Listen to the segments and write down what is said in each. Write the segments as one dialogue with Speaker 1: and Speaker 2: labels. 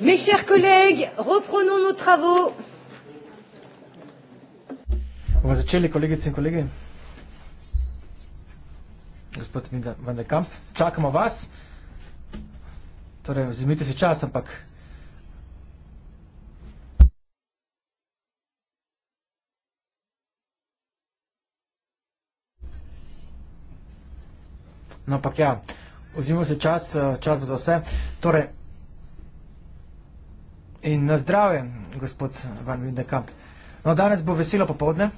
Speaker 1: Mes chers collègues, reprenons nos travaux.
Speaker 2: Bomo začeli, kolegice in kolegi. Gospod Vendekamp, čakamo vas. Torej, vzemite si čas, ampak. No, ampak ja, vzemimo si čas, eh, čas bo za vse. Torej, In na zdravje, gospod Van Vindekamp. No, danes bo veselo popovdne.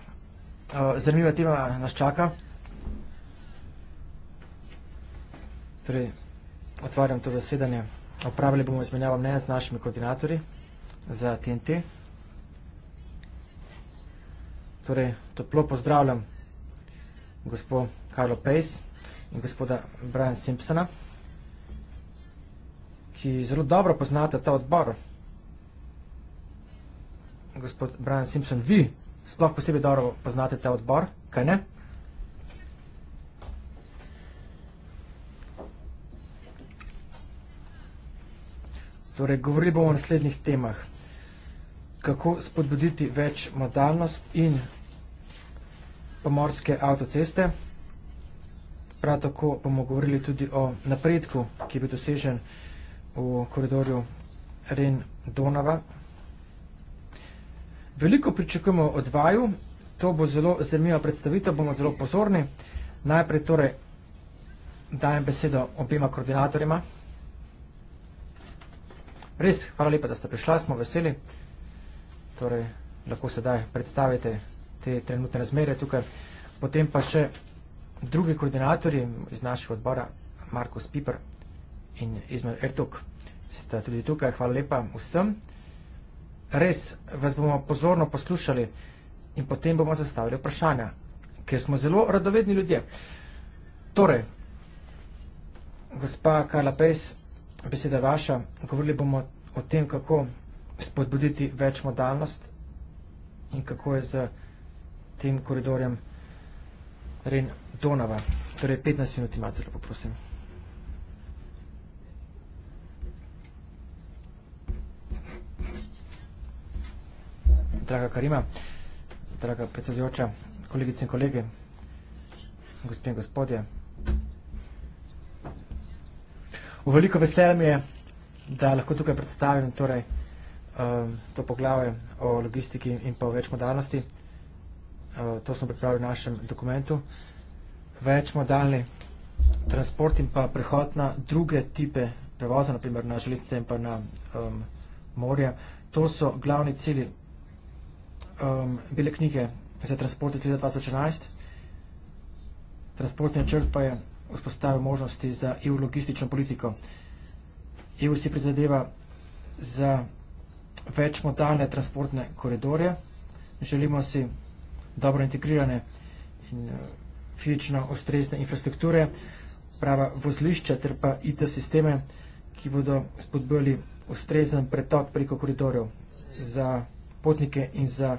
Speaker 2: Zanimiva tema nas čaka. Torej, otvarjam to zasedanje. Opravili bomo izmenjavo mnenja z našimi koordinatorji za TNT. Torej, toplo pozdravljam gospod Karlo Pejs in gospoda Brian Simpsona, ki zelo dobro poznate ta odbor. Hvala gospod Brian Simpson, vi sploh posebej dobro poznate ta odbor, kaj ne? Torej, govorili bomo o naslednjih temah. Kako spodbuditi več modalnost in pomorske avtoceste. Prav tako bomo govorili tudi o napredku, ki je bil dosežen v koridorju Ren-Donava, Veliko pričakujemo od vaju, to bo zelo zanimiva predstavitev, bomo zelo pozorni. Najprej torej dajem besedo obima koordinatorima. Res, hvala lepa, da ste prišla, smo veseli. Torej, lahko sedaj predstavite te trenutne razmere tukaj. Potem pa še drugi koordinatorji iz našega odbora, Markus Piper in Izmer Ertuk, sta tudi tukaj. Hvala lepa vsem res vas bomo pozorno poslušali in potem bomo zastavili vprašanja, ker smo zelo radovedni ljudje. Torej, gospa Karla Pejs, beseda vaša, govorili bomo o tem, kako spodbuditi več modalnost in kako je z tem koridorjem Ren Donava. Torej, 15 minut imate, lepo prosim. draga Karima, draga predsedujoča, kolegice in kolege, gospe in gospodje. V veliko veselje mi je, da lahko tukaj predstavim torej, um, to poglavje o logistiki in pa o večmodalnosti. Uh, to smo pripravili v našem dokumentu. Večmodalni transport in pa prehod na druge tipe prevoza, naprimer na železnice in pa na um, morje. To so glavni cilji um, bele knjige za transport iz leta 2014. Transportni načrt pa je vzpostavil možnosti za EU logistično politiko. EU si prizadeva za večmodalne transportne koridorje. Želimo si dobro integrirane in uh, fizično ustrezne infrastrukture, prava vozlišča ter pa IT sisteme, ki bodo spodbujali ustrezen pretok preko koridorjev za potnike in za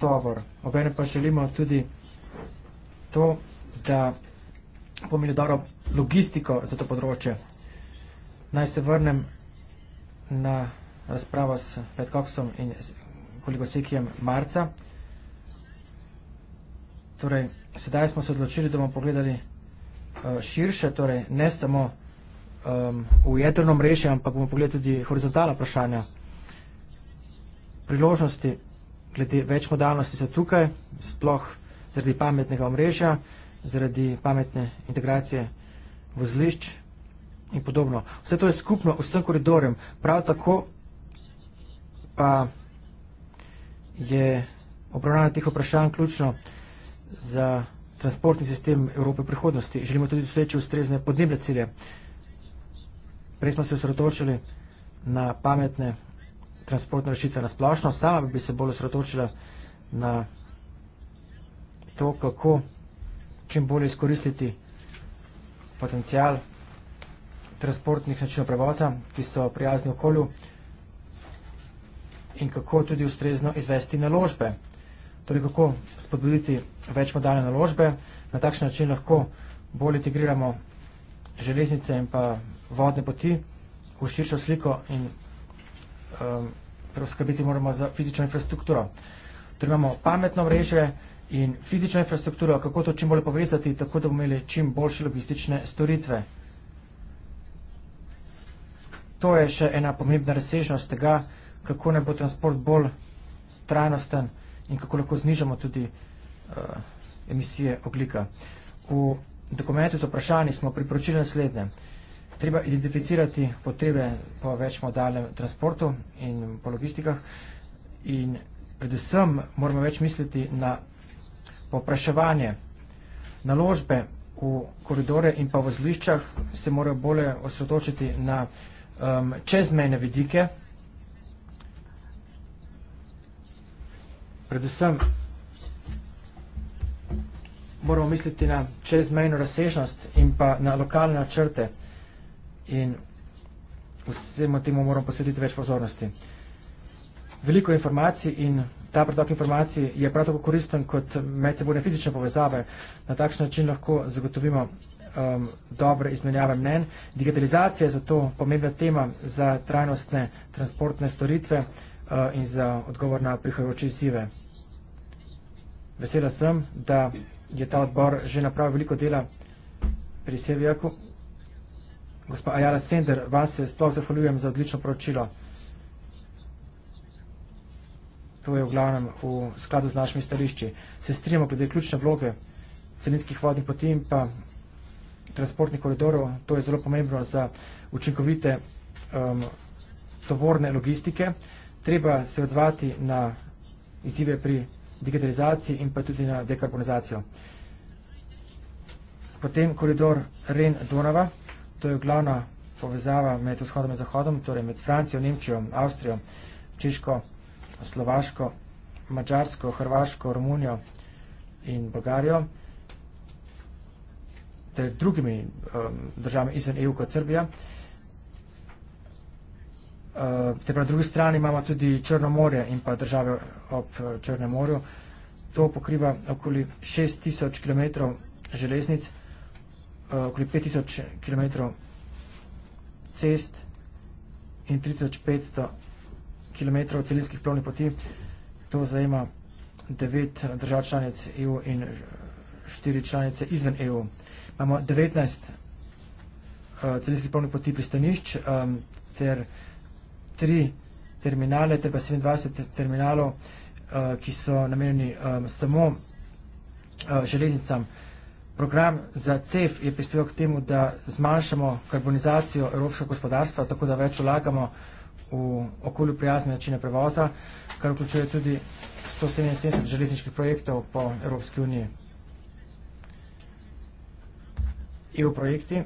Speaker 2: tovor. Obene pa želimo tudi to, da pomeni dobro logistiko za to področje. Naj se vrnem na razpravo s Petkoksom in koliko sekijem marca. Torej, sedaj smo se odločili, da bomo pogledali eh, širše, torej ne samo um, v jedrno mreže, ampak bomo pogledali tudi horizontalna vprašanja, priložnosti glede več modalnosti so tukaj, sploh zaradi pametnega omrežja, zaradi pametne integracije vozlišč in podobno. Vse to je skupno vsem koridorjem. Prav tako pa je obravnavanje teh vprašanj ključno za transportni sistem Evrope prihodnosti. Želimo tudi doseči ustrezne podnebne cilje. Prej smo se osredotočili na pametne transportne rešitve na splošno. Sama bi se bolj osredotočila na to, kako čim bolje izkoristiti potencijal transportnih načinov prevoza, ki so prijazni okolju in kako tudi ustrezno izvesti naložbe. Torej, kako spodbuditi več modalne naložbe. Na takšen način lahko bolj integriramo železnice in pa vodne poti v širšo sliko in um, skrbeti moramo za fizično infrastrukturo. Torej imamo pametno mreže in fizično infrastrukturo, kako to čim bolje povezati, tako da bomo imeli čim boljše logistične storitve. To je še ena pomembna razsežnost tega, kako ne bo transport bolj trajnosten in kako lahko znižamo tudi uh, emisije oglika. V dokumentu z vprašanji smo priporočili naslednje. Uh, treba identificirati potrebe po večmodalnem transportu in po logistikah in predvsem moramo več misliti na popraševanje naložbe v koridore in pa v zliščah se morajo bolje osredočiti na um, čezmejne vidike, predvsem moramo misliti na čezmejno razsežnost in pa na lokalne načrte in vsemu temu moramo posvetiti več pozornosti. Veliko informacij in ta pretok informacij je prav tako koristen kot medsebojne fizične povezave. Na takšen način lahko zagotovimo um, dobre izmenjave mnen. Digitalizacija je zato pomembna tema za trajnostne transportne storitve uh, in za odgovor na prihajajoče izzive. Vesela sem, da je ta odbor že napravil veliko dela pri Sevijaku. Gospa Ajala Sender, vas se sploh zahvaljujem za odlično poročilo. To je v glavnem v skladu z našimi stališči. Se strinjamo glede ključne vloge celinskih vodnih poti in pa transportnih koridorov. To je zelo pomembno za učinkovite um, tovorne logistike. Treba se odzvati na izzive pri digitalizaciji in pa tudi na dekarbonizacijo. Potem koridor Ren-Donava. To je glavna povezava med vzhodom in zahodom, torej med Francijo, Nemčijo, Avstrijo, Češko, Slovaško, Mačarsko, Hrvaško, Romunijo in Bolgarijo, ter drugimi um, državami izven EU kot Srbija. Uh, ter pa na drugi strani imamo tudi Črno morje in pa države ob uh, Črnem morju. To pokriva okoli 6000 km železnic. Eh, okoli 5000 km cest in 3500 km celinskih plovnih poti. To zajema 9 eh, držav članic EU in 4 eh, članice izven EU. Imamo 19 celinskih plovnih poti pristanišč ter 3 terminale ter pa 27 terminalov, ki so namenjeni samo železnicam, program za CEF je prispeval k temu, da zmanjšamo karbonizacijo evropskega gospodarstva, tako da več vlagamo v okolju prijazne načine prevoza, kar vključuje tudi 177 železničkih projektov po Evropski uniji. EU projekti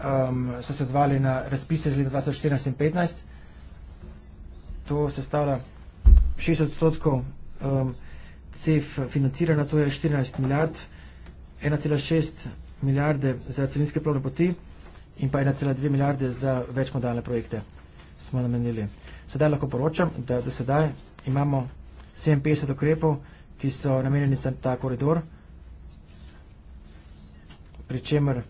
Speaker 2: um, so se odzvali na razpise z leta 2014 in 2015. To sestavlja 6 odstotkov um, CEF financirana, to je 14 milijard, 1,6 milijarde za celinske plovne poti in pa 1,2 milijarde za večmodalne projekte smo namenili. Sedaj lahko poročam, da do sedaj imamo 57 ukrepov, ki so namenjeni za ta koridor, pri čemer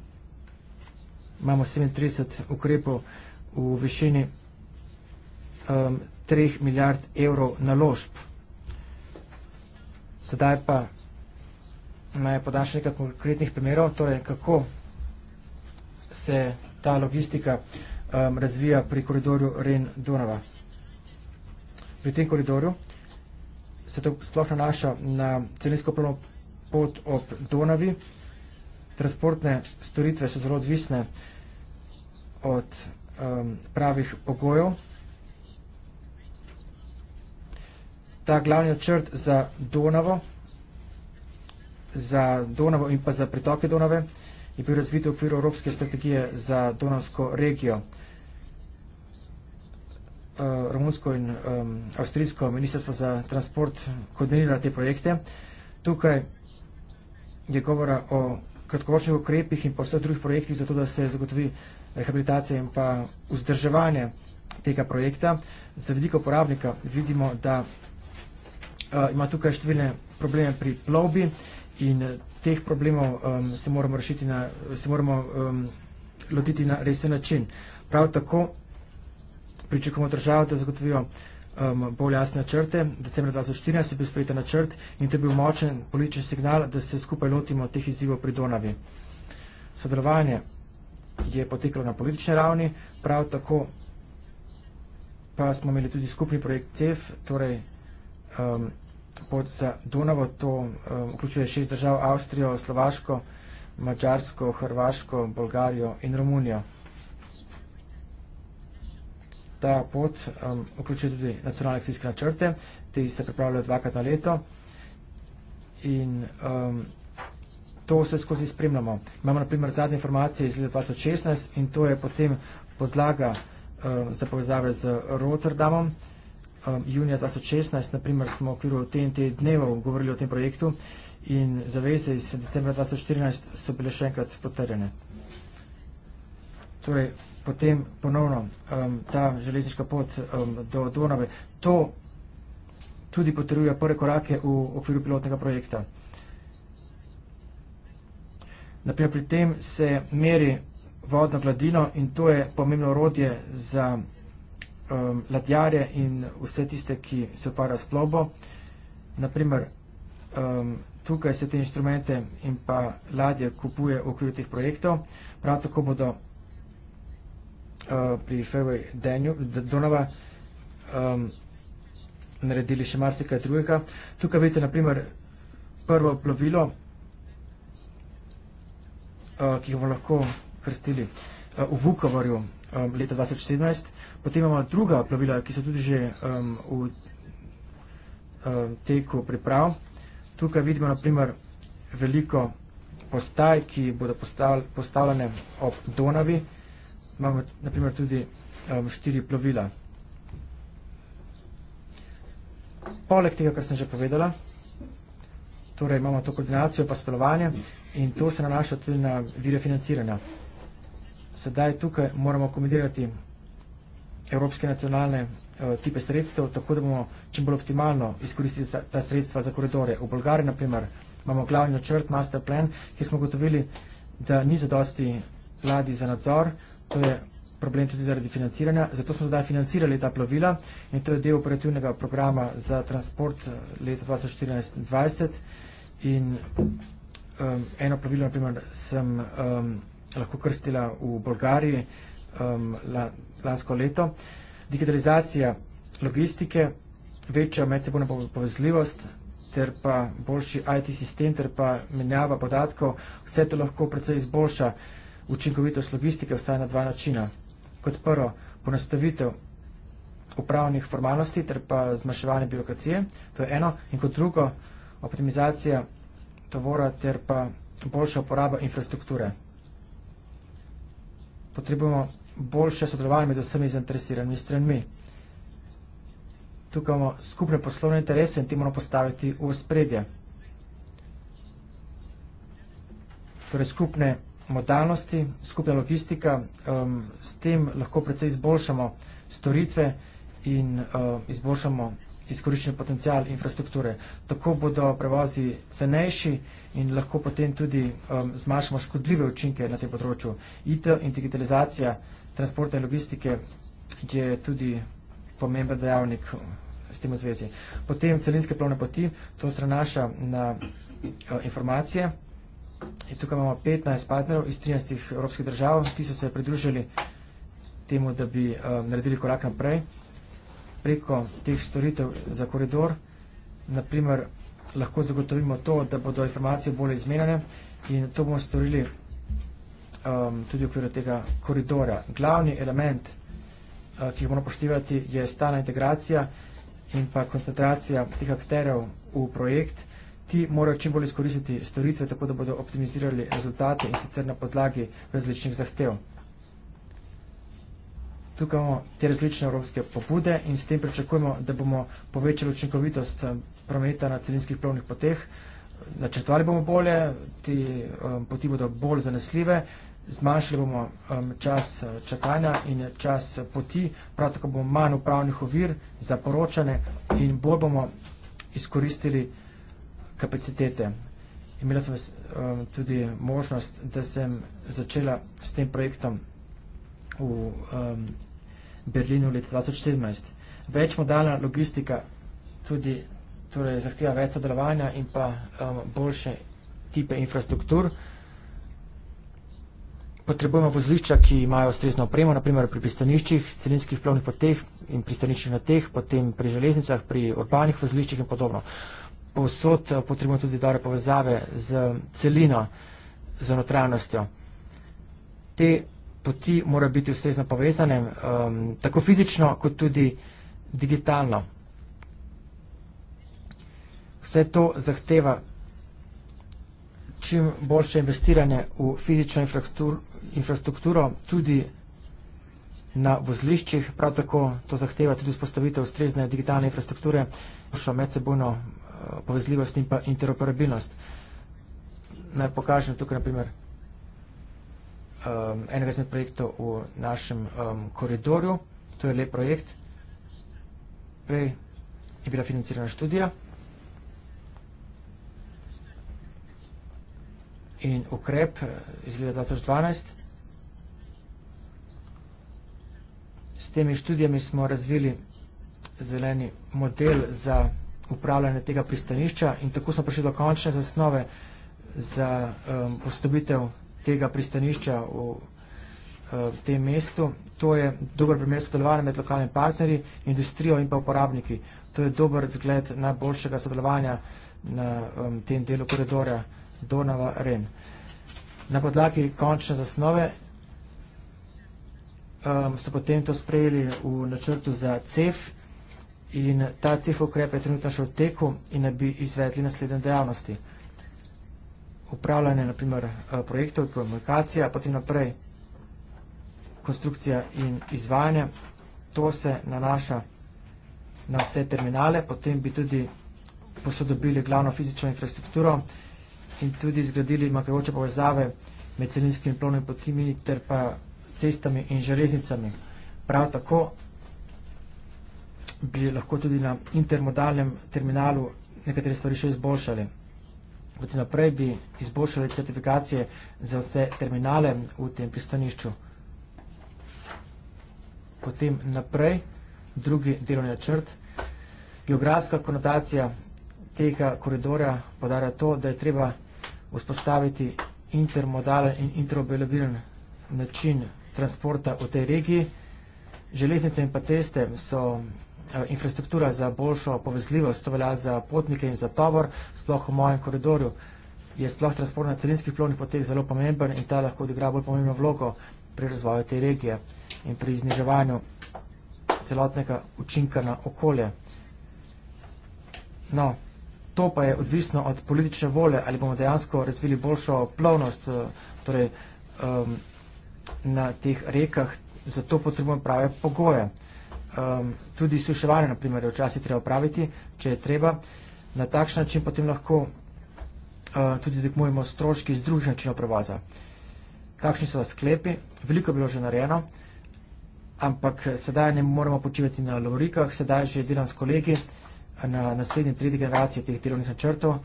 Speaker 2: imamo 37 ukrepov v višini 3 um, milijard evrov naložb. ložb. Sedaj pa naj podaš nekaj konkretnih primerov, torej kako se ta logistika um, razvija pri koridorju Ren-Dunava. Pri tem koridorju se to sploh nanaša na celinsko plano pot ob Donavi. Transportne storitve so zelo odvisne od um, pravih pogojev, ta glavni očrt za Donavo, za Donavo in pa za pritoke Donave je bil razvit v okviru Evropske strategije za Donavsko regijo. Eh, romunsko in um, Avstrijsko ministrstvo za transport koordinira te projekte. Tukaj je govora o kratkoročnih ukrepih in pa vseh drugih projektih, zato da se zagotovi rehabilitacija in pa vzdrževanje tega projekta. Za veliko uporabnika vidimo, da Eh, ima tukaj številne probleme pri plovbi in eh, teh problemov um, se moramo, rešiti na, se moramo um, lotiti na resen način. Prav tako pričakujemo državo, da zagotovijo um, bolj jasne načrte. Decembra 2014 je bil sprejeta načrt in to je bil močen političen signal, da se skupaj lotimo teh izzivov pri Donavi. Sodelovanje je potekalo na politični ravni, prav tako pa smo imeli tudi skupni projekt CEF, torej um, pot za Dunavo. To eh, vključuje šest držav Avstrijo, Slovaško, Mačarsko, Hrvaško, Bolgarijo in Romunijo. Ta pot vključuje tudi nacionalne akcijske načrte, ti se pripravljajo dvakrat na leto in to vse skozi spremljamo. Imamo na primer zadnje informacije iz leta 2016 in to je potem podlaga za povezave z Rotterdamom, um, junija 2016, naprimer, smo v okviru TNT dnevov govorili o tem projektu in zaveze iz decembra 2014 so bile še enkrat potrjene. Torej, potem ponovno um, ta železniška pot um, do Donave. To tudi potrjuje prve korake v okviru pilotnega projekta. Naprimer, pri tem se meri vodno gladino in to je pomembno orodje za um, ladjare in vse tiste, ki se oparajo s plobo. Naprimer, um, tukaj se te inštrumente in pa ladje kupuje v okviru teh projektov. Prav tako bodo uh, pri Fairway Danju, Donova um, naredili še marsikaj drugega. Tukaj vidite, naprimer, prvo plovilo, uh, ki ga bomo lahko krstili uh, v Vukovarju um, leta 2017. Potem imamo druga plavila, ki so tudi že um, v um, teku priprav. Tukaj vidimo naprimer veliko postaj, ki bodo postal, postavljene ob Donavi. Imamo naprimer tudi um, štiri plovila. Poleg tega, kar sem že povedala, torej imamo to koordinacijo pa sodelovanje in to se nanaša tudi na vire financiranja sedaj tukaj moramo kombinirati evropske nacionalne eh, tipe sredstev, tako da bomo čim bolj optimalno izkoristili ta sredstva za koridore. V Bolgariji, na primer, imamo glavni načrt, master plan, kjer smo gotovili, da ni zadosti vladi za nadzor, to je problem tudi zaradi financiranja, zato smo zdaj financirali ta plovila in to je del operativnega programa za transport eh, leto 2014-2020 in eh, eno plovilo, na primer, sem vsega lahko krstila v Bolgariji um, lansko leto. Digitalizacija logistike, večja medsebojna povezljivost ter pa boljši IT sistem ter pa menjava podatkov, vse to lahko predvsej izboljša učinkovitost logistike vsaj na dva načina. Kot prvo, ponastavitev upravnih formalnosti ter pa zmaševanje birokracije, to je eno, in kot drugo, optimizacija tovora ter pa boljša uporaba infrastrukture potrebujemo boljše sodelovanje med vsemi zainteresiranimi stranmi. Tukaj imamo skupne poslovne interese in ti moramo postaviti v spredje. Torej skupne modalnosti, skupna logistika, um, s tem lahko predvsej izboljšamo storitve in uh, izboljšamo izkoriščen potencial infrastrukture. Tako bodo prevozi cenejši in lahko potem tudi um, zmanjšamo škodljive učinke na tem področju. IT in digitalizacija transporta in logistike je tudi pomemben dejavnik um, s tem v zvezi. Potem celinske plovne poti, to se nanaša na uh, informacije. In tukaj imamo 15 partnerov iz 13 evropskih držav, ki so se pridružili temu, da bi um, naredili korak naprej preko teh storitev za koridor. Naprimer, lahko zagotovimo to, da bodo informacije bolje izmenjene in to bomo storili um, tudi v okviru tega koridora. Glavni element, uh, ki ga moramo poštivati, je stana integracija in pa koncentracija teh akterjev v projekt. Ti morajo čim bolj izkoristiti storitve, tako da bodo optimizirali rezultate in sicer na podlagi različnih zahtev tukaj imamo te različne evropske pobude in s tem pričakujemo, da bomo povečali učinkovitost eh, prometa na celinskih plovnih poteh. Načrtovali bomo bolje, ti um, eh, poti bodo bolj zanesljive, zmanjšali bomo um, čas eh, čakanja in čas poti, prav tako bomo manj upravnih ovir za poročanje in bolj bomo izkoristili kapacitete. Imela sem um, tudi možnost, da sem začela s tem projektom v um, Berlinu leta 2017. Več modalna logistika tudi torej, zahteva več sodelovanja in pa um, boljše tipe infrastruktur. Potrebujemo vozlišča, ki imajo ustrezno opremo, naprimer pri pristaniščih, celinskih plovnih poteh in pristaniščih na teh, potem pri železnicah, pri urbanih vozliščih in podobno. Posod potrebujemo tudi dobre povezave z celino, z notranjostjo. Te poti morajo biti ustrezno povezane, um, tako fizično kot tudi digitalno. Vse to zahteva čim boljše investiranje v fizično infrastrukturo, tudi na vozliščih, prav tako to zahteva tudi vzpostavitev ustrezne digitalne infrastrukture, boljšo medsebojno uh, povezljivost in pa interoperabilnost. Naj pokažem tukaj na primer um, enega izmed projektov v našem um, koridorju. To je lep projekt. Prej je bila financirana študija in ukrep eh, iz leta 2012. S temi študijami smo razvili zeleni model za upravljanje tega pristanišča in tako smo prišli do končne zasnove za um, postobitev tega pristanišča eh, v tem mestu. To je dober primer sodelovanja med lokalnimi partnerji, industrijo in pa uporabniki. To je dober zgled najboljšega sodelovanja na tem delu koridorja Donava-Ren. Na podlagi končne zasnove so potem to sprejeli v načrtu za CEF in ta CEF ukrep je trenutno še v teku in ne bi izvedli naslednje dejavnosti upravljanje, naprimer eh, projektov, komunikacija, potem naprej konstrukcija in izvajanje. To se nanaša na vse terminale, potem bi tudi posodobili glavno fizično infrastrukturo in tudi zgradili makajoče povezave med celinskimi plovnimi potimi ter pa cestami in železnicami. Prav tako bi lahko tudi na intermodalnem terminalu nekatere stvari še izboljšali. Potem naprej bi izboljšali certifikacije za vse terminale v tem pristanišču. Potem naprej, drugi delovni načrt. Geografska konotacija tega koridora podarja to, da je treba vzpostaviti intermodalen in interobelobilen način transporta v tej regiji. Železnice in pa ceste so infrastruktura za boljšo povezljivost, to velja za potnike in za tovor, sploh v mojem koridorju. Je sploh transport na celinskih plovnih poteh zelo pomemben in ta lahko odigra bolj pomembno vlogo pri razvoju te regije in pri zniževanju celotnega učinka na okolje. No, to pa je odvisno od politične vole, ali bomo dejansko razvili boljšo plovnost eh, torej, um, na teh rekah, zato potrebujemo prave pogoje um, tudi suševanje, na primer, včasih treba praviti, če je treba. Na takšen način potem lahko uh, tudi tekmujemo stroški iz drugih načinov prevoza. Kakšni so sklepi? Veliko je bilo že narejeno, ampak eh, sedaj ne moramo počivati na lovorikah, sedaj že delam s kolegi na naslednji tredji generaciji teh delovnih načrtov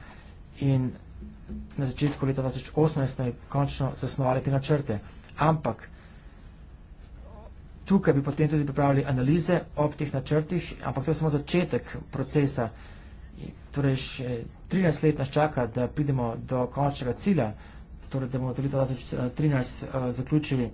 Speaker 2: in na začetku leta 2018 naj končno zasnovali te načrte. Ampak tukaj bi potem tudi pripravili analize ob teh načrtih, ampak to je samo začetek procesa. Torej, še 13 let nas čaka, da pridemo do končnega cilja, torej, da bomo do leta 2013 uh, eh, zaključili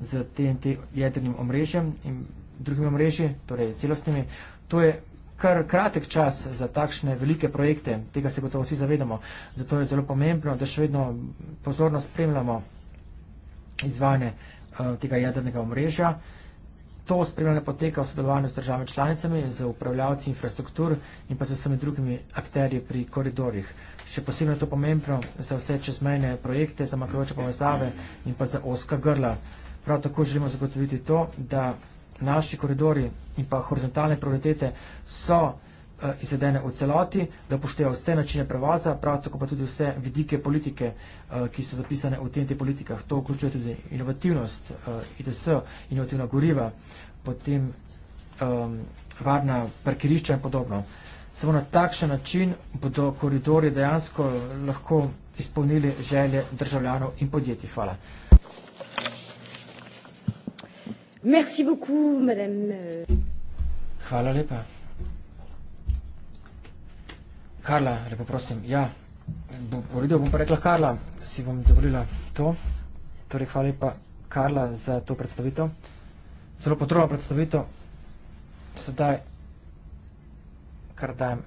Speaker 2: z TNT jedrnim omrežjem in drugimi omrežji, torej celostnimi. To je kar kratek čas za takšne velike projekte, tega se gotovo vsi zavedamo. Zato je zelo pomembno, da še vedno pozorno spremljamo izvajanje uh, tega jedrnega omrežja. Uh, to spremljanje poteka v sodelovanju z državami članicami, z upravljavci infrastruktur in pa z vsemi drugimi akterji pri koridorjih. Še posebno je to pomembno za vse čezmejne projekte, za makrojoče povezave in pa za oska grla. Prav tako želimo zagotoviti to, da naši koridori in pa horizontalne prioritete so Eh, izvedene v celoti, da upošteva vse načine prevaza, prav tako pa tudi vse vidike politike, eh, ki so zapisane v TNT politikah. To vključuje tudi inovativnost eh, IDS, inovativna goriva, potem um, varna parkirišča in podobno. Samo na takšen način bodo koridori dejansko lahko izpolnili želje državljanov in podjetij. Hvala.
Speaker 3: Merci beaucoup, madame. Euh.
Speaker 2: Hvala lepa. Karla, lepo prosim. Ja, v redu bom pa rekla Karla, si bom dovolila to. Torej, hvala lepa Karla za to predstavitev. Zelo potrebno predstavitev. Sedaj, kar dajem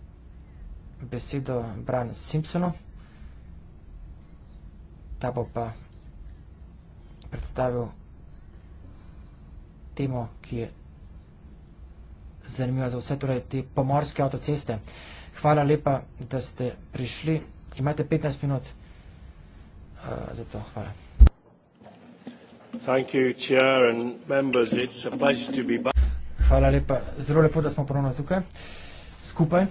Speaker 2: besedo Brian Simpsonu. Ta bo pa predstavil temo, ki je zanimiva za vse, torej te pomorske avtoceste. Uh, Hvala lepa, da ste prišli. Imate 15 minut uh, za to. Hvala. Hvala lepa. Zelo lepo, da smo ponovno tukaj. Skupaj.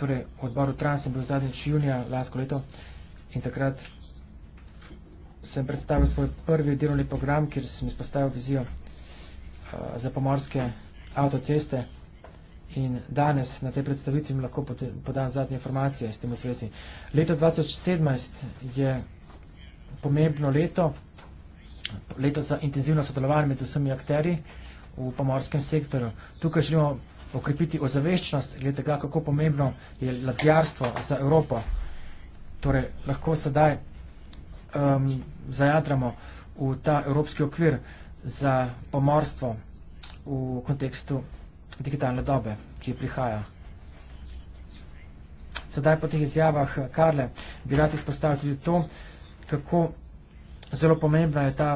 Speaker 2: Torej, v odboru Trans sem bil zadnjič junija lansko leto in takrat sem predstavil svoj prvi delovni program, kjer sem izpostavil vizijo uh, za pomorske avtoceste. In danes na tej predstavitvi lahko podam zadnje informacije s tem v svesi. Leto 2017 je pomembno leto, leto za intenzivno sodelovanje med vsemi akteri v pomorskem sektorju. Tukaj želimo okrepiti ozaveščnost glede tega, kako pomembno je ladjarstvo za Evropo. Torej, lahko sedaj um, zajadramo v ta evropski okvir za pomorstvo v kontekstu dejansko digitalne dobe, ki prihaja. Sedaj po teh izjavah Karle bi rad izpostavil tudi to, kako zelo pomembna je ta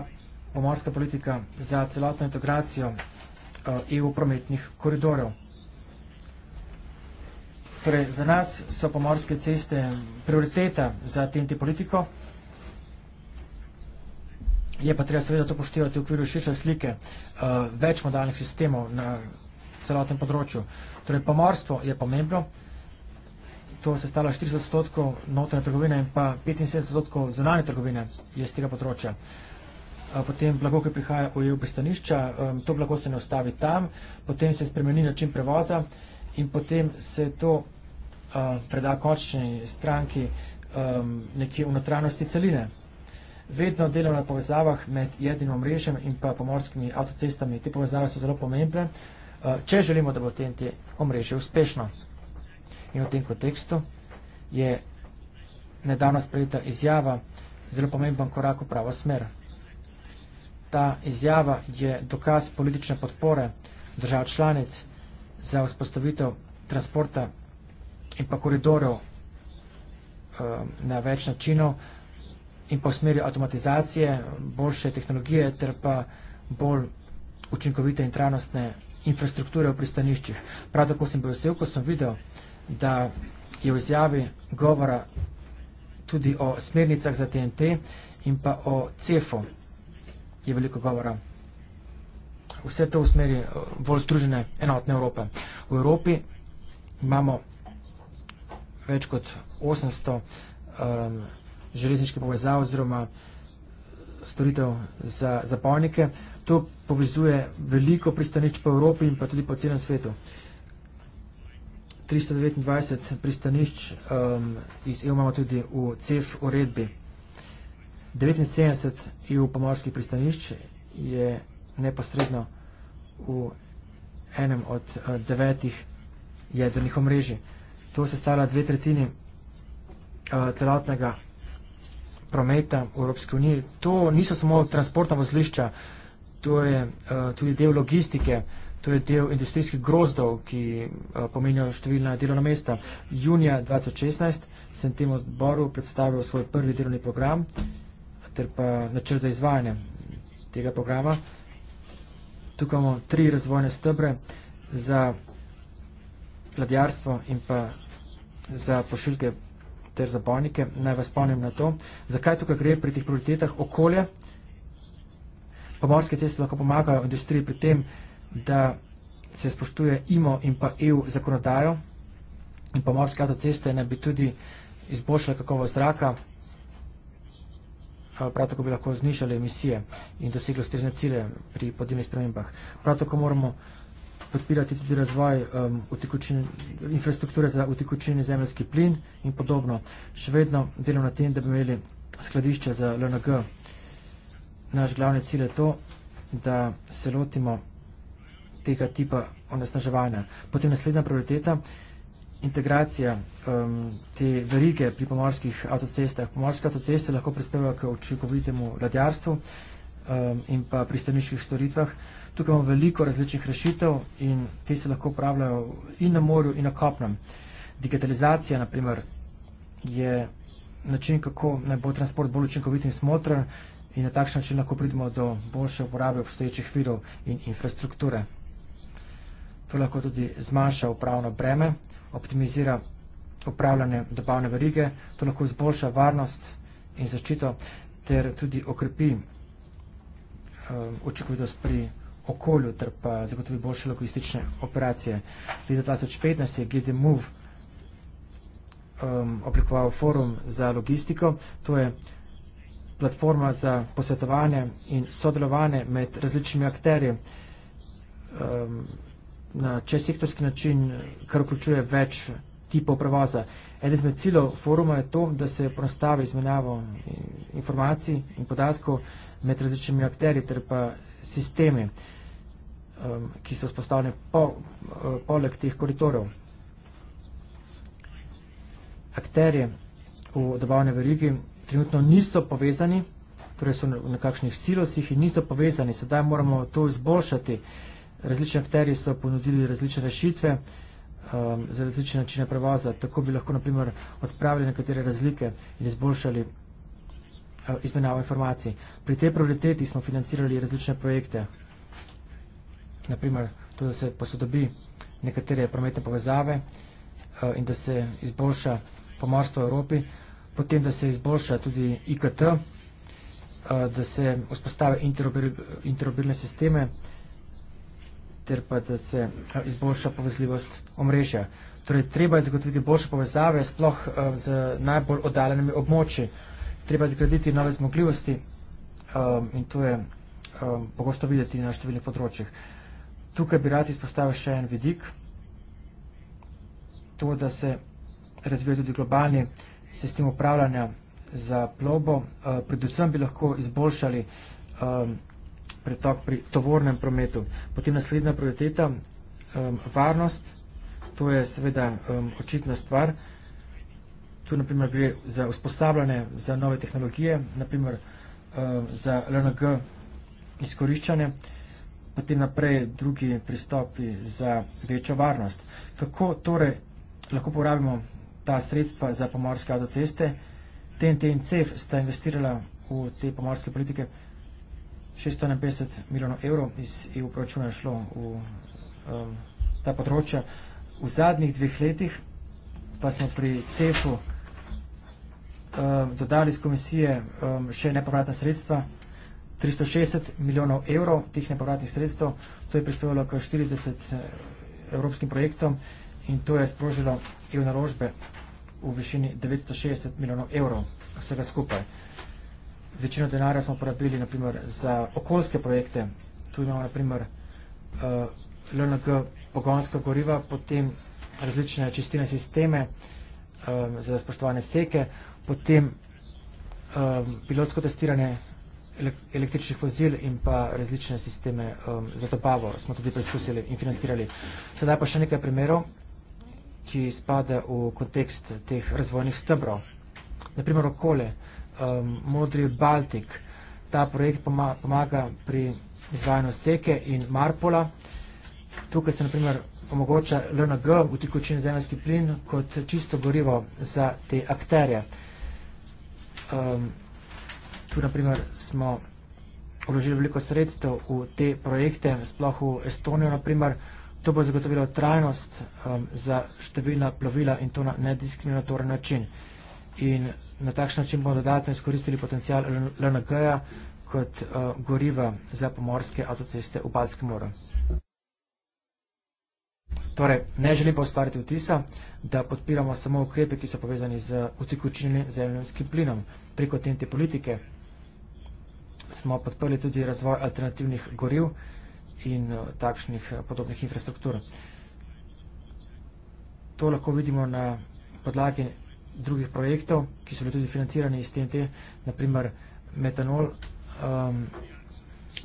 Speaker 2: pomorska politika za celotno integracijo EU eh, e prometnih koridorjev. Torej, za nas so pomorske ceste prioriteta za tenti politiko. Je pa treba seveda to poštevati v okviru širše slike uh, več modalnih sistemov na celotnem področju. Torej, pomorstvo je pomembno, to se stala 40 odstotkov notranje trgovine in pa 75 odstotkov zunanje trgovine je z tega področja. Potem blago, ki prihaja v EU pristanišča, to blago se ne ostavi tam, potem se spremeni način prevoza in potem se to preda končni stranki nekje v notranjosti celine. Vedno delamo na povezavah med jednim omrežjem in pa pomorskimi avtocestami. Te povezave so zelo pomembne, Eh, če želimo, da bo TNT omrežje uspešno. In v tem kontekstu je nedavno sprejeta izjava zelo pomemben korak v pravo smer. Ta izjava je dokaz politične podpore držav članic za vzpostavitev transporta in pa koridorov eh, na več načinov in po smeri avtomatizacije, boljše tehnologije ter pa bolj učinkovite in trajnostne infrastrukture v pristaniščih. Prav tako sem bil vesel, ko sem videl, da je v izjavi govora tudi o smernicah za TNT in pa o CEFO je veliko govora. Vse to v smeri eh, bolj združene enotne Evrope. V Evropi imamo več kot 800 um, ehm, železniških povezav oziroma storitev za zapolnike. To povezuje veliko pristanič po Evropi in pa tudi po celem svetu. 329 pristanišč um, iz EU imamo tudi v CEF uredbi. 79 EU pomorskih pristanišč je neposredno v enem od uh, devetih jedrnih omrežij. To se stala dve tretjini uh, celotnega prometa v Evropske unije. To niso samo transportna vozlišča, uh, to je uh, tudi del logistike, to je del industrijskih grozdov, ki uh, pomenijo številna delovna mesta. Junija 2016 sem tem odboru predstavil svoj prvi delovni program ter pa načrt za izvajanje tega programa. Tukaj imamo tri razvojne stebre za ladjarstvo in pa za pošiljke ter za bojnike. Naj vas spomnim na to, zakaj tukaj gre pri teh prioritetah okolje, pomorske ceste lahko pomagajo industriji pri tem, da se spoštuje IMO in pa EU zakonodajo in pomorske avtoceste naj bi tudi izboljšale kakovo zraka, prav tako bi lahko znižali emisije in dosegli ustrezne cilje pri podnebnih spremembah. Prav tako moramo podpirati tudi razvoj um, infrastrukture za utekočinjeni zemljski plin in podobno. Še vedno delam na tem, da bi imeli skladišče za LNG naš glavni cilj je to, da se lotimo tega tipa onesnaževanja. Potem naslednja prioriteta, integracija um, te verige pri pomorskih avtocestah. Pomorske avtoceste lahko prispevajo k učinkovitemu ladjarstvu um, in pa pristaniških storitvah. Tukaj imamo veliko različnih rešitev in te se lahko uporabljajo in na morju in na kopnem. Digitalizacija, naprimer, je način, kako naj bo transport bolj učinkovit in smotren, in na takšen način lahko pridemo do boljše uporabe obstoječih virov in infrastrukture. To lahko tudi zmanjša upravno breme, optimizira upravljanje dobavne verige, to lahko zboljša varnost in zaščito ter tudi okrepi eh, učinkovitost pri okolju ter pa zagotovi boljše logistične operacije. Leta 2015 je GD Move um, oblikoval forum za logistiko, to je platforma za posvetovanje in sodelovanje med različnimi akterji um, na česektorski način, kar vključuje več tipov prevoza. Eden izmed ciljev foruma je to, da se prostavi izmenjavo informacij in podatkov med različnimi akterji ter pa sistemi, um, ki so spostavljeni po, eh, poleg teh koritorov. Akterje v dobavne verigi trenutno niso povezani, torej so v nekakšnih silosih in niso povezani. Sedaj moramo to izboljšati. Različni akteri so ponudili različne rešitve um, za različne načine prevaza. Tako bi lahko naprimer odpravili nekatere razlike in izboljšali uh, izmenjavo informacij. Pri tej prioriteti smo financirali različne projekte. Naprimer, to, da se posodobi nekatere prometne povezave uh, in da se izboljša pomorstvo v Evropi potem da se izboljša tudi IKT, eh, da se vzpostave interoperabilne sisteme ter pa da se eh, izboljša povezljivost omrežja. Torej, treba je zagotoviti boljše povezave sploh eh, z najbolj oddaljenimi območji. Treba je zgraditi nove zmogljivosti in to je pogosto videti na številnih področjih. Tukaj bi rad izpostavil še en vidik, to, da se razvijo tudi globalni vsega, sistem upravljanja za plobo. Eh, predvsem bi lahko izboljšali eh, pretok pri tovornem prometu. Potem naslednja prioriteta, eh, varnost, to je seveda očitna stvar. Tu naprimer gre za usposabljanje za nove tehnologije, naprimer za LNG izkoriščanje, potem naprej drugi pristopi za večjo varnost. Tako torej lahko porabimo ta sredstva za pomorske avtoceste. TNT in CEF sta investirala v te pomorske politike 650 milijonov evrov iz EU proračuna šlo v um, ta področja. V zadnjih dveh letih pa smo pri CEF-u um, dodali z komisije um, še nepovratna sredstva, 360 milijonov evrov teh nepovratnih sredstev. To je prispevalo k 40 eh, evropskim projektom in to je sprožilo EU naložbe v višini 960 milijonov evrov vsega skupaj. Večino denarja smo porabili naprimer za okoljske projekte, tu imamo naprimer uh, eh, LNG pogonska goriva, potem različne čistine sisteme um, za spoštovane seke, potem um, pilotsko testiranje električnih vozil in pa različne sisteme um, za dobavo smo tudi preizkusili in financirali. Sedaj pa še nekaj primerov ki spada v kontekst teh razvojnih stebrov. Naprimer okole, um, Modri Baltik, ta projekt pomaga, pomaga pri izvajanju Seke in Marpola. Tukaj se naprimer omogoča LNG v tekočini zemljski plin kot čisto gorivo za te akterje. Um, tu naprimer smo vložili veliko sredstev v te projekte, sploh v Estonijo naprimer, To bo zagotovilo trajnost um, za številna plovila in to na nediskriminatoren način. In na takšen način bomo dodatno izkoristili potencial LNG-ja kot uh, goriva za pomorske avtoceste v Balskem moru. Torej, ne želim pa ustvariti vtisa, da podpiramo samo ukrepe, ki so povezani z utekočinjenim zemljanskim plinom. Preko tem te politike smo podprli tudi razvoj alternativnih goriv in eh, takšnih eh, podobnih infrastruktur. To lahko vidimo na podlagi drugih projektov, ki so bili tudi financirani iz TNT, naprimer metanol, um,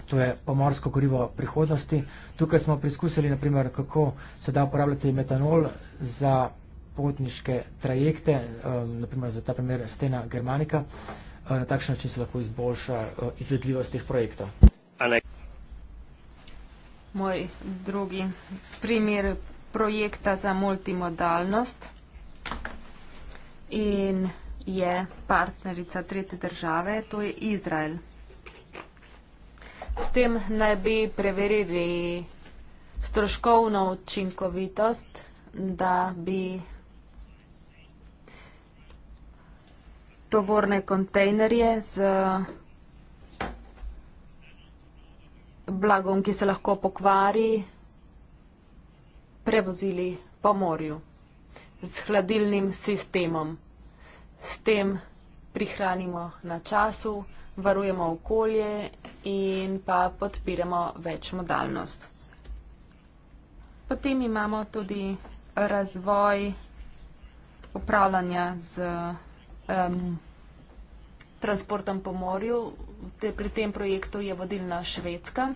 Speaker 2: to je pomorsko gorivo prihodnosti. Tukaj smo preizkusili, naprimer, kako se da uporabljati metanol za potniške trajekte, um, ehm, naprimer za ta primer Stena Germanika. Uh, na takšen način se lahko izboljša uh, izvedljivost teh projektov.
Speaker 1: Aleks
Speaker 3: moj drugi primer projekta za multimodalnost in je partnerica tretje države, to je Izrael. S tem naj bi preverili stroškovno učinkovitost, da bi tovorne kontejnerje z blagom, ki se lahko pokvari, prevozili po morju z hladilnim sistemom. S tem prihranimo na času, varujemo okolje in pa podpiramo več modalnost. Potem imamo tudi razvoj upravljanja z um, transportom po morju, te, pri tem projektu je vodilna Švedska.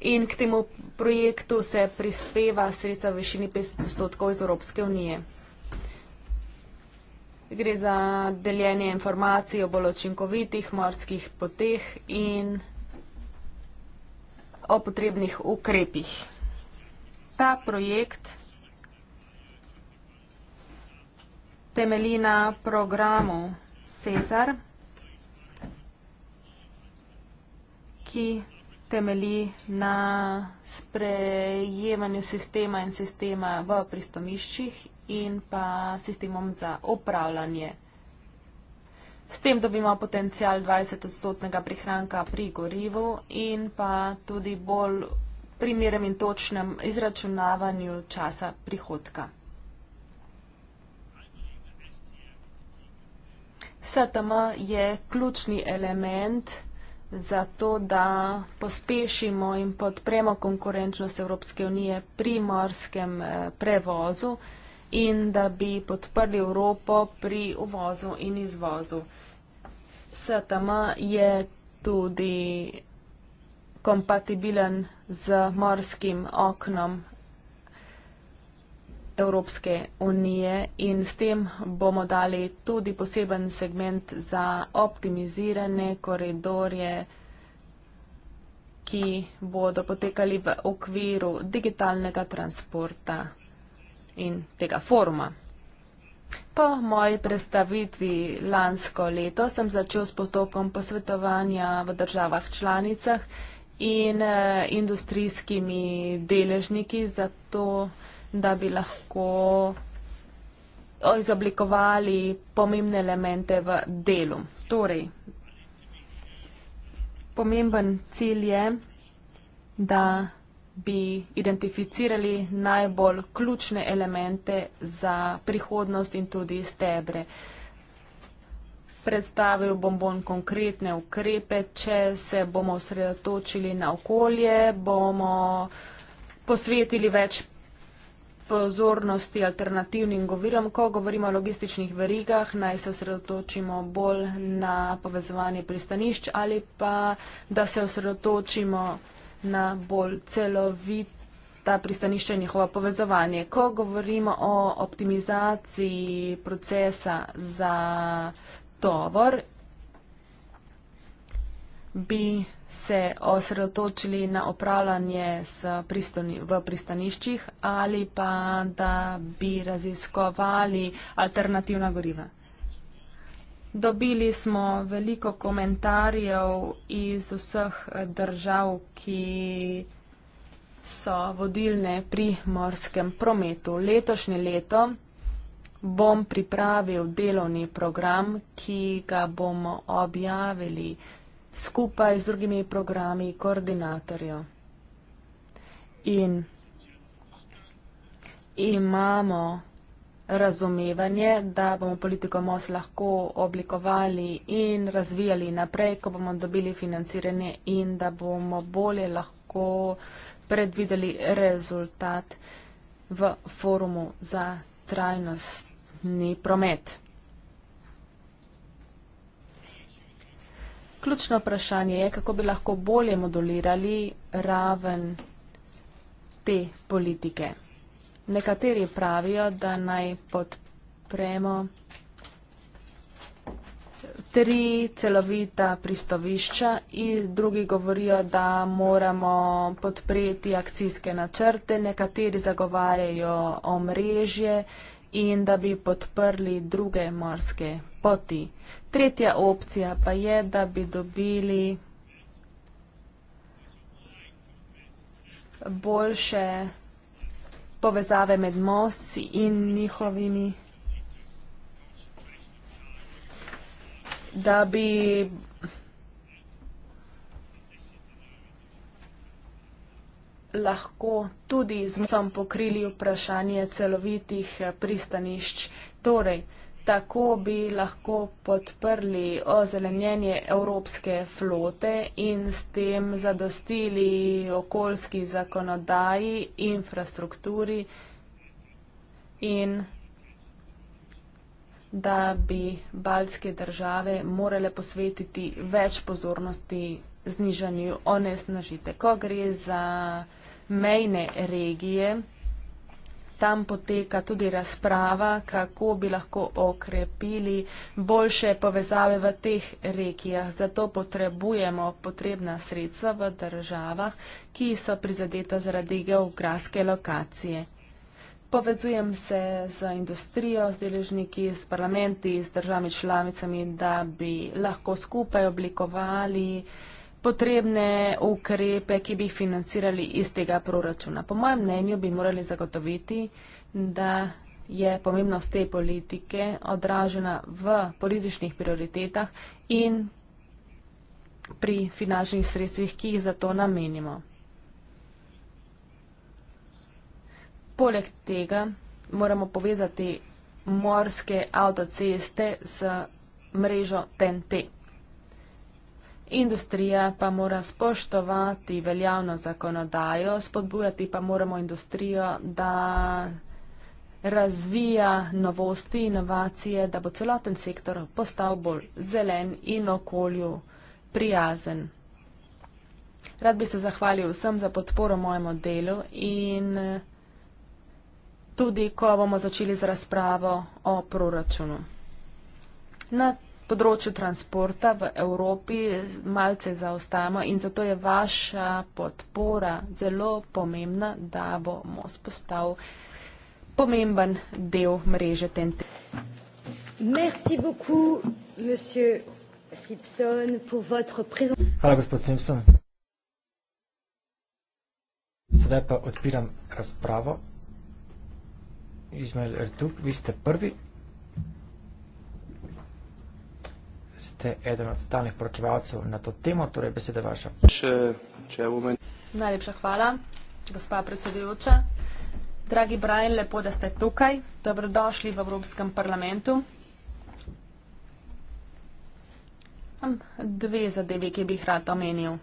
Speaker 3: In k temu projektu se prispeva sredstva v višini 50 odstotkov iz Evropske unije. Gre za deljenje informacij o bolj očinkovitih morskih poteh in o potrebnih ukrepih. Ta projekt temelji na programu Cezar. ki temeli na sprejemanju sistema in sistema v pristomiščih in pa sistemom za upravljanje. S tem dobimo potencijal 20-odstotnega prihranka pri gorivu in pa tudi bolj primerem in točnem izračunavanju časa prihodka. STM je ključni element za to, da pospešimo in podpremo konkurenčnost Evropske unije pri morskem eh, prevozu in da bi podprli Evropo pri uvozu in izvozu. STM je tudi kompatibilen z morskim oknom Evropske unije in s tem bomo dali tudi poseben segment za optimizirane koridorje, ki bodo potekali v okviru digitalnega transporta in tega foruma. Po moji predstavitvi lansko leto sem začel s postopkom posvetovanja v državah članicah in eh, industrijskimi deležniki, zato da bi lahko izoblikovali pomembne elemente v delu. Torej, pomemben cilj je, da bi identificirali najbolj ključne elemente za prihodnost in tudi stebre. Predstavil bom bom konkretne ukrepe, če se bomo osredotočili na okolje, bomo posvetili več pozornosti alternativnim govorim. Ko govorimo o logističnih verigah, naj se osredotočimo bolj na povezovanje pristanišč ali pa da se osredotočimo na bolj celovita pristanišča in njihovo povezovanje. Ko govorimo o optimizaciji procesa za tovor, bi se osredotočili na opravljanje pristani, v pristaniščih ali pa da bi raziskovali alternativna goriva. Dobili smo veliko komentarjev iz vseh držav, ki so vodilne pri morskem prometu. Letošnje leto bom pripravil delovni program, ki ga bomo objavili skupaj z drugimi programi koordinatorjo. In imamo razumevanje, da bomo politiko MOS lahko oblikovali in razvijali naprej, ko bomo dobili financiranje in da bomo bolje lahko predvideli rezultat v forumu za trajnostni promet. Ključno vprašanje je, kako bi lahko bolje modulirali raven te politike. Nekateri pravijo, da naj podpremo tri celovita pristovišča in drugi govorijo, da moramo podpreti akcijske načrte, nekateri zagovarjajo omrežje, in da bi podprli druge morske poti. Tretja opcija pa je, da bi dobili boljše povezave med mosti in njihovimi, da bi lahko tudi z mocom pokrili vprašanje celovitih eh, pristanišč. Torej, tako bi lahko podprli ozelenjenje evropske flote in s tem zadostili okoljski zakonodaji, infrastrukturi in da bi baltske države morele posvetiti več pozornosti znižanju onesnažite. Ko gre za mejne regije, tam poteka tudi razprava, kako bi lahko okrepili boljše povezave v teh regijah. Zato potrebujemo potrebna sredstva v državah, ki so prizadeta zaradi geografske lokacije. Povezujem se z industrijo, z deležniki, z parlamenti, z državami članicami, da bi lahko skupaj oblikovali uh, potrebne ukrepe, ki bi jih financirali iz tega proračuna. Po mojem mnenju bi morali zagotoviti, da je pomembnost te politike odražena v političnih prioritetah in pri finančnih sredstvih, ki jih za to namenimo. Poleg tega moramo povezati morske avtoceste z mrežo TEN-T. Industrija pa mora spoštovati veljavno zakonodajo, spodbujati pa moramo industrijo, da razvija novosti, inovacije, da bo celoten sektor postal bolj zelen in okolju prijazen. Rad bi se zahvalil vsem za podporo mojemu delu in tudi, ko bomo začeli z razpravo o proračunu. Na področju transporta v Evropi malce zaostajamo in zato je vaša podpora zelo pomembna, da bo most postal pomemben del mreže TNT. Merci
Speaker 1: beaucoup, monsieur Simpson, pour votre présence.
Speaker 2: Hvala, gospod Simpson. Sedaj pa odpiram razpravo. Izmail Ertug, vi ste prvi. ste eden od stalnih poročevalcev na to temo, torej beseda vaša. Še, če bomen.
Speaker 3: Najlepša hvala, gospa predsedujoča. Dragi Brian, lepo, da ste tukaj. Dobrodošli v Evropskem parlamentu. Imam dve zadevi, ki bi jih rad omenil.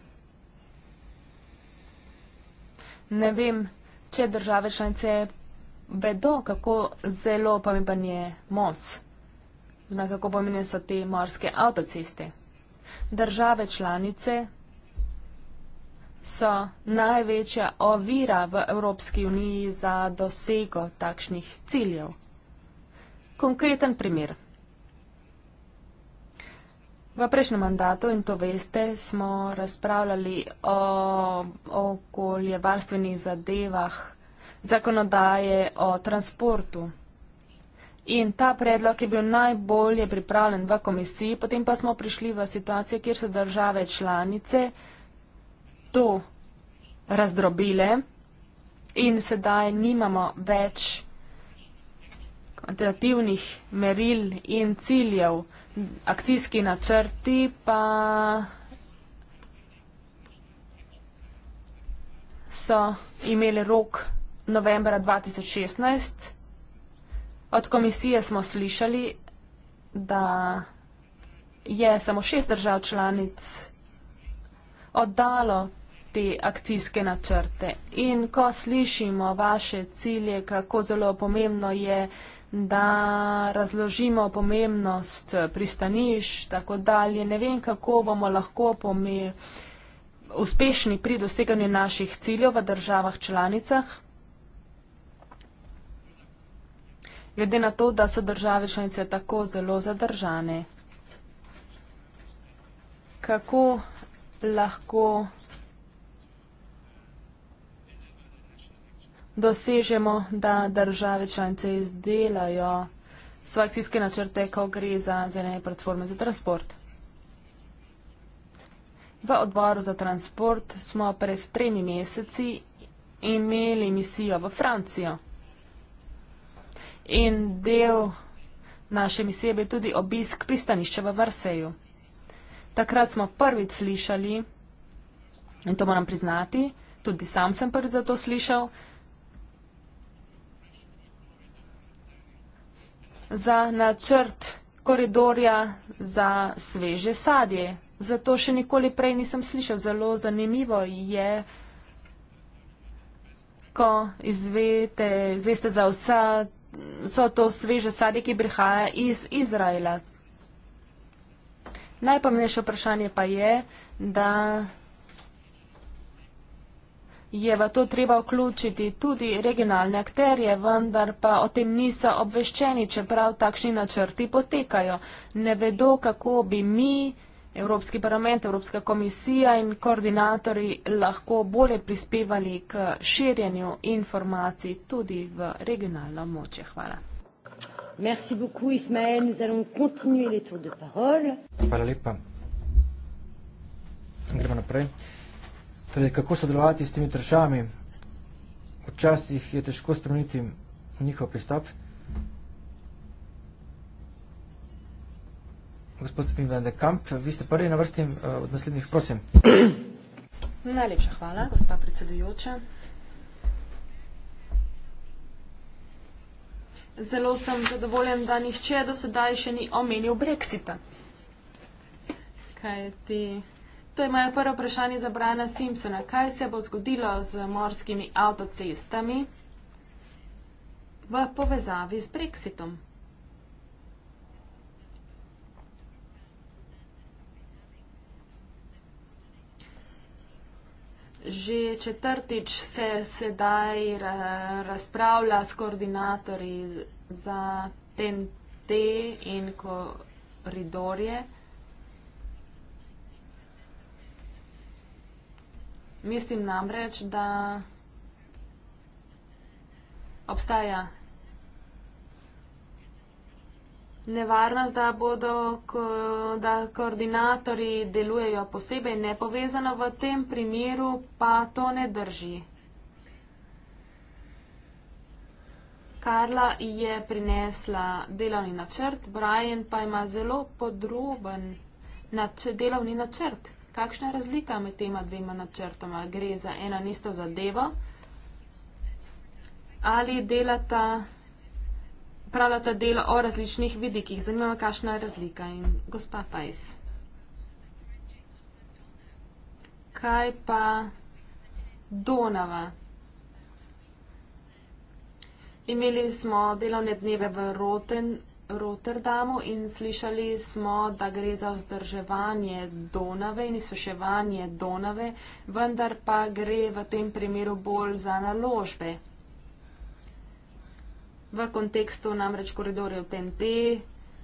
Speaker 3: Ne vem, če države članice vedo, kako zelo pomemben je most. Na kako pomembne so te morske avtoceste? Države članice so največja ovira v Evropski uniji za dosego takšnih ciljev. Konkreten primer. V prejšnjem mandatu, in to veste, smo razpravljali o okoljevarstvenih zadevah zakonodaje o transportu. In ta predlog je bil najbolje pripravljen v komisiji, potem pa smo prišli v situacijo, kjer so države članice to razdrobile in sedaj nimamo več kvantitativnih meril in ciljev. Akcijski načrti pa so imeli rok novembra 2016. Od komisije smo slišali, da je samo šest držav članic oddalo te akcijske načrte. In ko slišimo vaše cilje, kako zelo pomembno je, da razložimo pomembnost pristaniš, tako dalje, ne vem, kako bomo lahko pomembni uspešni pri doseganju naših ciljev v državah članicah. glede na to, da so države članice tako zelo zadržane. Kako lahko dosežemo, da države članice izdelajo svoje akcijske načrte, ko gre za zelene platforme za transport? V odboru za transport smo pred tremi meseci imeli misijo v Francijo in del naše misije bi tudi obisk pristanišča v Varseju. Takrat smo prvič slišali, in to moram priznati, tudi sam sem prvič za to slišal, za načrt koridorja za sveže sadje. Zato še nikoli prej nisem slišal. Zelo zanimivo je, ko izvete, izveste za vsa so to sveže sadje, ki prihaja iz Izraela. Najpomembnejše vprašanje pa je, da je v to treba vključiti tudi regionalne akterje, vendar pa o tem niso obveščeni, čeprav takšni načrti potekajo. Ne vedo, kako bi mi Evropski parlament, Evropska komisija in koordinatori lahko bolje prispevali k širjenju informacij tudi v regionalno moče. Hvala. Merci beaucoup, Ismaël. Nous allons continuer les tours de parole.
Speaker 2: Hvala lepa. Gremo naprej. Torej, kako sodelovati s temi državami? Včasih je težko spremeniti njihov pristop. Gospod Fim van de Kamp, vi ste prvi na vrsti eh, od naslednjih, prosim.
Speaker 3: Najlepša hvala, gospa predsedujoča. Zelo sem zadovoljen, da nihče do sedaj še ni omenil Brexita. Kaj ti? To je moje prvo vprašanje za Brana Simpsona. Kaj se bo zgodilo z morskimi avtocestami v povezavi z Brexitom? Že četrtič se sedaj razpravlja s koordinatorji za TNT in koridorje. Mislim namreč, da obstaja nevarnost, da bodo, da koordinatori delujejo posebej nepovezano, v tem primeru pa to ne drži. Karla je prinesla delovni načrt, Brian pa ima zelo podroben nač delovni načrt. Kakšna je razlika med tema dvema načrtoma? Gre za eno isto zadevo? Ali delata pravljata delo o različnih vidikih. Zanima me, kakšna je razlika. In gospa Pajs. Kaj pa Donava? Imeli smo delovne dneve v Roten, Rotterdamu in slišali smo, da gre za vzdrževanje Donave in izsuševanje Donave, vendar pa gre v tem primeru bolj za naložbe. V kontekstu namreč koridorjev TNT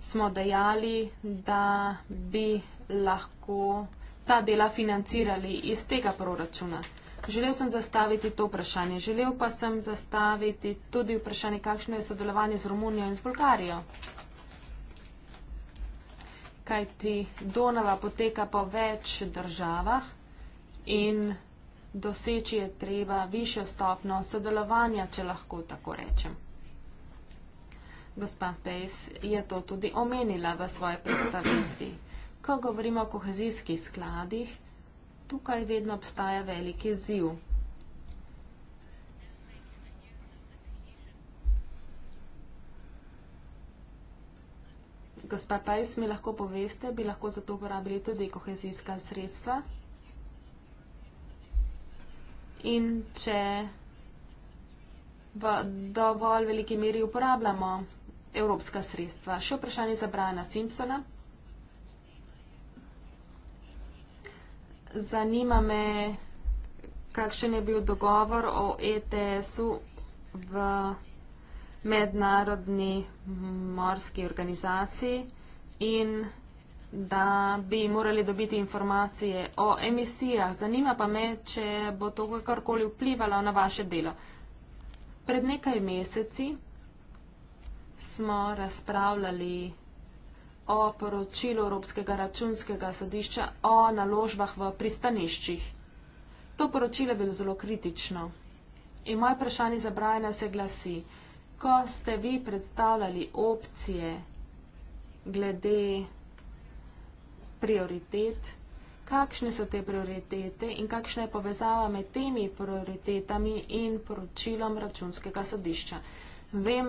Speaker 3: smo dejali, da bi lahko ta dela financirali iz tega proračuna. Želel sem zastaviti to vprašanje. Želel pa sem zastaviti tudi vprašanje, kakšno je sodelovanje z Romunijo in z Bulgarijo. Kaj ti Donava poteka po več državah in doseči je treba višjo stopno sodelovanja, če lahko tako rečem gospa Pejs je to tudi omenila v svoji predstavitvi. Ko govorimo o kohezijskih skladih, tukaj vedno obstaja veliki ziv. Gospa Pejs, mi lahko poveste, bi lahko za to uporabili tudi kohezijska sredstva? In če v dovolj veliki meri uporabljamo evropska sredstva. Še vprašanje za Brana Simpsona. Zanima me, kakšen je bil dogovor o ETS-u v mednarodni morski organizaciji in da bi morali dobiti informacije o emisijah. Zanima pa me, če bo to kakorkoli vplivalo na vaše delo. Pred nekaj meseci smo razpravljali o poročilu Evropskega računskega sodišča o naložbah v pristaniščih. To poročilo je bilo zelo kritično. In moje vprašanje za Brajana se glasi, ko ste vi predstavljali opcije glede prioritet, kakšne so te prioritete in kakšna je povezava med temi prioritetami in poročilom računskega sodišča. Vem,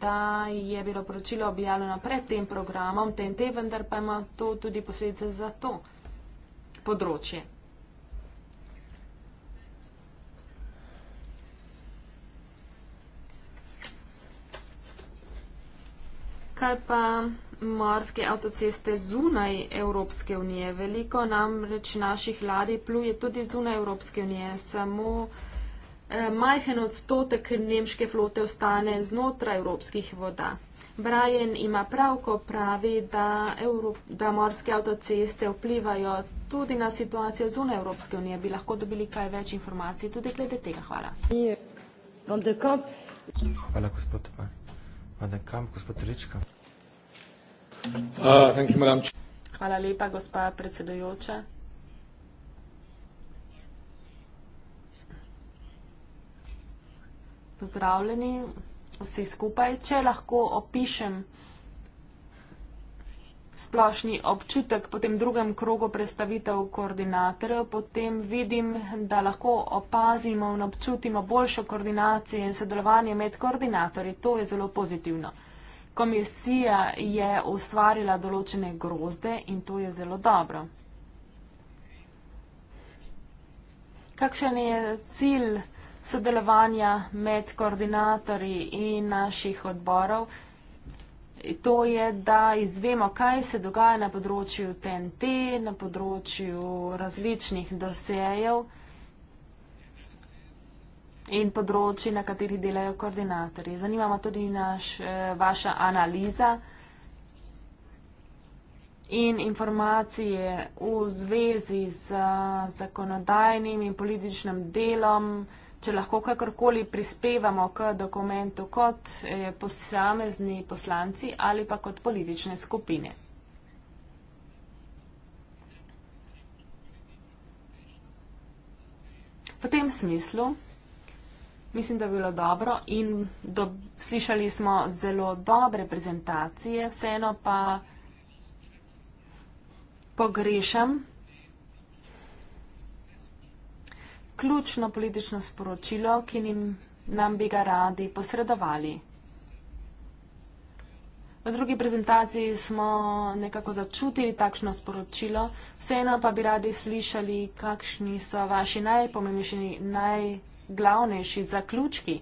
Speaker 3: da je bilo poročilo objavljeno pred tem programom TNT, vendar pa ima to tudi posledice za to področje. Kaj pa morske avtoceste zunaj Evropske unije? Veliko namreč naših ladij pluje tudi zunaj Evropske unije. Samo uh, Eh, majhen odstotek nemške flote ostane znotraj evropskih voda. Brian ima prav, ko pravi, da, Evrop, da morske avtoceste vplivajo tudi na situacijo zunaj Evropske unije. Bi lahko dobili kaj več informacij tudi glede tega? Hvala.
Speaker 2: Hvala, gospod eh, Vandekam, gospod Rečka.
Speaker 1: Uh,
Speaker 3: Hvala lepa, gospa predsedujoča. pozdravljeni vsi skupaj. Če lahko opišem splošni občutek po tem drugem krogu predstavitev koordinatorjev, potem vidim, da lahko opazimo in občutimo boljšo koordinacijo in sodelovanje med koordinatorji. To je zelo pozitivno. Komisija je ustvarila določene grozde in to je zelo dobro. Kakšen je cilj? sodelovanja med koordinatorji in naših odborov. To je, da izvemo, kaj se dogaja na področju TNT, na področju različnih dosejev in področji, na katerih delajo koordinatorji. Zanimamo tudi naš, eh, vaša analiza in informacije v zvezi z zakonodajnim in političnim delom, če lahko kakorkoli prispevamo k dokumentu kot eh, posamezni poslanci ali pa kot politične skupine. V tem smislu mislim, da bi bilo dobro in do, slišali smo zelo dobre prezentacije, vseeno pa pogrešam ključno politično sporočilo, ki nim, nam bi ga radi posredovali. V drugi prezentaciji smo nekako začutili takšno sporočilo, vseeno pa bi radi slišali, kakšni so vaši najpomembnejši, najglavnejši zaključki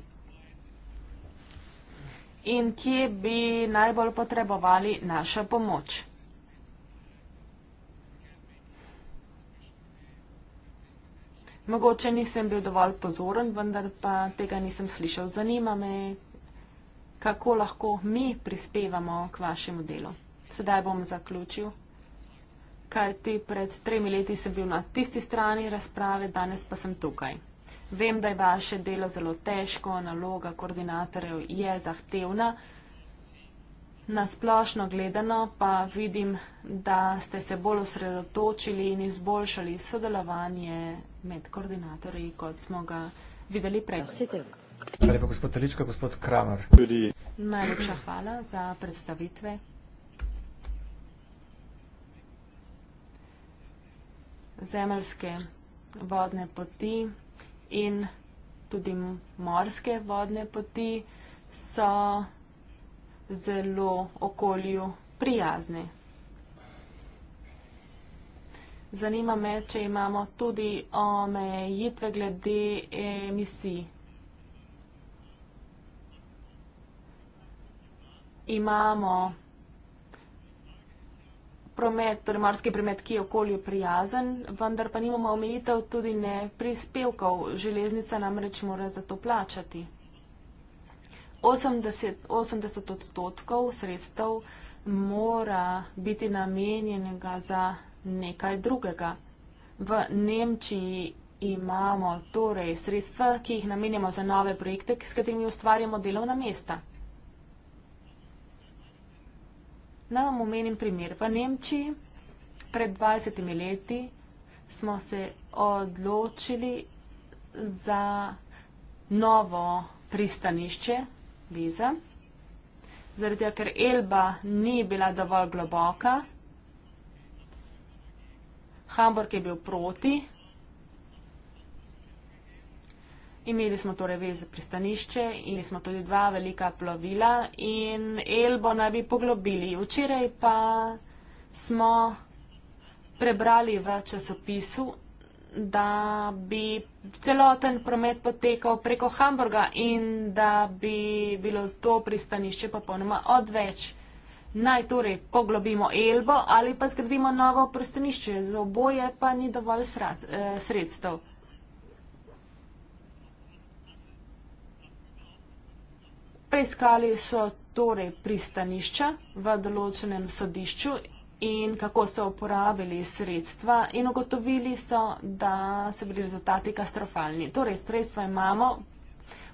Speaker 3: in kje bi najbolj potrebovali našo pomoč. Mogoče nisem bil dovolj pozoren, vendar pa tega nisem slišal. Zanima me, kako lahko mi prispevamo k vašemu delu. Sedaj bom zaključil, kaj ti pred tremi leti sem bil na tisti strani razprave, danes pa sem tukaj. Vem, da je vaše delo zelo težko, naloga koordinatorjev je zahtevna. Na splošno gledano pa vidim, da ste se bolj osredotočili in izboljšali sodelovanje med koordinatorji, kot smo ga videli prej. Hvala
Speaker 2: lepa, gospod Teličko, gospod Kramer.
Speaker 3: Najlepša hvala za predstavitve. Zemljske vodne poti in tudi morske vodne poti so zelo okolju prijazni. Zanima me, če imamo tudi omejitve glede emisij. Imamo promet, torej morski promet, ki je okolju prijazen, vendar pa nimamo omejitev tudi ne prispevkov. Železnica namreč mora za to plačati. 80, 80 odstotkov sredstev mora biti namenjenega za nekaj drugega. V Nemčiji imamo torej sredstva, ki jih namenjamo za nove projekte, s katerimi ustvarjamo delovna mesta. Naj vam omenim primer. V Nemčiji pred 20 leti smo se odločili za novo pristanišče, vize, zaradi tega, ker Elba ni bila dovolj globoka, Hamburg je bil proti, imeli smo torej veze pristanišče, imeli smo tudi dva velika plovila in Elbo naj bi poglobili. Včeraj pa smo prebrali v časopisu da bi celoten promet potekal preko Hamburga in da bi bilo to pristanišče popolnoma odveč. Naj torej poglobimo Elbo ali pa zgradimo novo pristanišče, za oboje pa ni dovolj srat, eh, sredstev. Preiskali so torej pristanišča v določenem sodišču in kako so uporabili sredstva in ugotovili so, da so bili rezultati katastrofalni. Torej, sredstva imamo,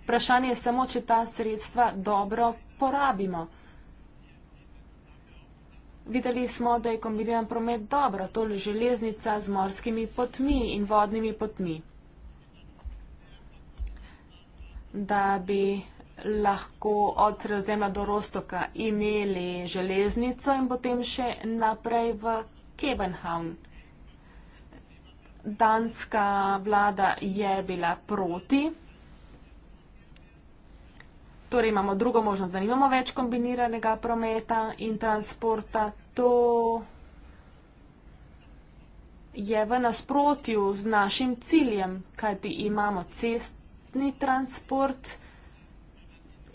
Speaker 3: vprašanje je samo, če ta sredstva dobro porabimo. Videli smo, da je kombiniran promet dobro, to je železnica z morskimi potmi in vodnimi potmi. Da bi lahko od Sredozemlja do Rostoka imeli železnico in potem še naprej v Kebenhavn. Danska vlada je bila proti. Torej imamo drugo možnost, da nimamo več kombiniranega prometa in transporta. To je v nasprotju z našim ciljem, kajti imamo cestni transport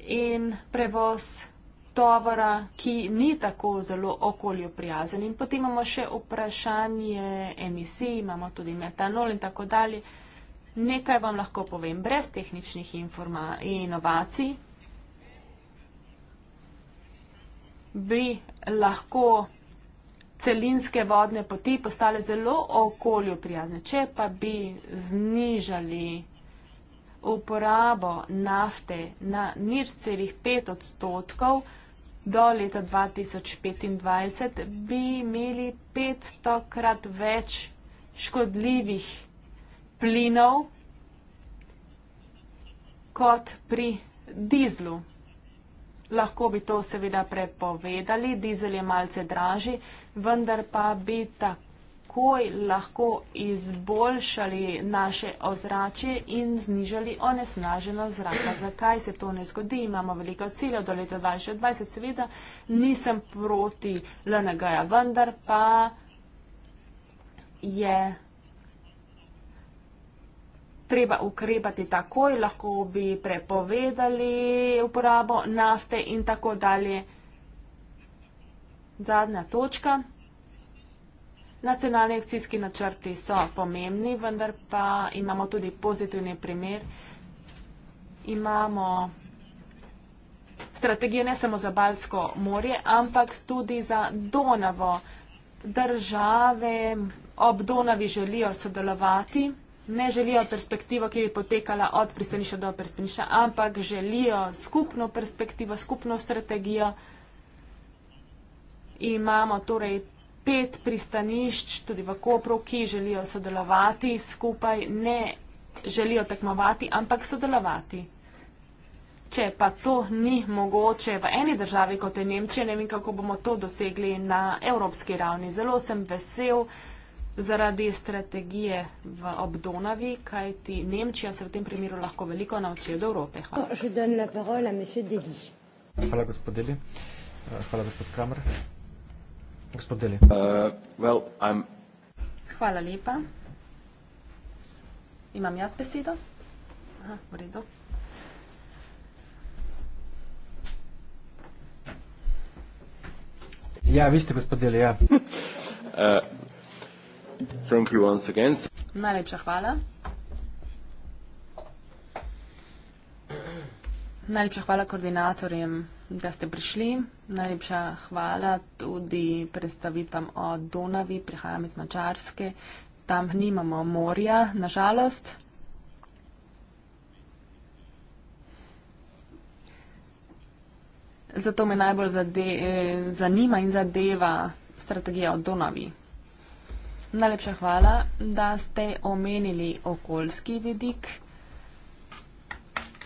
Speaker 3: in prevoz tovora, ki ni tako zelo okolju prijazen. In potem imamo še vprašanje emisij, imamo tudi metanol in tako dalje. Nekaj vam lahko povem brez tehničnih inovacij. bi lahko celinske vodne poti postale zelo okolju prijazne. Če pa bi znižali uporabo nafte na nič celih pet odstotkov do leta 2025, bi imeli petstokrat več škodljivih plinov kot pri dizlu. Lahko bi to seveda prepovedali, dizel je malce dražji, vendar pa bi tako takoj lahko izboljšali naše ozračje in znižali onesnaženo zraka. Zakaj se to ne zgodi? Imamo veliko ciljev do leta 2020. Seveda nisem proti LNG-ja, vendar pa je. Treba ukrepati takoj, lahko bi prepovedali uporabo nafte in tako dalje. Zadnja točka. Nacionalni akcijski načrti so pomembni, vendar pa imamo tudi pozitivni primer. Imamo strategije ne samo za Balsko morje, ampak tudi za Donavo. Države ob Donavi želijo sodelovati, ne želijo perspektivo, ki bi potekala od pristanišča do pristanišča, ampak želijo skupno perspektivo, skupno strategijo. Imamo torej pet pristanišč, tudi v Kopru, ki želijo sodelovati skupaj, ne želijo tekmovati, ampak sodelovati. Če pa to ni mogoče v eni državi, kot je Nemčija, ne vem, kako bomo to dosegli na evropski ravni. Zelo sem vesel zaradi strategije v Obdonavi, kaj ti Nemčija se v tem primeru lahko veliko nauči od Evrope. Hvala.
Speaker 2: Hvala, gospod Deli. Eh, hvala, gospod Kramer gospod Deli. Uh, well,
Speaker 3: Hvala lepa. S, imam jaz besedo? Aha, v redu.
Speaker 2: Ja, vi ste gospod Deli, ja. uh, thank you once again. Najlepša
Speaker 3: hvala. Najlepša hvala koordinatorjem da ste prišli. Najlepša hvala tudi predstavitam o Donavi. Prihajam iz Mačarske. Tam nimamo morja, nažalost. Zato me najbolj eh, zanima in zadeva strategija o Donavi. Najlepša hvala, da ste omenili okoljski vidik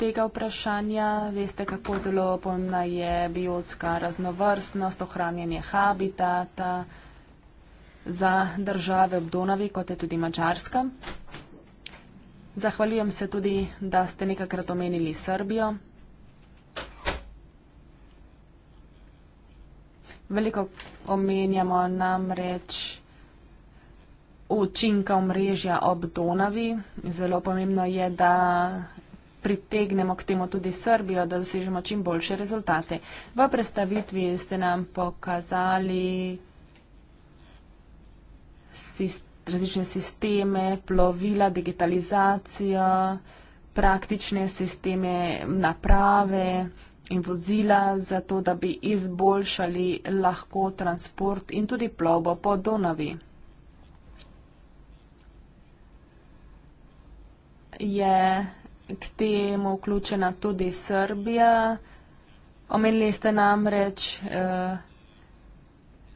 Speaker 3: tega vprašanja. Veste, kako zelo pomembna je biotska raznovrstnost, ohranjanje habitata za države v Donavi, kot je tudi Mačarska. Zahvaljujem se tudi, da ste nekakrat omenili Srbijo. Veliko omenjamo namreč učinka omrežja ob Donavi. Zelo pomembno je, da pritegnemo k temu tudi Srbijo, da dosežemo čim boljše rezultate. V predstavitvi ste nam pokazali sist različne sisteme, plovila, digitalizacijo, praktične sisteme, naprave in vozila za to, da bi izboljšali lahko transport in tudi plovbo po Donavi. Je k temu vključena tudi Srbija. Omenili ste namreč eh,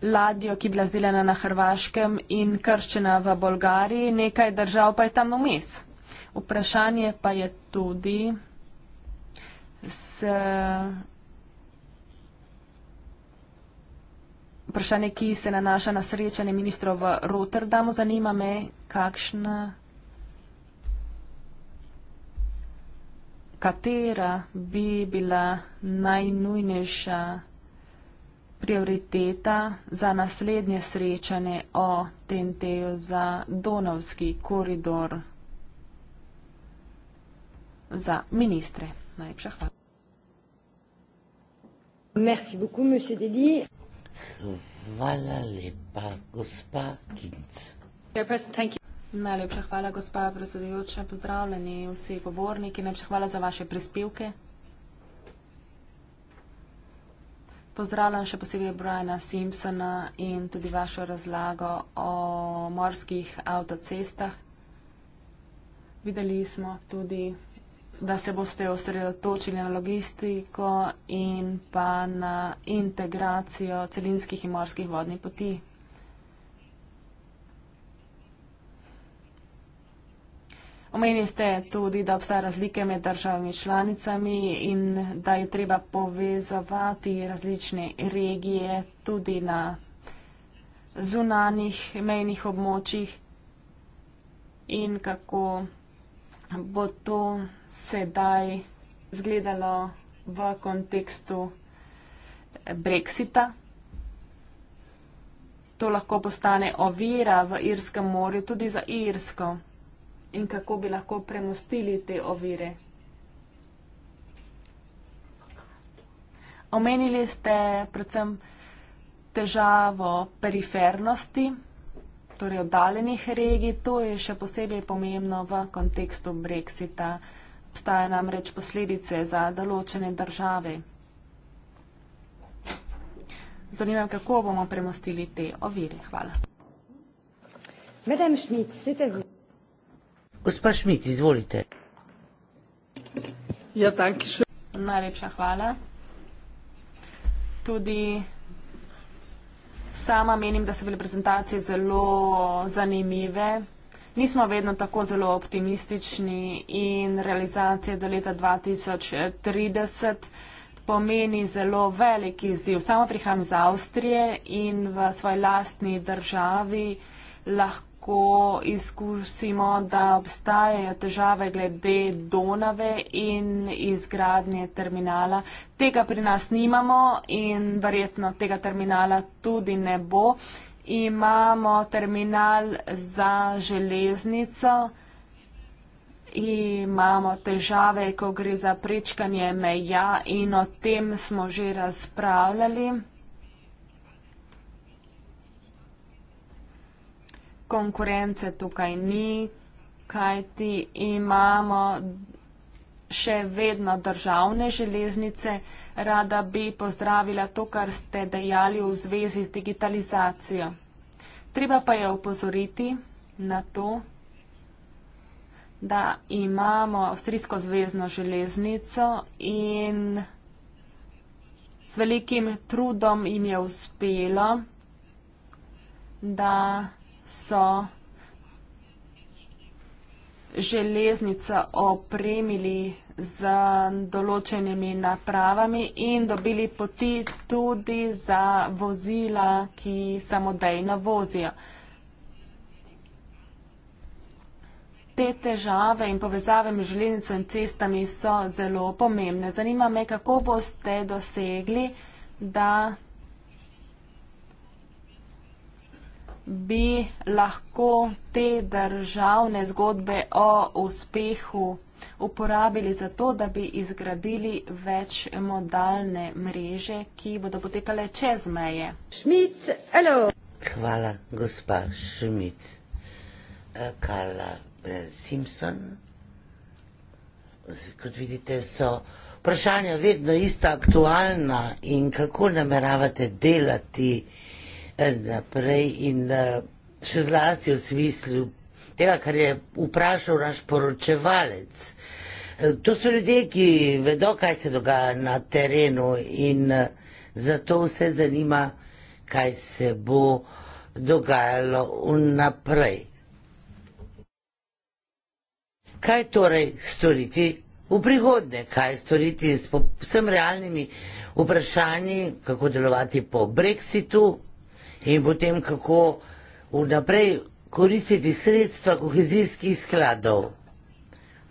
Speaker 3: ladjo, ki je bila zdelena na Hrvaškem in krščena v Bolgariji, nekaj držav pa je tam vmes. Vprašanje pa je tudi s. Vprašanje, ki se nanaša na srečanje ministrov v Rotterdamu, zanima me, kakšna katera bi bila najnujnejša prioriteta za naslednje srečanje o TNT-ju za Donovski koridor za ministre. Najlepša hvala. Merci beaucoup, monsieur Deli.
Speaker 1: Hvala lepa, gospa Kintz.
Speaker 3: Chairperson, thank you. Najlepša hvala, gospa predsedujoča. Pozdravljeni vsi govorniki. Najlepša hvala za vaše prispevke. Pozdravljam še posebej Briana Simpsona in tudi vašo razlago o morskih avtocestah. Videli smo tudi, da se boste osredotočili na logistiko in pa na integracijo celinskih in morskih vodnih poti. Omenili ste tudi, da obstaja razlike med državami članicami in da je treba povezovati različne regije tudi na zunanih mejnih območjih in kako bo to sedaj zgledalo v kontekstu Brexita. To lahko postane ovira v Irskem morju, tudi za Irsko in kako bi lahko premustili te ovire. Omenili ste predvsem težavo perifernosti, torej oddaljenih regij. To je še posebej pomembno v kontekstu Brexita. Obstaja namreč posledice za določene države. Zanima me, kako bomo premostili te ovire. Hvala. Madame Schmidt, c'est à vous.
Speaker 1: Gospa Šmit, izvolite.
Speaker 3: Ja, tanki še. Najlepša hvala. Tudi sama menim, da so bile prezentacije zelo zanimive. Nismo vedno tako zelo optimistični in realizacije do leta 2030 pomeni zelo velik izziv. Sama priham iz Avstrije in v svoji lastni državi lahko lahko izkusimo, da obstajajo težave glede Donave in izgradnje terminala. Tega pri nas nimamo in verjetno tega terminala tudi ne bo. Imamo terminal za železnico. Imamo težave, ko gre za prečkanje meja in o tem smo že razpravljali. konkurence tukaj ni, kajti imamo še vedno državne železnice. Rada bi pozdravila to, kar ste dejali v zvezi z digitalizacijo. Treba pa je upozoriti na to, da imamo avstrijsko zvezno železnico in z velikim trudom jim je uspelo, da so železnico opremili z določenimi napravami in dobili poti tudi za vozila, ki samodejno vozijo. Te težave in povezave med železnico in cestami so zelo pomembne. Zanima me, kako boste dosegli, da bi lahko te državne zgodbe o uspehu uporabili za to, da bi izgradili več modalne mreže, ki bodo potekale čez meje. Šmit, alo.
Speaker 1: Hvala, gospa Šmit. Eh, Karla eh, Simpson. Kot vidite, so vprašanja vedno ista aktualna in kako nameravate delati naprej in eh, še zlasti v smislu tega, kar je vprašal naš poročevalec. Eh, to so ljudje, ki vedo, kaj se dogaja na terenu in eh, zato vse zanima, kaj se bo dogajalo naprej. Kaj torej storiti v prihodne? Kaj storiti s vsem realnimi vprašanji, kako delovati po brexitu, in potem kako vnaprej koristiti sredstva kohezijskih skladov.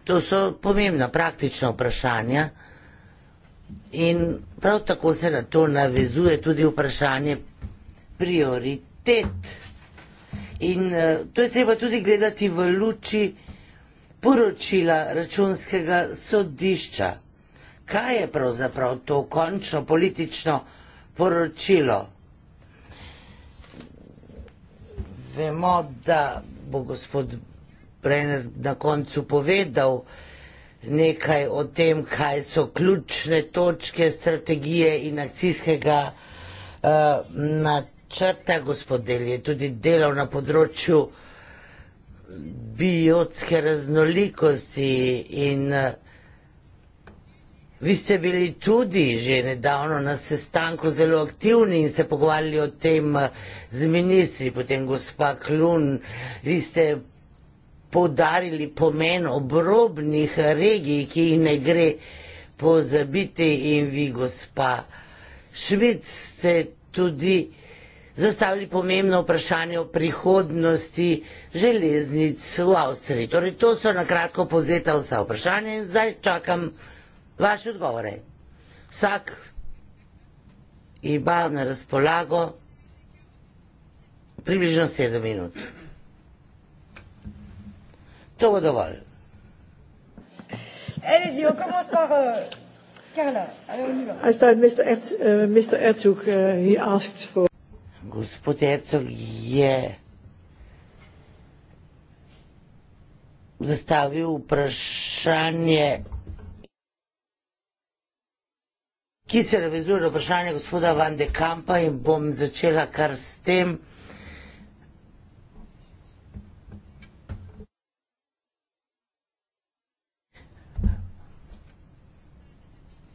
Speaker 1: To so pomembna praktična vprašanja in prav tako se na to navezuje tudi vprašanje prioritet. In eh, to je treba tudi gledati v luči poročila računskega sodišča. Kaj je pravzaprav to končno politično poročilo? vemo, da bo gospod Brenner na koncu povedal nekaj o tem, kaj so ključne točke strategije in akcijskega uh, načrta. Gospod Del je tudi delal na področju biotske raznolikosti in uh, Vi ste bili tudi že nedavno na sestanku zelo aktivni in se pogovarjali o tem eh, z ministri, potem gospa Klun. Vi ste podarili pomen obrobnih regij, ki jih ne gre pozabiti in vi, gospa Švic, ste tudi zastavili pomembno vprašanje o prihodnosti železnic v Avstriji. Torej, to so na kratko povzeta vsa vprašanja in zdaj čakam Vaš odgovor je, vsak ima na razpolago približno sedem minut. To bo dovolj. Elizio, kako spogo? Kerala,
Speaker 2: I started Mr. Erz, uh, Mr. Erzog, uh, he asked for...
Speaker 1: Gospod Erzog je zastavil vprašanje ki se navezuje na vprašanje gospoda Van de Kampa in bom začela kar s tem.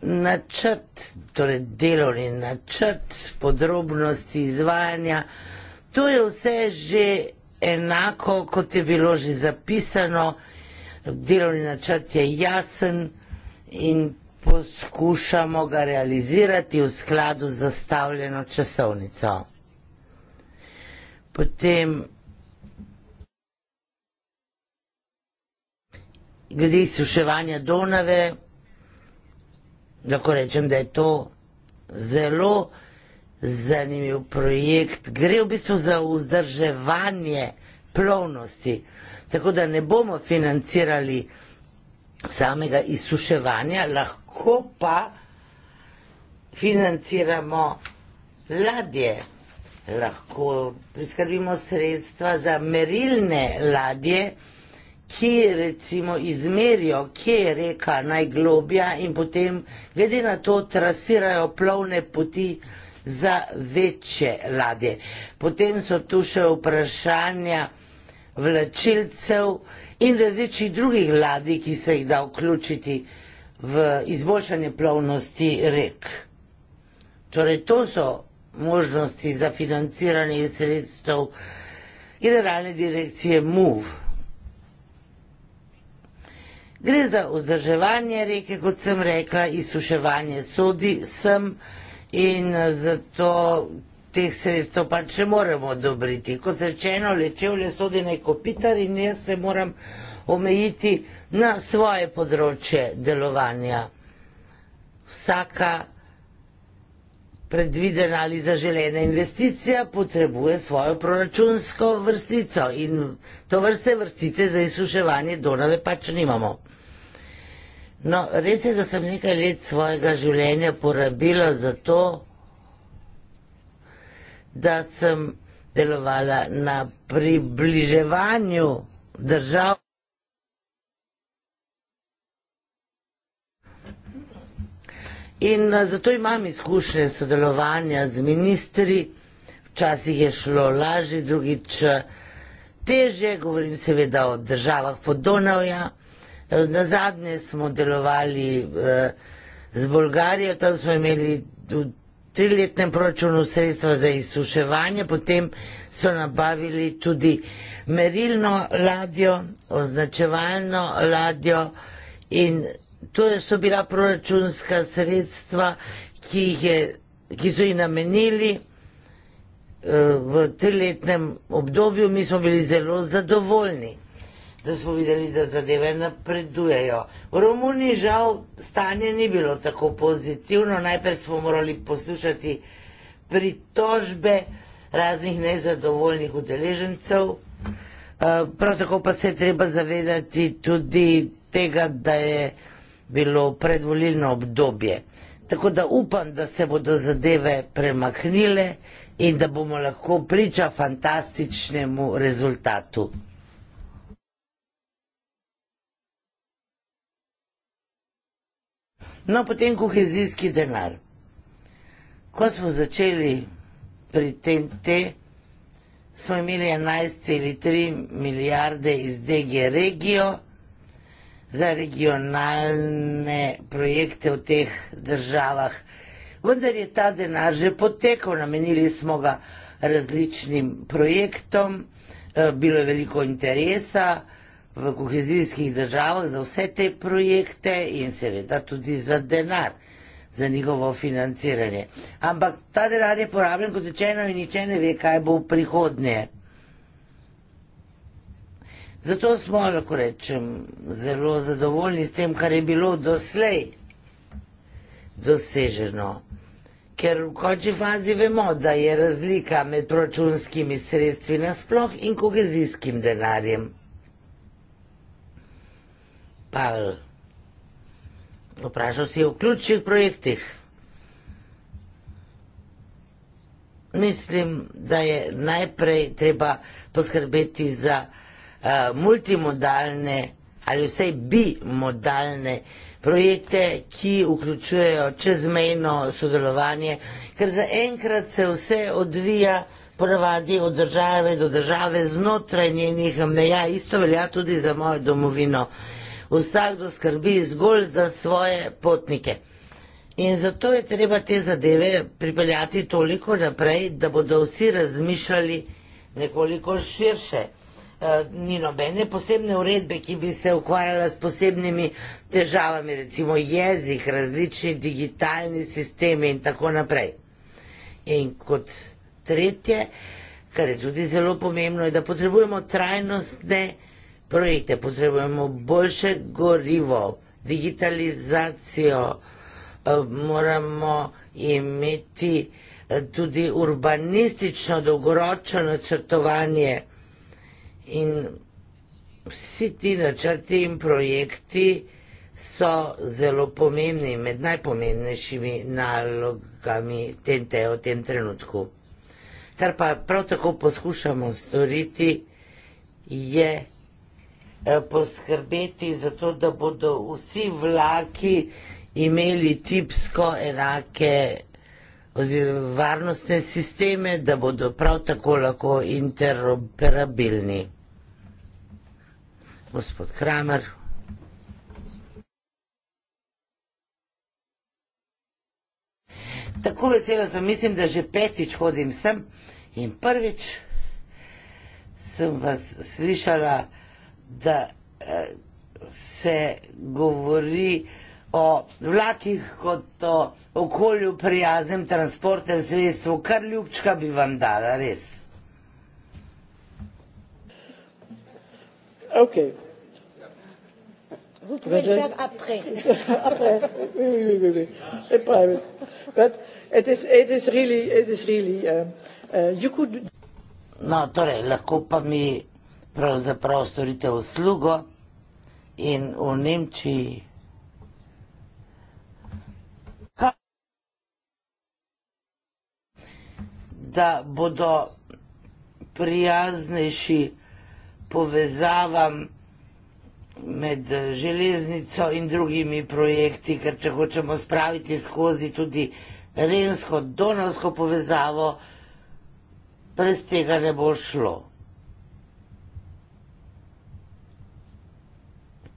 Speaker 1: Načrt, torej delovni načrt, podrobnosti izvajanja, to je vse že enako, kot je bilo že zapisano. Delovni načrt je jasen in poskušamo ga realizirati v skladu z zastavljeno časovnico. Potem glede suševanja Donave, lahko rečem, da je to zelo zanimiv projekt. Gre v bistvu za vzdrževanje plovnosti, tako da ne bomo financirali samega izsuševanja, lahko pa financiramo ladje, lahko priskrbimo sredstva za merilne ladje, ki recimo izmerijo, kje je reka najglobja in potem glede na to trasirajo plovne poti za večje ladje. Potem so tu še vprašanja, vlačilcev in različnih drugih ladij, ki se jih da vključiti v izboljšanje plovnosti rek. Torej, to so možnosti za financiranje sredstev generalne direkcije MUV. Gre za vzdrževanje reke, kot sem rekla, izsuševanje sodi sem in zato teh sredstev pač ne moremo odobriti. Kot rečeno, lečev le sodi neko pitar in jaz se moram omejiti na svoje področje delovanja. Vsaka predvidena ali zaželena investicija potrebuje svojo proračunsko vrstico in to vrste vrstice za izsuševanje donave pač nimamo. No, res je, da sem nekaj let svojega življenja porabila za to, da sem delovala na približevanju držav. In eh, zato imam izkušnje sodelovanja z ministri, včasih je šlo lažje, drugič eh, teže, govorim seveda o državah Podonavja. Eh, na zadnje smo delovali z Bolgarijo, tam smo imeli triletnem proračunu sredstva za izsuševanje, potem so nabavili tudi merilno ladjo, označevalno ladjo in to so bila proračunska sredstva, ki, je, ki so jih namenili eh, v triletnem obdobju. Mi smo bili zelo zadovoljni da smo videli, da zadeve napredujejo. V Romuniji žal stanje ni bilo tako pozitivno, najprej smo morali poslušati pritožbe raznih nezadovoljnih udeležencev. Eh, prav tako pa se je treba zavedati tudi tega, da je bilo predvolilno obdobje. Tako da upam, da se bodo zadeve premaknile in da bomo lahko priča fantastičnemu rezultatu. No, potem kohezijski denar. Ko smo začeli pri TNT, smo imeli 11,3 milijarde iz DG regijo za regionalne projekte v teh državah. Vendar je ta denar že potekal, namenili smo ga različnim projektom, eh, bilo je veliko interesa, v kohezijskih državah za vse te projekte in seveda tudi za denar, za njihovo financiranje. Ampak ta denar je porabljen kot rečeno in niče ne ve, kaj bo v prihodnje. Zato smo, lahko rečem, zelo zadovoljni s tem, kar je bilo doslej doseženo. Ker v končni fazi vemo, da je razlika med proračunskimi sredstvi nasploh in kohezijskim denarjem. Pavel, vprašal si o ključnih projektih. Mislim, da je najprej treba poskrbeti za uh, multimodalne ali vsaj bimodalne projekte, ki vključujejo čezmejno sodelovanje, ker zaenkrat se vse odvija ponavadi od države do države znotraj njenih meja. Isto velja tudi za mojo domovino. Uh, vsakdo skrbi zgolj za svoje potnike. In zato je treba te zadeve pripeljati toliko naprej, da bodo vsi razmišljali nekoliko širše. Eh, ni nobene posebne uredbe, ki bi se ukvarjala s posebnimi težavami, recimo jezik, različni digitalni sistemi in tako naprej. In kot tretje, kar je tudi zelo pomembno, je, da potrebujemo trajnostne projekte, potrebujemo boljše gorivo, digitalizacijo, eh, moramo imeti eh, tudi urbanistično dolgoročno načrtovanje in vsi ti načrti in projekti so zelo pomembni, med najpomembnejšimi nalogami TNT v tem trenutku. Kar pa prav tako poskušamo storiti, je Eh, poskrbeti za to, da bodo vsi vlaki imeli tipsko enake oziroma varnostne sisteme, da bodo prav tako lahko interoperabilni. Gospod Kramer. Tako vesela sem, mislim, da že petič hodim sem in prvič sem vas slišala, da da eh, se govori o vlakih kot o okolju prijaznem transportnem sredstvu, kar ljubčka bi vam dala, res. Ok. No, torej, lahko pa mi pravzaprav storite uslugo in v Nemčiji da bodo prijaznejši povezavam med železnico in drugimi projekti, ker če hočemo spraviti skozi tudi rensko-donovsko povezavo, brez tega ne bo šlo.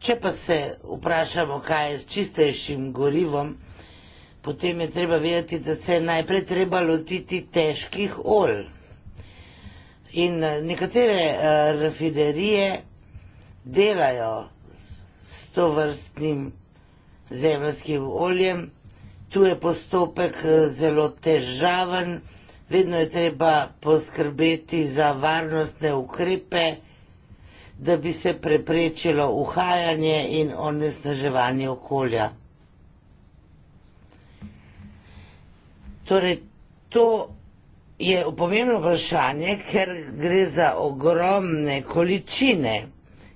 Speaker 1: Če pa se vprašamo, kaj je s čistejšim gorivom, potem je treba vedeti, da se je najprej treba lotiti težkih olj. In eh, nekatere uh, rafinerije delajo s to vrstnim zemljskim oljem. Tu je postopek eh, zelo težaven, vedno je treba poskrbeti za varnostne ukrepe da bi se preprečilo uhajanje in onesnaževanje okolja. Torej, to je pomembno vprašanje, ker gre za ogromne količine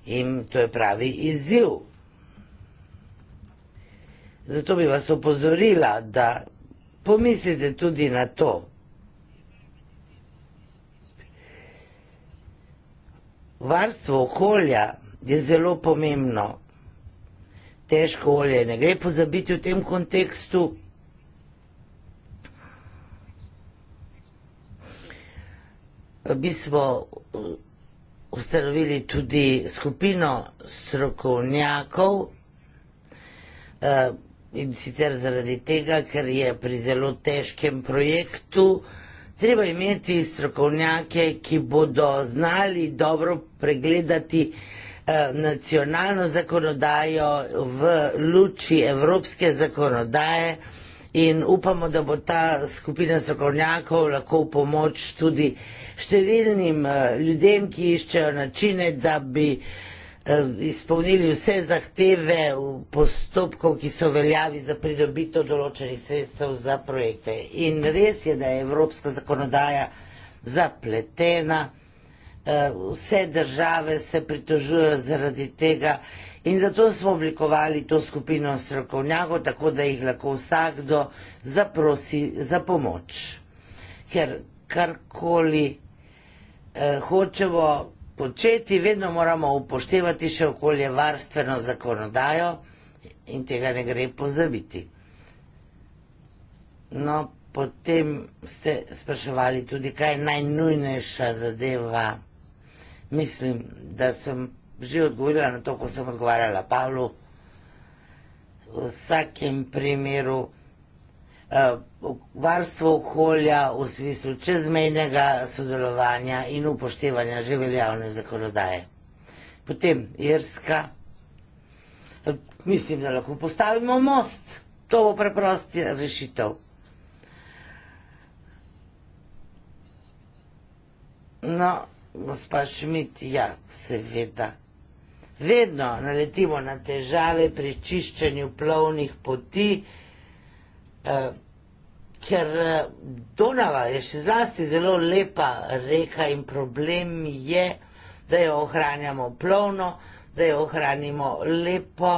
Speaker 1: in to je pravi izziv. Zato bi vas opozorila, da pomislite tudi na to. Varstvo okolja je zelo pomembno. Težko olje ne gre pozabiti v tem kontekstu. Mi smo uh, ustanovili tudi skupino strokovnjakov uh, in sicer zaradi tega, ker je pri zelo težkem projektu Treba imeti strokovnjake, ki bodo znali dobro pregledati eh, nacionalno zakonodajo v luči evropske zakonodaje in upamo, da bo ta skupina strokovnjakov lahko v pomoč tudi številnim eh, ljudem, ki iščejo načine, da bi izpolnili vse zahteve v postopkov, ki so veljavi za pridobitev določenih sredstev za projekte. In res je, da je evropska zakonodaja zapletena, vse države se pritožujejo zaradi tega in zato smo oblikovali to skupino strokovnjakov, tako da jih lahko vsakdo zaprosi za pomoč. Ker karkoli eh, hočemo, početi, vedno moramo upoštevati še okoljevarstveno zakonodajo in tega ne gre pozabiti. No, potem ste spraševali tudi, kaj je najnujnejša zadeva. Mislim, da sem že odgovorila na to, ko sem odgovarjala Pavlu. V vsakem primeru varstvo okolja v smislu čezmejnega sodelovanja in upoštevanja že veljavne zakonodaje. Potem Irska, mislim, da lahko postavimo most, to bo preprosti rešitev. No, gospa Šmit, ja, seveda. Vedno naletimo na težave pri čiščenju plovnih poti, eh, ker eh, Donava je še zlasti zelo lepa reka in problem je, da jo ohranjamo plovno, da jo ohranimo lepo,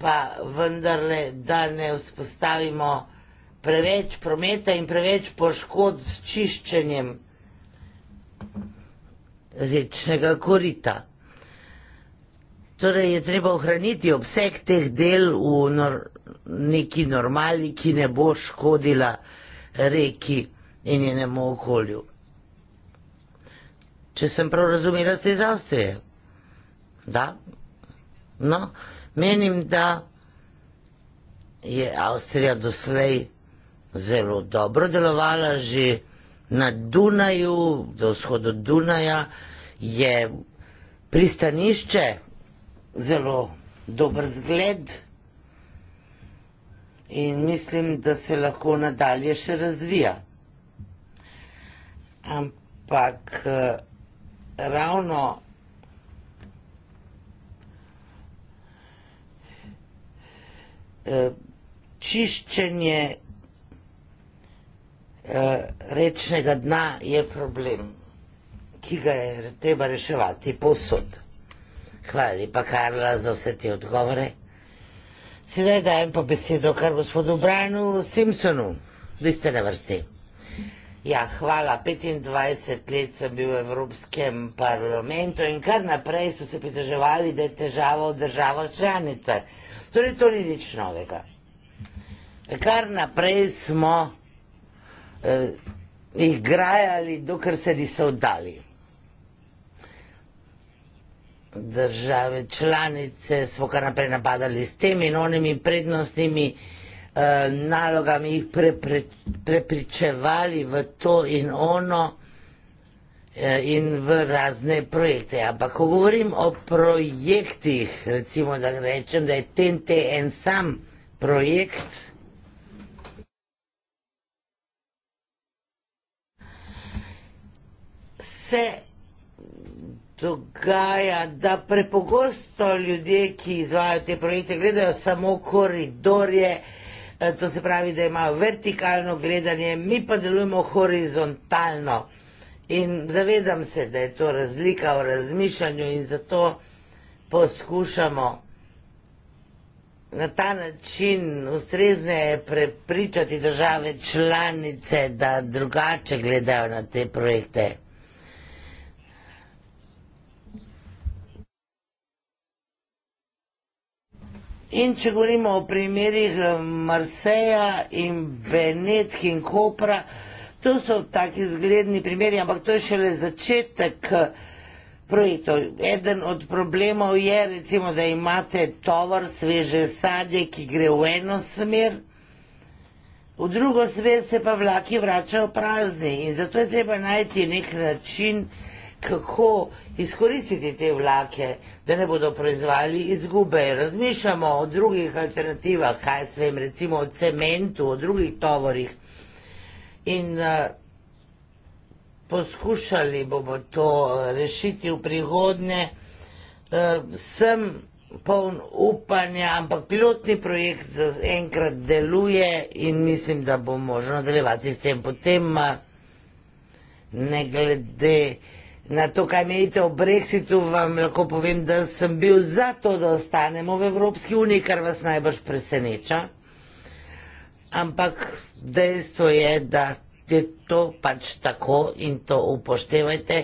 Speaker 1: pa vendarle, da ne vzpostavimo preveč prometa in preveč poškod s čiščenjem rečnega korita. Torej je treba ohraniti obseg teh del v nor neki normalni, ki ne bo škodila reki in njenemu okolju. Če sem prav razumela, ste iz Avstrije. Da? No, menim, da je Avstrija doslej zelo dobro delovala, že na Dunaju, do vzhodu Dunaja je pristanišče zelo dober zgled in mislim, da se lahko nadalje še razvija. Ampak eh, ravno eh, čiščenje eh, rečnega dna je problem, ki ga je treba reševati posod. Hvala lepa, Karla, za vse te odgovore. Sedaj dajem po besedo kar gospodu Branu Simpsonu, vi ste na vrsti. Ja, hvala. 25 let sem bil v Evropskem parlamentu in kar naprej so se pritoževali, da je težava v državah članicah. Torej, to ni nič novega. Kar naprej smo eh, jih grajali, dokler se niso oddali države članice smo kar naprej napadali s temi in onimi prednostnimi eh, nalogami, jih prepre, prepričevali v to in ono eh, in v razne projekte. Ampak, ko govorim o projektih, recimo, da rečem, da je TNT en sam projekt, se dogaja, da prepogosto ljudje, ki izvajo te projekte, gledajo samo koridorje, eh, to se pravi, da imajo vertikalno gledanje, mi pa delujemo horizontalno. In zavedam se, da je to razlika v razmišljanju in zato poskušamo na ta način ustrezne prepričati države članice, da drugače gledajo na te projekte. In če govorimo o primerih eh, Marseja in Benetk in Kopra, to so taki zgledni primeri, ampak to je šele začetek eh, projektov. Eden od problemov je, recimo, da imate tovor sveže sadje, ki gre v eno smer, v drugo smer se pa vlaki vračajo prazni in zato je treba najti nek način, kako izkoristiti te vlake, da ne bodo proizvajali izgube. Razmišljamo o drugih alternativah, kaj se jim recimo o cementu, o drugih tovorih. In eh, poskušali bomo to eh, rešiti v prihodnje. Eh, sem poln upanja, ampak pilotni projekt za enkrat deluje in mislim, da bo možno nadaljevati s tem. Potem ne glede Na to, kaj menite o brexitu, vam lahko povem, da sem bil za to, da ostanemo v Evropski uniji, kar vas najbrž preseneča. Ampak dejstvo je, da je to pač tako in to upoštevajte.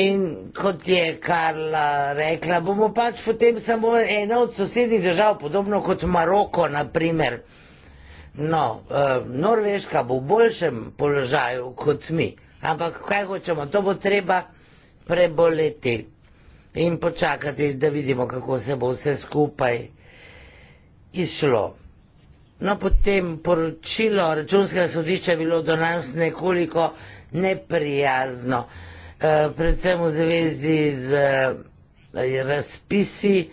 Speaker 1: In kot je Karla rekla, bomo pač potem samo ena od sosednjih držav, podobno kot Maroko, naprimer. No, eh, Norveška bo v boljšem položaju kot mi. Ampak kaj hočemo? To bo treba preboleti in počakati, da vidimo, kako se bo vse skupaj izšlo. No, potem poročilo računskega sodišča je bilo do nas nekoliko neprijazno, eh, predvsem v zvezi z eh, razpisi,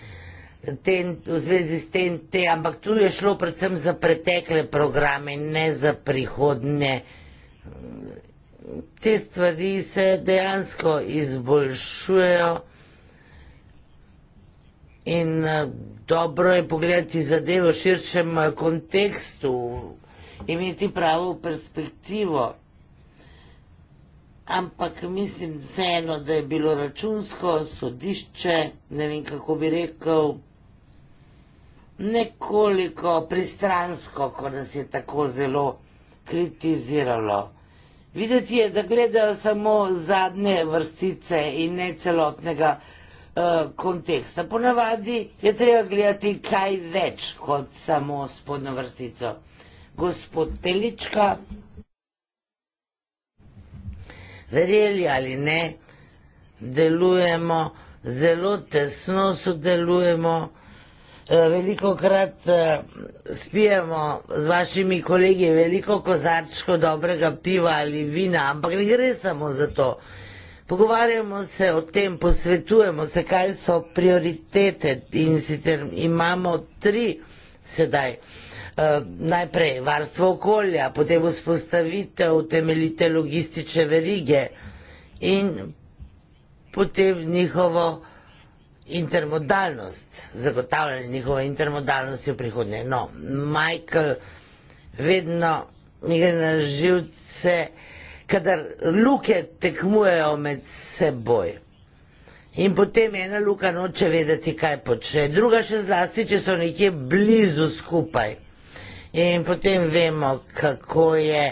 Speaker 1: ten, v zvezi s tem, ampak tu je šlo predvsem za pretekle programe, ne za prihodne te stvari se dejansko izboljšujejo in eh, dobro je pogledati zadevo v širšem eh, kontekstu, imeti pravo perspektivo. Ampak mislim vseeno, da je bilo računsko sodišče, ne vem kako bi rekel, nekoliko pristransko, ko nas je tako zelo kritiziralo. Videti je, da gledajo samo zadnje vrstice in ne celotnega eh, konteksta. Ponavadi je treba gledati kaj več kot samo spodno vrstico. Gospod Telička, verjeli ali ne, delujemo, zelo tesno sodelujemo, Eh, veliko krat eh, spijemo z vašimi kolegi veliko kozarčko dobrega piva ali vina, ampak ne gre samo za to. Pogovarjamo se o tem, posvetujemo se, kaj so prioritete in sicer imamo tri sedaj. E, najprej varstvo okolja, potem vzpostavitev temeljite logistične verige in potem njihovo intermodalnost, zagotavljanje njihove intermodalnosti v prihodnje. No, Michael vedno mi gre na živce, kadar luke tekmujejo med seboj. In potem ena luka noče vedeti, kaj počne, druga še zlasti, če so nekje blizu skupaj. In potem vemo, kako je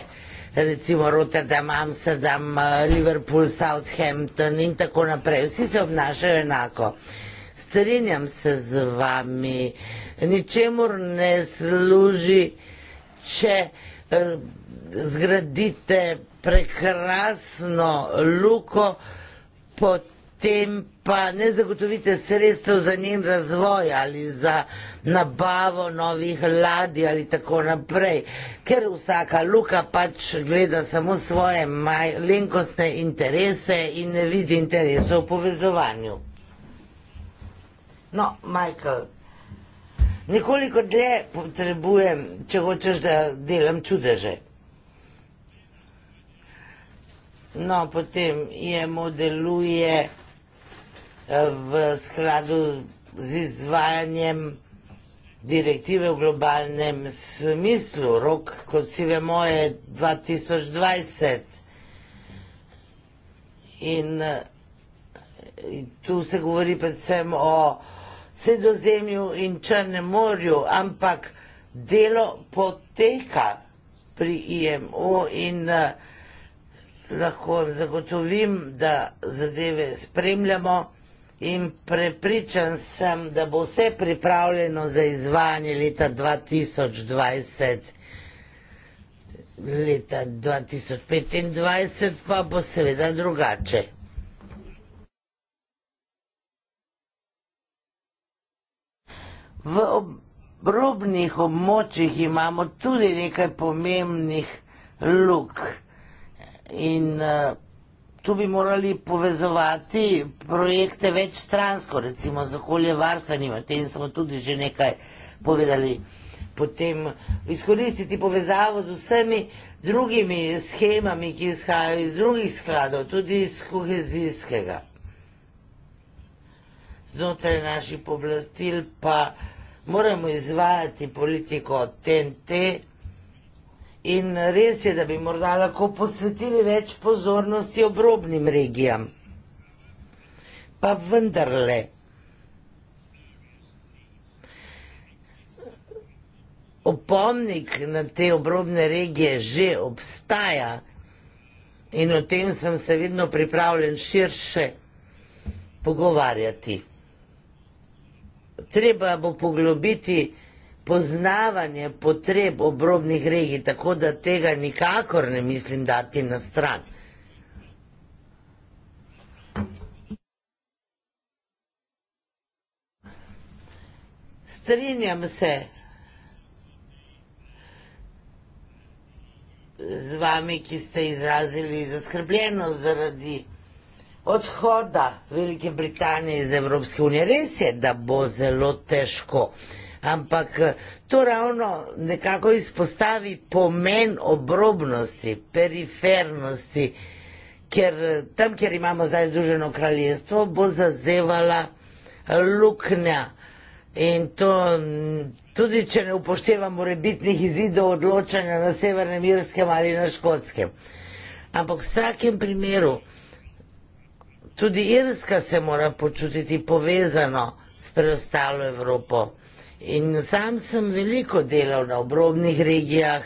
Speaker 1: recimo Rotterdam, Amsterdam, Liverpool, Southampton in tako naprej. Vsi se obnašajo enako strinjam se z vami, ničemur ne služi, če eh, zgradite prekrasno luko, potem pa ne zagotovite sredstev za njen razvoj ali za nabavo novih ladij ali tako naprej, ker vsaka luka pač gleda samo svoje malenkostne interese in ne vidi interesov v povezovanju. No, Michael, nekoliko dlje potrebujem, če hočeš, da delam čudeže. No, potem je modeluje eh, v skladu z izvajanjem direktive v globalnem smislu. Rok, kot si vemo, je 2020. In eh, tu se govori predvsem o Sredozemlju in Črnem morju, ampak delo poteka pri IMO in eh, lahko vam zagotovim, da zadeve spremljamo in prepričan sem, da bo vse pripravljeno za izvajanje leta 2020. Leta 2025 pa bo seveda drugače. V obrobnih območjih imamo tudi nekaj pomembnih luk in eh, tu bi morali povezovati projekte več stransko, recimo z okoljevarstvenim, o tem smo tudi že nekaj povedali. Potem izkoristiti povezavo z vsemi drugimi schemami, ki izhajajo iz drugih skladov, tudi iz kohezijskega. Znotraj naših poblastil pa moramo izvajati politiko TNT in res je, da bi morda lahko posvetili več pozornosti obrobnim regijam. Pa vendarle. Opomnik na te obrobne regije že obstaja in o tem sem se vedno pripravljen širše pogovarjati treba bo poglobiti poznavanje potreb obrobnih regij, tako da tega nikakor ne mislim dati na stran. Strinjam se z vami, ki ste izrazili zaskrbljenost zaradi odhoda Velike Britanije iz Evropske unije. Res je, da bo zelo težko, ampak eh, to ravno nekako izpostavi pomen obrobnosti, perifernosti, ker eh, tam, kjer imamo zdaj Združeno kraljestvo, bo zazevala eh, luknja. In to mm, tudi, če ne upoštevamo rebitnih izidov odločanja na Severnem Irskem ali na Škotskem. Ampak v vsakem primeru, Tudi Irska se mora počutiti povezano s preostalo Evropo. In sam sem veliko delal na obrobnih regijah,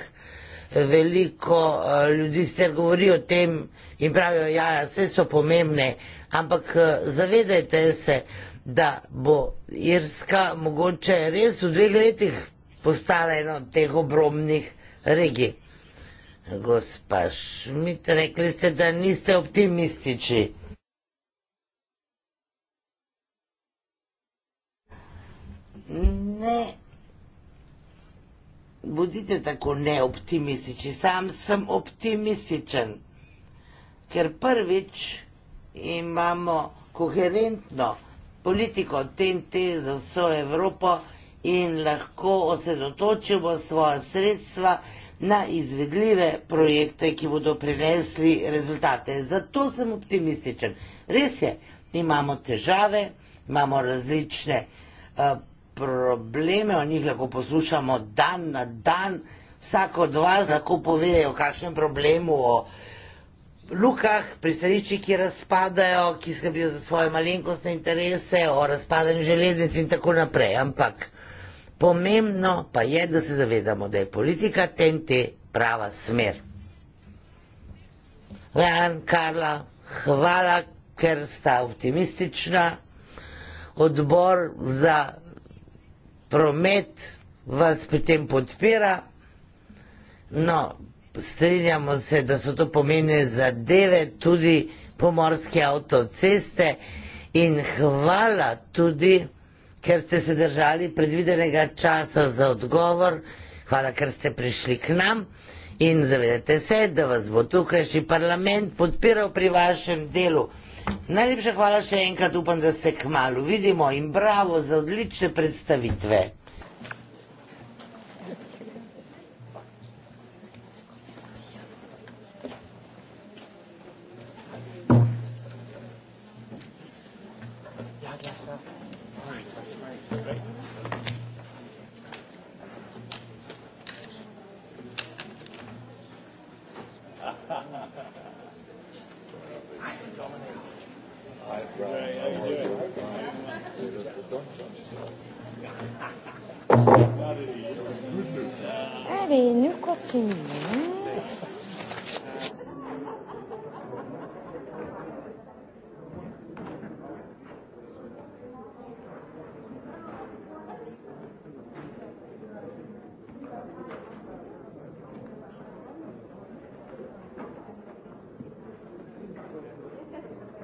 Speaker 1: veliko eh, ljudi se govori o tem in pravijo, ja, vse ja, so pomembne, ampak eh, zavedajte se, da bo Irska mogoče res v dveh letih postala ena od teh obrobnih regij. Gospa Šmit, rekli ste, da niste optimistični. ne bodite tako neoptimistični, sam sem optimističen, ker prvič imamo koherentno politiko TNT za vso Evropo in lahko osredotočimo svoje sredstva na izvedljive projekte, ki bodo prinesli rezultate. Zato sem optimističen. Res je, imamo težave, imamo različne uh, probleme, o njih lahko poslušamo dan na dan, vsako dva lahko povejo, o kakšnem problemu, o lukah, pristariči, ki razpadajo, ki skrbijo za svoje malenkostne interese, o razpadanju železnic in tako naprej. Ampak pomembno pa je, da se zavedamo, da je politika TNT prava smer. Lejan, Karla, hvala, ker sta optimistična. Odbor za promet vas pri tem podpira. No, strinjamo se, da so to pomene zadeve, tudi pomorske avtoceste in hvala tudi, ker ste se držali predvidenega časa za odgovor, hvala, ker ste prišli k nam in zavedate se, da vas bo tukajšnji parlament podpiral pri vašem delu. Najlepša hvala še enkrat, upam, da se k malu vidimo in bravo za odlične predstavitve. to?
Speaker 2: Erény,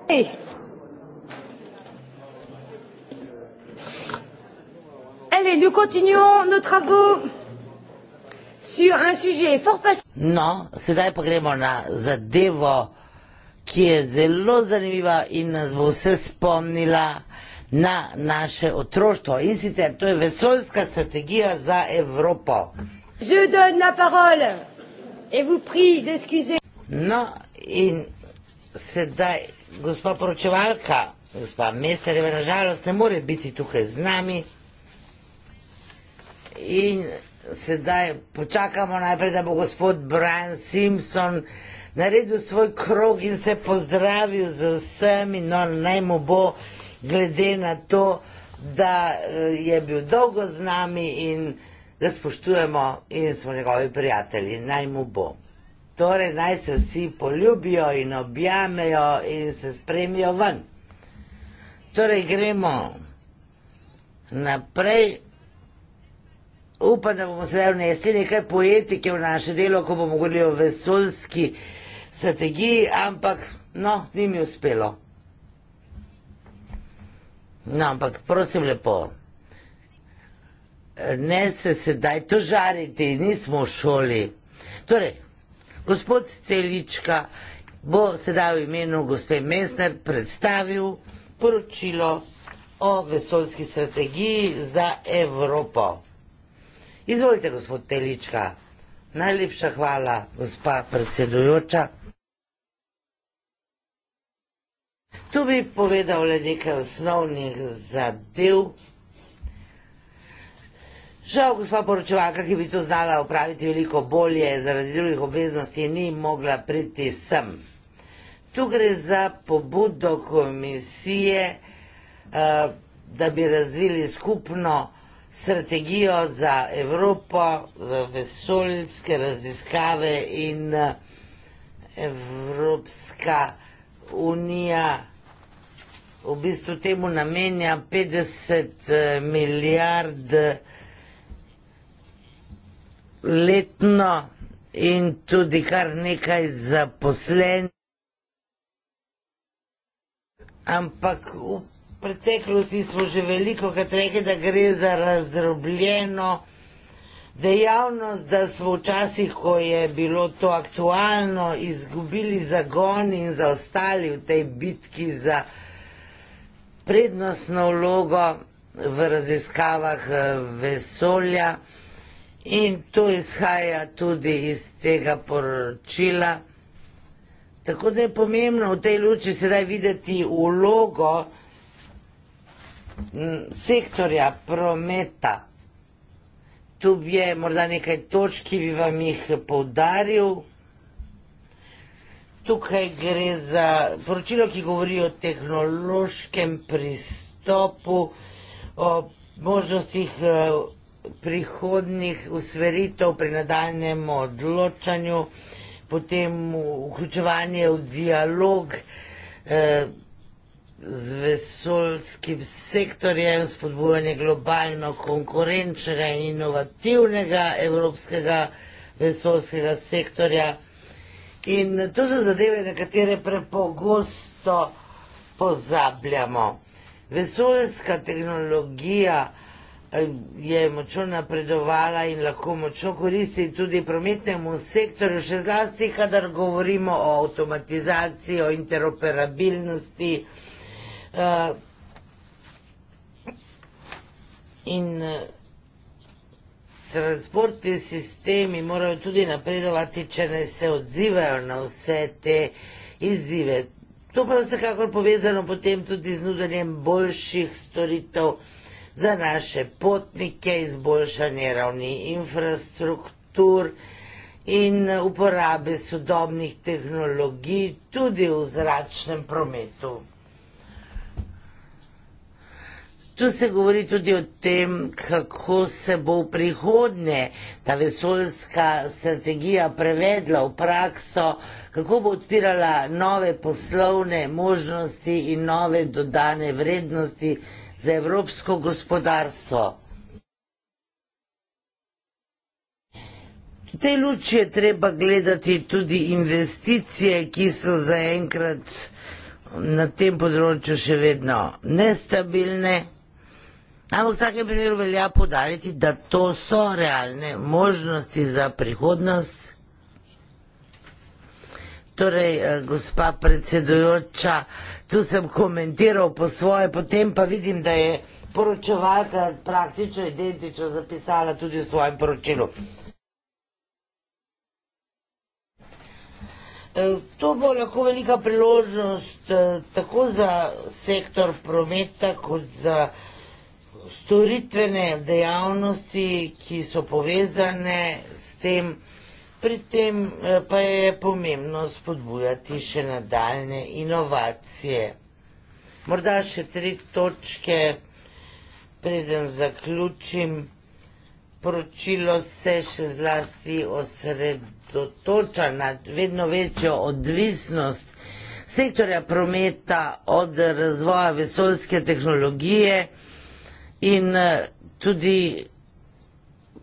Speaker 3: Hey.
Speaker 1: Allez, nous continuons nos travaux sur un sujet fort passionnant. Non, sedaj pa gremo na zadevo, ki je zelo zanimiva in nas bo vse spomnila na naše otroštvo. In sicer to je vesoljska strategija za Evropo. Je donne la parole et vous prie d'excuser. No, in sedaj, gospa poročevalka, gospa Mesterjeva, nažalost, ne more biti tukaj z nami in sedaj počakamo najprej, da bo gospod Brian Simpson naredil svoj krog in se pozdravil z vsemi, no naj mu bo glede na to, da eh, je bil dolgo z nami in da spoštujemo in smo njegovi prijatelji, naj mu bo. Torej, naj se vsi poljubijo in objamejo in se spremijo ven. Torej, gremo naprej upam, da bomo sedaj vnesli nekaj poetike v naše delo, ko bomo govorili o vesoljski strategiji, ampak no, ni mi uspelo. No, ampak prosim lepo, ne se sedaj tožariti, nismo v šoli. Torej, gospod Celička bo sedaj v imenu gospe Mesner predstavil poročilo o vesoljski strategiji za Evropo. Izvolite, gospod Telička. Najlepša hvala, gospa predsedujoča. Tu bi povedal le nekaj osnovnih zadev. Žal, gospa poročevalka, ki bi to znala opraviti veliko bolje, zaradi drugih obveznosti ni mogla priti sem. Tu gre za pobudo komisije, eh, da bi razvili skupno vsega, strategijo za Evropo, za vesoljske raziskave in eh, Evropska unija v bistvu temu namenja 50 eh, milijard letno in tudi kar nekaj zaposlenih. Ampak upam, preteklosti smo že veliko krat rekli, da gre za razdrobljeno dejavnost, da smo včasih, ko je bilo to aktualno, izgubili zagon in zaostali v tej bitki za prednostno vlogo v raziskavah eh, vesolja. In to izhaja tudi iz tega poročila. Tako da je pomembno v tej luči sedaj videti vlogo, sektorja prometa. Tu je morda nekaj točk, ki bi vam jih povdaril. Tukaj gre za poročilo, ki govori o tehnološkem pristopu, o možnostih eh, prihodnih usveritev pri nadaljnem odločanju, potem vključevanje v dialog. Eh, z vesoljskim sektorjem, spodbujanje globalno konkurenčnega in inovativnega evropskega vesoljskega sektorja. In to so zadeve, na katere prepogosto pozabljamo. Vesoljska tehnologija eh, je močno napredovala in lahko močno koristi tudi prometnemu sektorju, še zlasti, kadar govorimo o avtomatizaciji, o interoperabilnosti, Eh, in eh, transportni sistemi morajo tudi napredovati, če ne se odzivajo na vse te izzive. To pa je vsekakor povezano potem tudi z nudenjem boljših storitev za naše potnike, izboljšanje ravni infrastruktur in uporabe sodobnih tehnologij tudi v zračnem prometu. Tu se govori tudi o tem, kako se bo v prihodnje ta vesoljska strategija prevedla v prakso, kako bo odpirala nove poslovne možnosti in nove dodane vrednosti za evropsko gospodarstvo. V tej luči je treba gledati tudi investicije, ki so zaenkrat na tem področju še vedno nestabilne. Ampak v vsakem primeru velja podariti, da to so realne možnosti za prihodnost. Torej, eh, gospa predsedujoča, tu sem komentiral po svoje, potem pa vidim, da je poročevalka praktično identično zapisala tudi v svojem poročilu. Eh, to bo lahko velika priložnost eh, tako za sektor prometa, kot za storitvene dejavnosti, ki so povezane s tem, pri tem eh, pa je pomembno spodbujati še nadaljne inovacije. Morda še tri točke, preden zaključim. Poročilo se še zlasti osredotoča na vedno večjo odvisnost sektorja prometa od razvoja vesoljske tehnologije in eh, tudi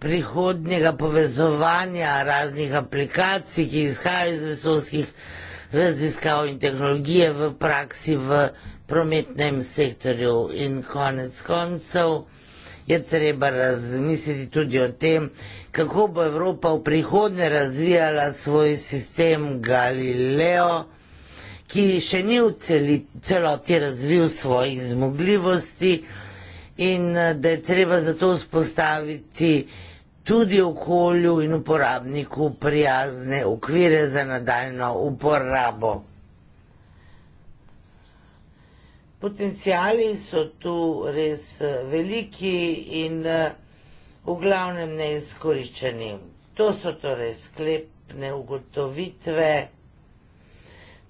Speaker 1: prihodnjega povezovanja raznih aplikacij, ki izhajajo iz vesolskih raziskav in tehnologije v praksi v prometnem sektorju. In konec koncev je treba razmisliti tudi o tem, kako bo Evropa v prihodnje razvijala svoj sistem Galileo, ki še ni v celoti razvil svojih zmogljivosti in eh, da je treba zato vzpostaviti tudi okolju in uporabniku prijazne okvire za nadaljno uporabo. Potencijali so tu res eh, veliki in eh, v glavnem neizkoriščeni. To so torej sklepne ugotovitve.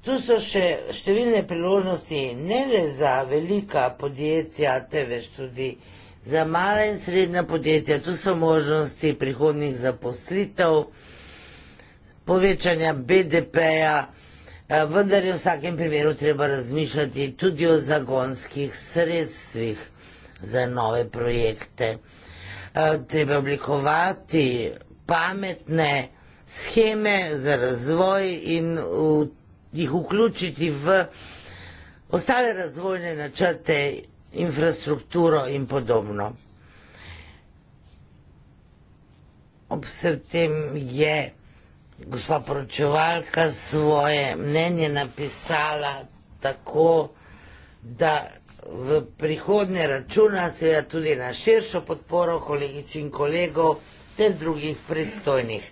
Speaker 1: Tu so še številne priložnosti, ne le za velika podjetja, temveč tudi za mala in srednja podjetja. Tu so možnosti prihodnih zaposlitev, povečanja BDP-ja, eh, vendar je v vsakem primeru treba razmišljati tudi o zagonskih sredstvih za nove projekte. Eh, treba oblikovati pametne scheme za razvoj in vtrajanje jih vključiti v ostale razvojne načrte, infrastrukturo in podobno. Ob vsem tem je gospa poročevalka svoje mnenje napisala tako, da v prihodnje računa seveda tudi na širšo podporo kolegic in kolegov ter drugih pristojnih.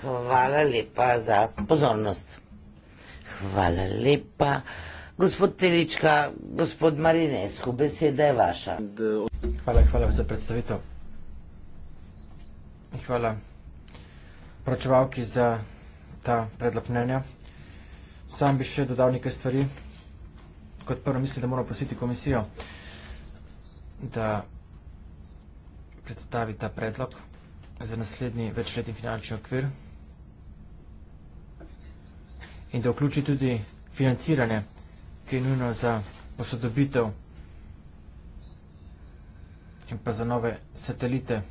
Speaker 1: Hvala lepa za pozornost. Hvala lepa. Gospod Telička, gospod Marinesko, beseda je vaša. Hvala, hvala za predstavitev.
Speaker 2: Hvala pročevalki za ta predlog mnenja. Sam bi še dodal nekaj stvari. Kot prvo mislim, da moramo prositi komisijo, da predstavi ta predlog za naslednji večletni finančni okvir, 2021-2027 in da vključi tudi financiranje, ki je nujno za posodobitev in pa za nove satelite,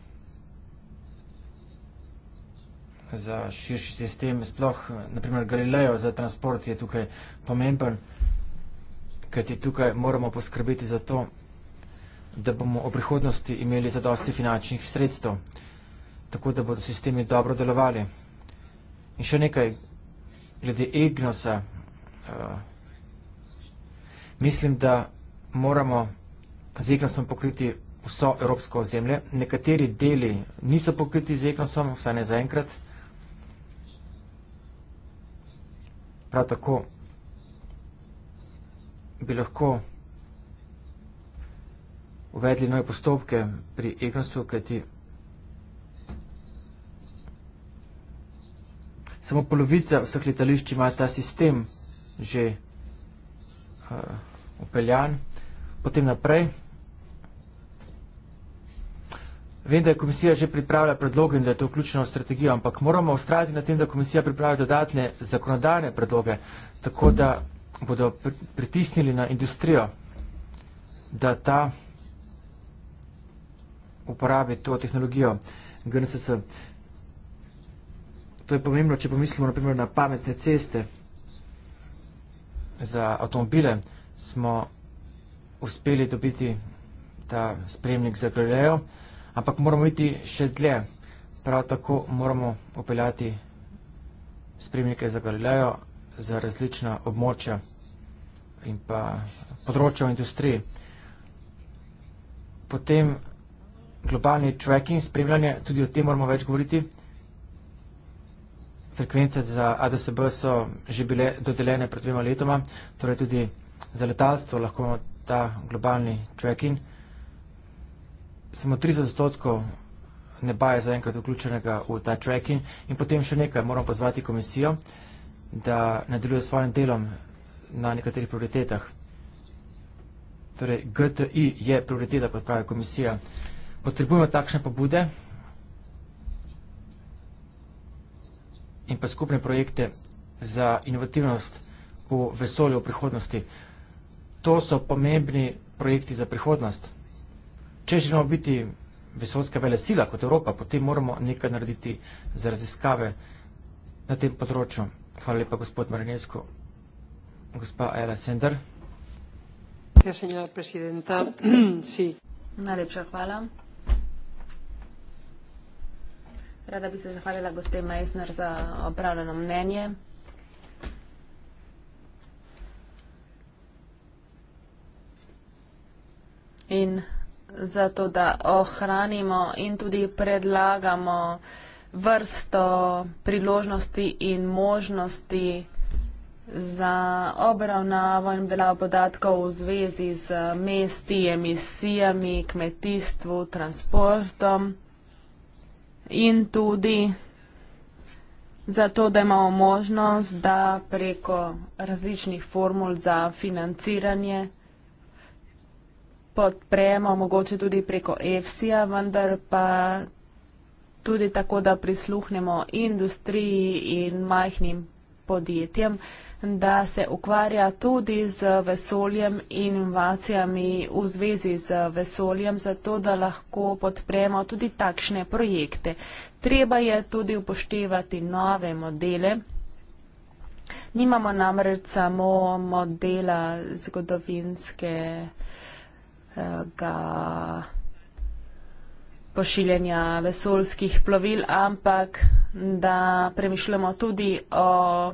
Speaker 2: za širši sistem, sploh naprimer Galileo za transport je tukaj pomemben, kajti tukaj moramo poskrbeti za to, da bomo v prihodnosti imeli zadosti finančnih sredstev, tako da bodo sistemi dobro delovali. In še nekaj, glede Ignosa, uh, eh, mislim, da moramo z Ignosom pokriti vso evropsko ozemlje. Nekateri deli niso pokriti z Ignosom, vsaj ne zaenkrat. Prav tako bi lahko uvedli nove postopke pri Ignosu, kajti ti samo polovica vseh letališč ima ta sistem že uh, eh, upeljan. Potem naprej. Vem, da je komisija že pripravila predloge in da je to vključeno v strategijo, ampak moramo ustrajati na tem, da komisija pripravi dodatne zakonodajne predloge, tako da bodo pritisnili na industrijo, da ta uporabi to tehnologijo GNSS. To je pomembno, če pomislimo naprimer na pametne ceste. Za avtomobile smo uspeli dobiti ta spremnik za Galileo, ampak moramo iti še dlje. Prav tako moramo upeljati spremnike za Galileo za različna območja in pa področja v industriji. Potem globalni tracking, spremljanje, tudi o tem moramo več govoriti frekvence za ADSB so že bile dodeljene pred dvema letoma, torej tudi za letalstvo lahko imamo ta globalni tracking. Samo 30 odstotkov neba je zaenkrat vključenega v ta tracking in potem še nekaj moramo pozvati komisijo, da nadaljuje svojim delom na nekaterih prioritetah. Torej, GTI je prioriteta, pa pravi komisija. Potrebujemo takšne pobude, in pa skupne projekte za inovativnost v vesolju v prihodnosti. To so pomembni projekti za prihodnost. Če želimo biti vesolska vele sila kot Evropa, potem moramo nekaj narediti za raziskave na tem področju. Hvala lepa, gospod Marinesko. Gospa Ela Sender.
Speaker 3: Ja, senjora presidenta, si. Najlepša hvala. Rada bi se zahvalila gospe Meissner za opravljeno mnenje. In zato, da ohranimo in tudi predlagamo vrsto priložnosti in možnosti za obravnavo in obdelavo podatkov v zvezi z mesti, emisijami, kmetijstvu, transportom in tudi zato, da imamo možnost, da preko različnih formul za financiranje podpremo, mogoče tudi preko EFSI-ja, vendar pa tudi tako, da prisluhnemo industriji in majhnim podjetjem, da se ukvarja tudi z vesoljem in inovacijami v zvezi z vesoljem, zato da lahko podpremo tudi takšne projekte. Treba je tudi upoštevati nove modele. Nimamo namreč samo modela zgodovinskega pošiljanja vesolskih plovil, ampak da premišljamo tudi o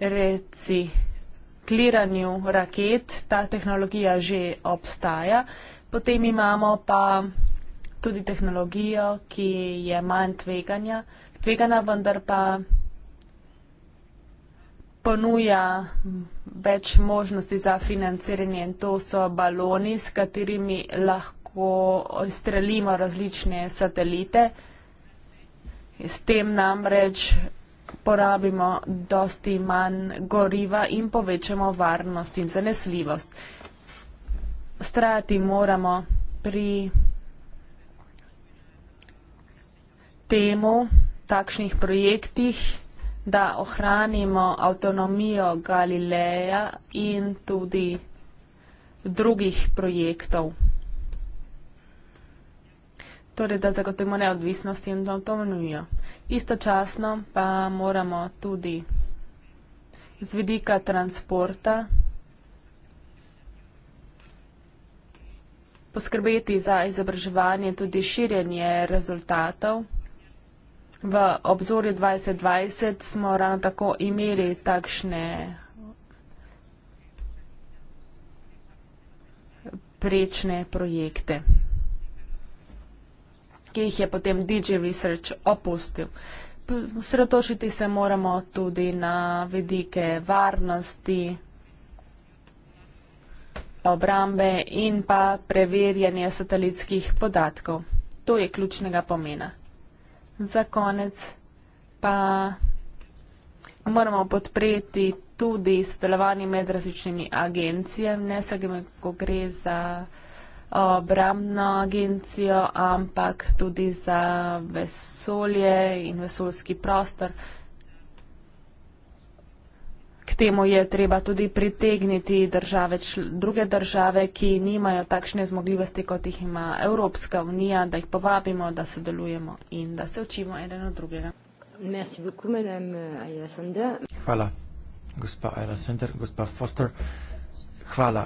Speaker 3: recikliranju raket. Ta tehnologija že obstaja. Potem imamo pa tudi tehnologijo, ki je manj tveganja, tvegana, vendar pa ponuja več možnosti za financiranje in to so baloni, s katerimi lahko ko strelimo različne satelite. S tem namreč porabimo dosti manj goriva in povečamo varnost in zanesljivost. Strajati moramo pri temu, takšnih projektih, da ohranimo avtonomijo Galileja in tudi drugih projektov torej da zagotovimo neodvisnost in avtonomijo. Istočasno pa moramo tudi z vidika transporta poskrbeti za izobraževanje tudi širjenje rezultatov. V obzorju 2020 smo ravno tako imeli takšne prečne projekte ki jih je potem DJ Research opustil. Sredotočiti se moramo tudi na vedike varnosti, obrambe in pa preverjanje satelitskih podatkov. To je ključnega pomena. Za konec pa moramo podpreti tudi sodelovanje med različnimi agencijami, ne samo, ko gre za obramna agencija, ampak tudi za vesolje in vesoljski prostor. K temu je treba tudi pritegniti države, čl, druge države, ki nimajo takšne zmogljivosti, kot jih ima Evropska unija, da jih povabimo, da sodelujemo in da se učimo eden od drugega.
Speaker 2: Hvala, gospa Ayla Sender, gospa Foster. Hvala.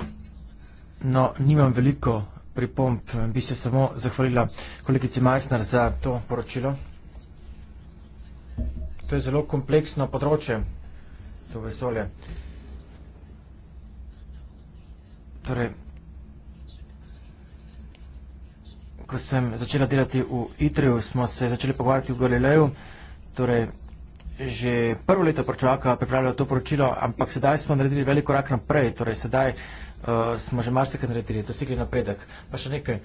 Speaker 2: No, nimam veliko pripomp bi se samo zahvalila kolegici Majsner za to poročilo. To je zelo kompleksno področje, to vesolje. Torej, ko sem začela delati v Itriju, smo se začeli pogovarjati v Galileju, torej, že prvo leto poročevaka pripravljala to poročilo, ampak sedaj smo naredili veliko rak naprej, torej sedaj uh, smo že marsikaj naredili, dosegli napredek. Pa še nekaj,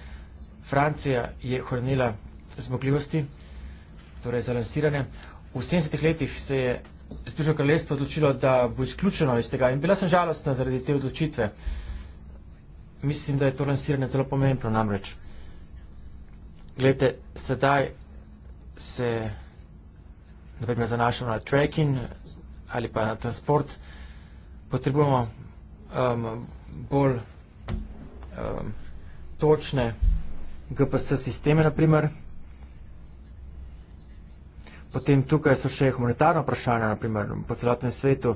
Speaker 2: Francija je hranila zmogljivosti, torej za lansiranje. V 70-ih letih se je Združeno kraljestvo odločilo, da bo izključeno iz tega in bila sem žalostna zaradi te odločitve. Mislim, da je to lansiranje zelo pomembno namreč. Glede, sedaj se, da bi me zanašal na tracking ali pa na transport, potrebujemo um, bolj um, točne GPS sisteme, naprimer. Potem tukaj so še humanitarno vprašanje, naprimer po celotnem svetu.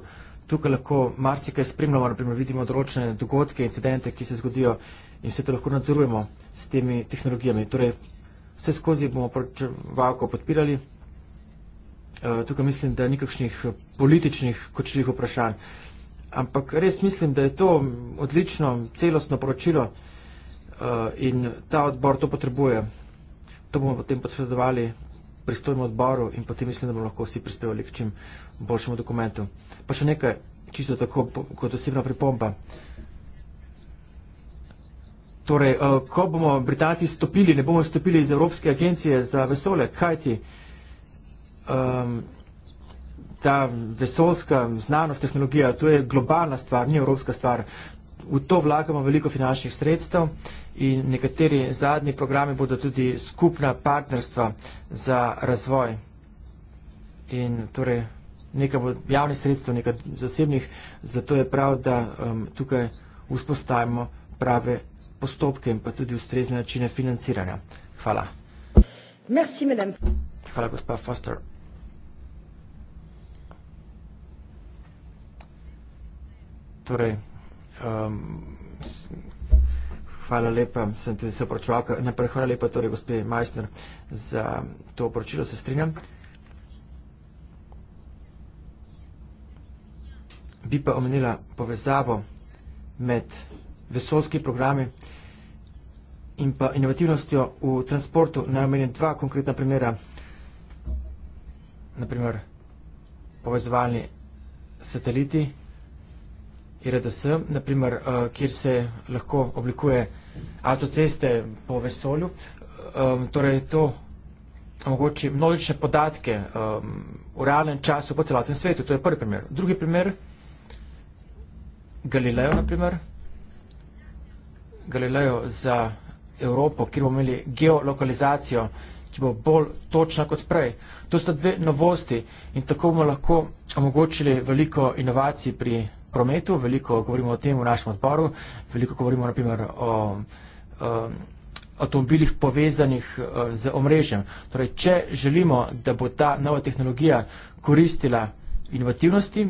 Speaker 2: Tukaj lahko marsikaj spremljamo, naprimer vidimo določene dogodke, incidente, ki se zgodijo in vse to lahko nadzorujemo s temi tehnologijami. Torej, vse skozi bomo poročevalko podpirali. Uh, tukaj mislim, da nikakšnih političnih kočljivih vprašanj ampak res mislim, da je to odlično celostno poročilo eh, in ta odbor to potrebuje. To bomo potem posredovali pristojnemu odboru in potem mislim, da bomo lahko vsi prispevali k čim boljšemu dokumentu. Pa še nekaj, čisto tako kot osebna pripomba. Torej, eh, ko bomo Britanci stopili, ne bomo stopili iz Evropske agencije za vesole, kajti um, ta vesolska znanost, tehnologija, to je globalna stvar, ni evropska stvar. V to vlagamo veliko finančnih sredstev in nekateri zadnji programi bodo tudi skupna partnerstva za razvoj. In torej nekaj bo javnih sredstev, nekaj zasebnih, zato je prav, da um, tukaj vzpostavimo prave postopke in pa tudi ustrezne načine financiranja. Hvala. Merci, Hvala, gospa Foster. Torej, um, hvala lepa, sem tudi se opročeval. Najprej hvala lepa, torej, gospe Majsner, za to opročilo, se strinjam. Bi pa omenila povezavo med vesolski programi in pa inovativnostjo v transportu. Naj omenim dva konkretna primera. Naprimer, povezovalni sateliti, IRDS, naprimer, eh, kjer se lahko oblikuje avtoceste po vesolju. Torej, to omogoči množične podatke v realnem času po celotnem svetu. To je prvi primer. Drugi primer, Galileo, naprimer. Galileo za Evropo, kjer bomo imeli geolokalizacijo, ki bo bolj točna kot prej. To sta dve novosti in tako bomo lahko omogočili veliko inovacij pri prometu, veliko govorimo o tem v našem odboru, veliko govorimo naprimer o, o um, avtomobilih povezanih uh, z omrežjem. Torej, če želimo, da bo ta nova tehnologija koristila inovativnosti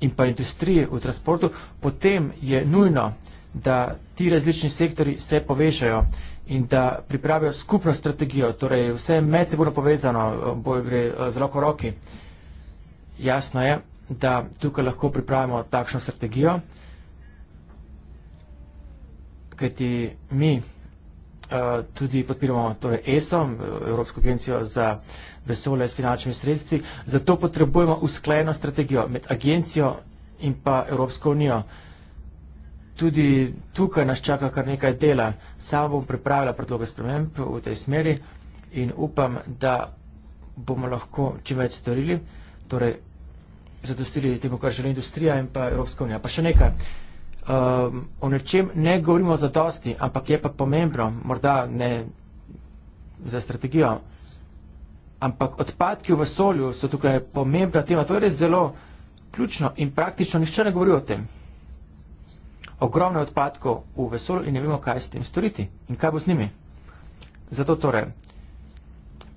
Speaker 2: in pa industriji v transportu, potem je nujno, da ti različni sektori se povežajo in da pripravijo skupno strategijo, torej vse med sebojno povezano, boj gre uh, z roko roki. Jasno je, da tukaj lahko pripravimo takšno strategijo, kajti mi eh, tudi podpiramo torej ESO, Evropsko agencijo za vesolje s finančnimi sredstvi, zato potrebujemo usklajeno strategijo med agencijo in pa Evropsko unijo. Tudi tukaj nas čaka kar nekaj dela. Sama bom pripravila predloge sprememb v tej smeri in upam, da bomo lahko čim več storili. Torej, zadostili temu, kar želi industrija in pa Evropska unija. Pa še nekaj. Uh, o nečem ne govorimo za dosti, ampak je pa pomembno, morda ne za strategijo. Ampak odpadki v vesolju so tukaj pomembna tema. To je res zelo ključno in praktično nišče ne govori o tem. Ogromno odpadkov v vesolju in ne vemo, kaj s tem storiti in kaj bo z njimi. Zato torej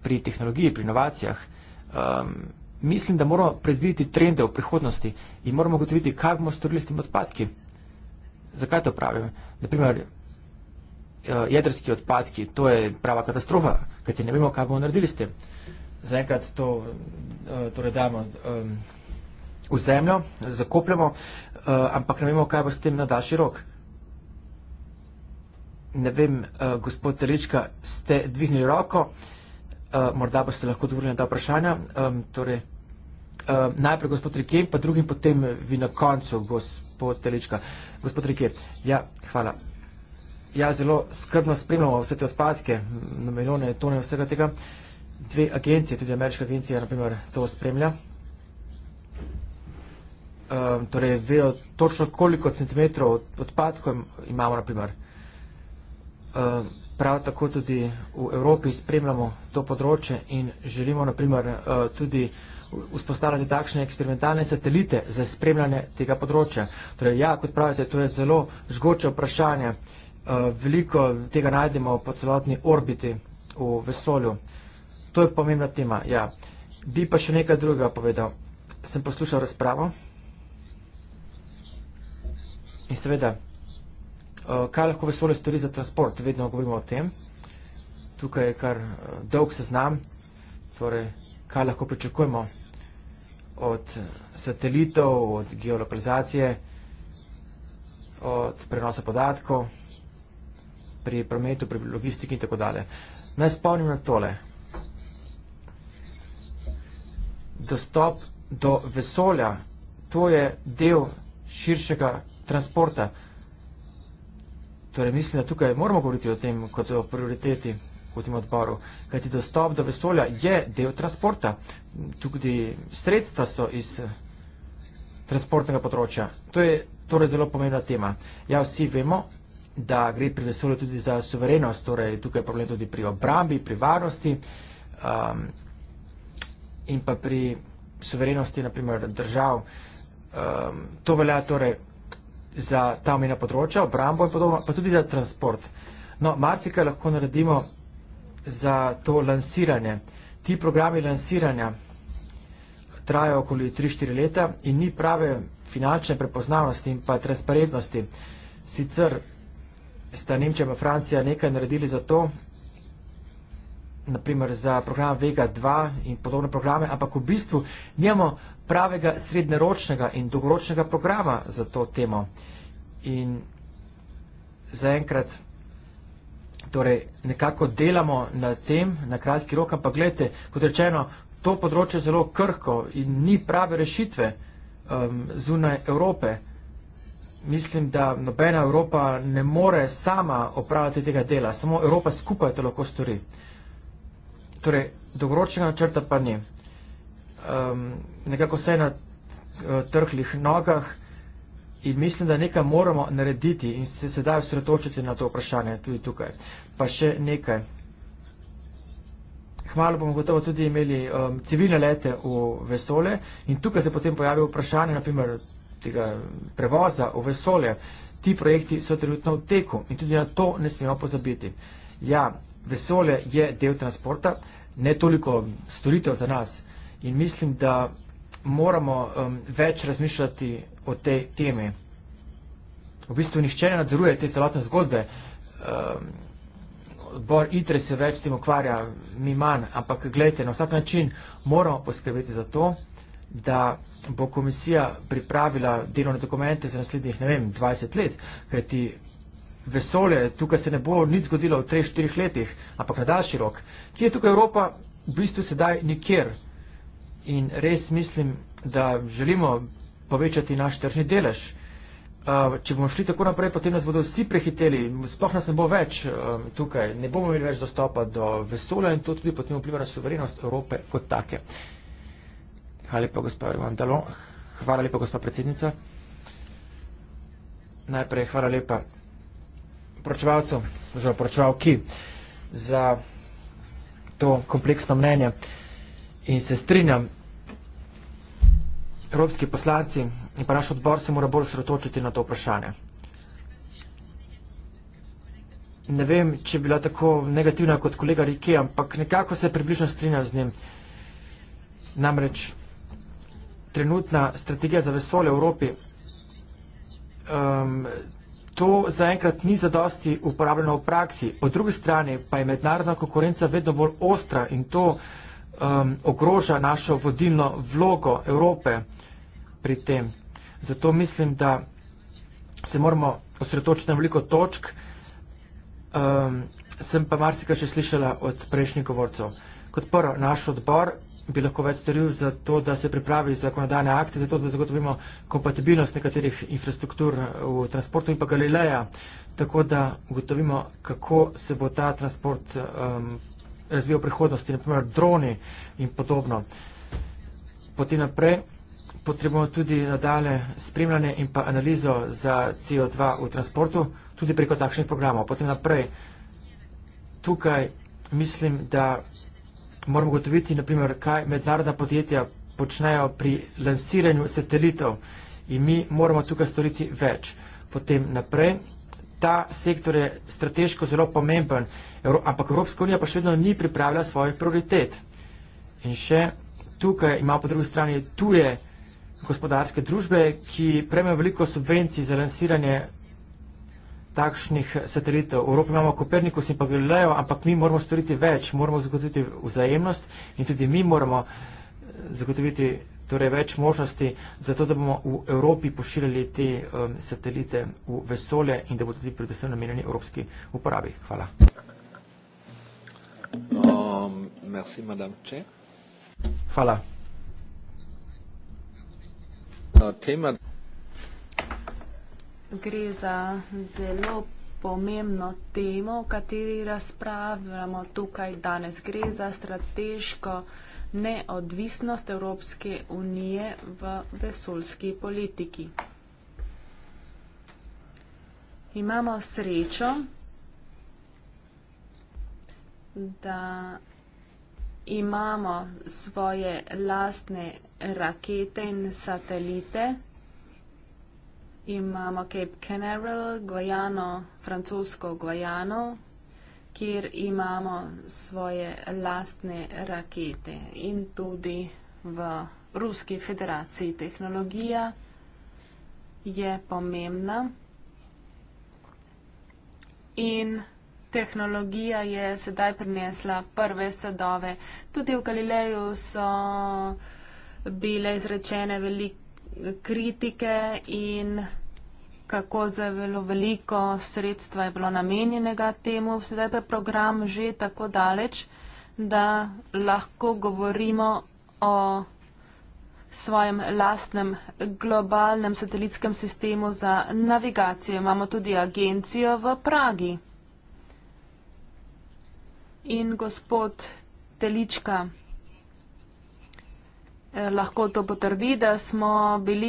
Speaker 2: pri tehnologiji, pri inovacijah. Um, mislim, da moramo predvideti trende v prihodnosti in moramo gotoviti, kaj bomo storili s tem odpadki. Zakaj to pravim? Naprimer, eh, jedrski odpadki, to je prava katastrofa, kaj ti ne vemo, kaj bomo naredili s tem. Zaenkrat to eh, torej dajemo v zemljo, zakopljamo, eh, ampak ne vemo, kaj bo s tem na daljši rok. Ne vem, gospod Telička, ste dvignili roko, uh, morda boste lahko odgovorili na ta vprašanja. Um, torej, um, najprej gospod Rike, pa drugim potem vi na koncu, gospod Telička. Gospod Rike, ja, hvala. Ja, zelo skrbno spremljamo vse te odpadke, na milijone tone vsega tega. Dve agencije, tudi ameriška agencija, naprimer, to spremlja. Um, torej, vejo točno, koliko centimetrov odpadkov imamo, naprimer. Eh, prav tako tudi v Evropi spremljamo to področje in želimo naprimer eh, tudi vzpostavljati takšne eksperimentalne satelite za spremljanje tega področja. Torej, ja, kot pravite, to je zelo žgoče vprašanje. Eh, veliko tega najdemo po celotni orbiti v vesolju. To je pomembna tema, ja. Bi pa še nekaj drugega povedal. Sem poslušal razpravo in seveda, Eh, kaj lahko vesolje stori za transport, vedno govorimo o tem. Tukaj je kar eh, dolg seznam, torej kaj lahko pričakujemo od eh, satelitov, od geolokalizacije, od prenosa podatkov, pri prometu, pri logistiki in tako dalje. Naj spomnim na tole. Dostop do vesolja, to je del širšega transporta. Torej, mislim, da tukaj moramo govoriti o tem kot o prioriteti v tem odboru, kajti dostop do vesolja je del transporta, tudi sredstva so iz transportnega področja. To je torej zelo pomembna tema. Ja, vsi vemo, da gre pri vesolju tudi za suverenost, torej tukaj je problem tudi pri obrambi, pri varnosti um, in pa pri suverenosti, naprimer, držav. Um, to velja torej za ta omenja področja, obrambo in podobno, pa tudi za transport. No, marsikaj lahko naredimo za to lansiranje. Ti programi lansiranja trajajo okoli 3-4 leta in ni prave finančne prepoznavnosti in pa transparentnosti. Sicer sta Nemčija in Francija nekaj naredili za to, naprimer za program Vega 2 in podobne programe, ampak v bistvu nimamo pravega srednjeročnega in dolgoročnega programa za to temo. In zaenkrat torej nekako delamo na tem, na kratki rok, ampak gledajte, kot rečeno, to področje je zelo krhko in ni prave rešitve um, zunaj Evrope. Mislim, da nobena Evropa ne more sama opravljati tega dela, samo Evropa skupaj to lahko stori. Torej, dolgoročnega načrta pa ni um, nekako vse na eh, trhlih nogah in mislim, da nekaj moramo narediti in se sedaj osredotočiti na to vprašanje tudi tukaj. Pa še nekaj. Hmalo bomo gotovo tudi imeli um, civilne lete v vesole in tukaj se potem pojavi vprašanje, naprimer, tega prevoza v vesolje. Ti projekti so trenutno v teku in tudi na to ne smemo pozabiti. Ja, vesolje je del transporta, ne toliko storitev za nas, In mislim, da moramo um, več razmišljati o tej temi. V bistvu nihče ne nadzoruje te celotne zgodbe. Um, Bor itre se več s tem ukvarja, mi manj, ampak gledajte, na vsak način moramo poskrbeti za to, da bo komisija pripravila delovne dokumente za naslednjih, ne vem, 20 let, kajti vesolje, tukaj se ne bo nič zgodilo v 3-4 letih, ampak na daljši rok. Kje je tukaj Evropa? V bistvu sedaj nikjer in res mislim, da želimo povečati naš tržni delež. Če bomo šli tako naprej, potem nas bodo vsi prehiteli, sploh nas ne bo več tukaj, ne bomo imeli več dostopa do vesolja in to tudi potem vpliva na soverenost Evrope kot take. Hvala lepa, gospa Vandalo. Hvala lepa, gospa predsednica. Najprej hvala lepa poročevalcu, oziroma poročevalki, za to kompleksno mnenje. In se strinjam, evropski poslanci in pa naš odbor se mora bolj sretočiti na to vprašanje. Ne vem, če je bila tako negativna kot kolega Rike, ampak nekako se približno strinjam z njim. Namreč trenutna strategija za vesolje v Evropi, um, to zaenkrat ni zadosti uporabljeno v praksi. Po drugi strani pa je mednarodna konkurenca vedno bolj ostra in to um, ogroža našo vodilno vlogo Evrope pri tem. Zato mislim, da se moramo osredotočiti na veliko točk. Um, sem pa marsikaj še slišala od prejšnjih govorcev. Kot prvo, naš odbor bi lahko več storil za to, da se pripravi zakonodajne akte, za to, da zagotovimo kompatibilnost nekaterih infrastruktur v transportu in pa Galileja, tako da ugotovimo, kako se bo ta transport um, razvijo v prihodnosti, naprimer droni in podobno. Potem naprej potrebujemo tudi nadalje spremljanje in pa analizo za CO2 v transportu, tudi preko takšnih programov. Potem naprej tukaj mislim, da moramo gotoviti, naprimer, kaj mednarodna podjetja počnejo pri lansiranju satelitov in mi moramo tukaj storiti več. Potem naprej ta sektor je strateško zelo pomemben, ampak Evropska unija pa še vedno ni pripravila svojih prioritet. In še tukaj ima po drugi strani tuje gospodarske družbe, ki prejmejo veliko subvencij za lansiranje takšnih satelitov. V Evropi imamo Kopernikus in pa Galileo, ampak mi moramo storiti več, moramo zagotoviti vzajemnost in tudi mi moramo zagotoviti torej več možnosti za to, da bomo v Evropi pošiljali te um, satelite v vesolje in da bodo tudi predvsem namenjeni evropski uporabi. Hvala. Um, merci, Hvala. Uh, tema.
Speaker 3: Gre za zelo pomembno temo, o kateri razpravljamo tukaj danes. Gre za strateško neodvisnost Evropske unije v vesoljski politiki. Imamo srečo, da imamo svoje lastne rakete in satelite. Imamo Cape Canaveral, Guajano, francosko Guajano, kjer imamo svoje lastne rakete in tudi v Ruski federaciji tehnologija je pomembna in tehnologija je sedaj prinesla prve sadove. Tudi v Galileju so bile izrečene velike kritike in kako zelo veliko sredstva je bilo namenjenega temu. Sedaj pa je program že tako daleč, da lahko govorimo o svojem lastnem globalnem satelitskem sistemu za navigacijo. Imamo tudi agencijo v Pragi. In gospod Telička. Eh, lahko to potrdi, da smo bili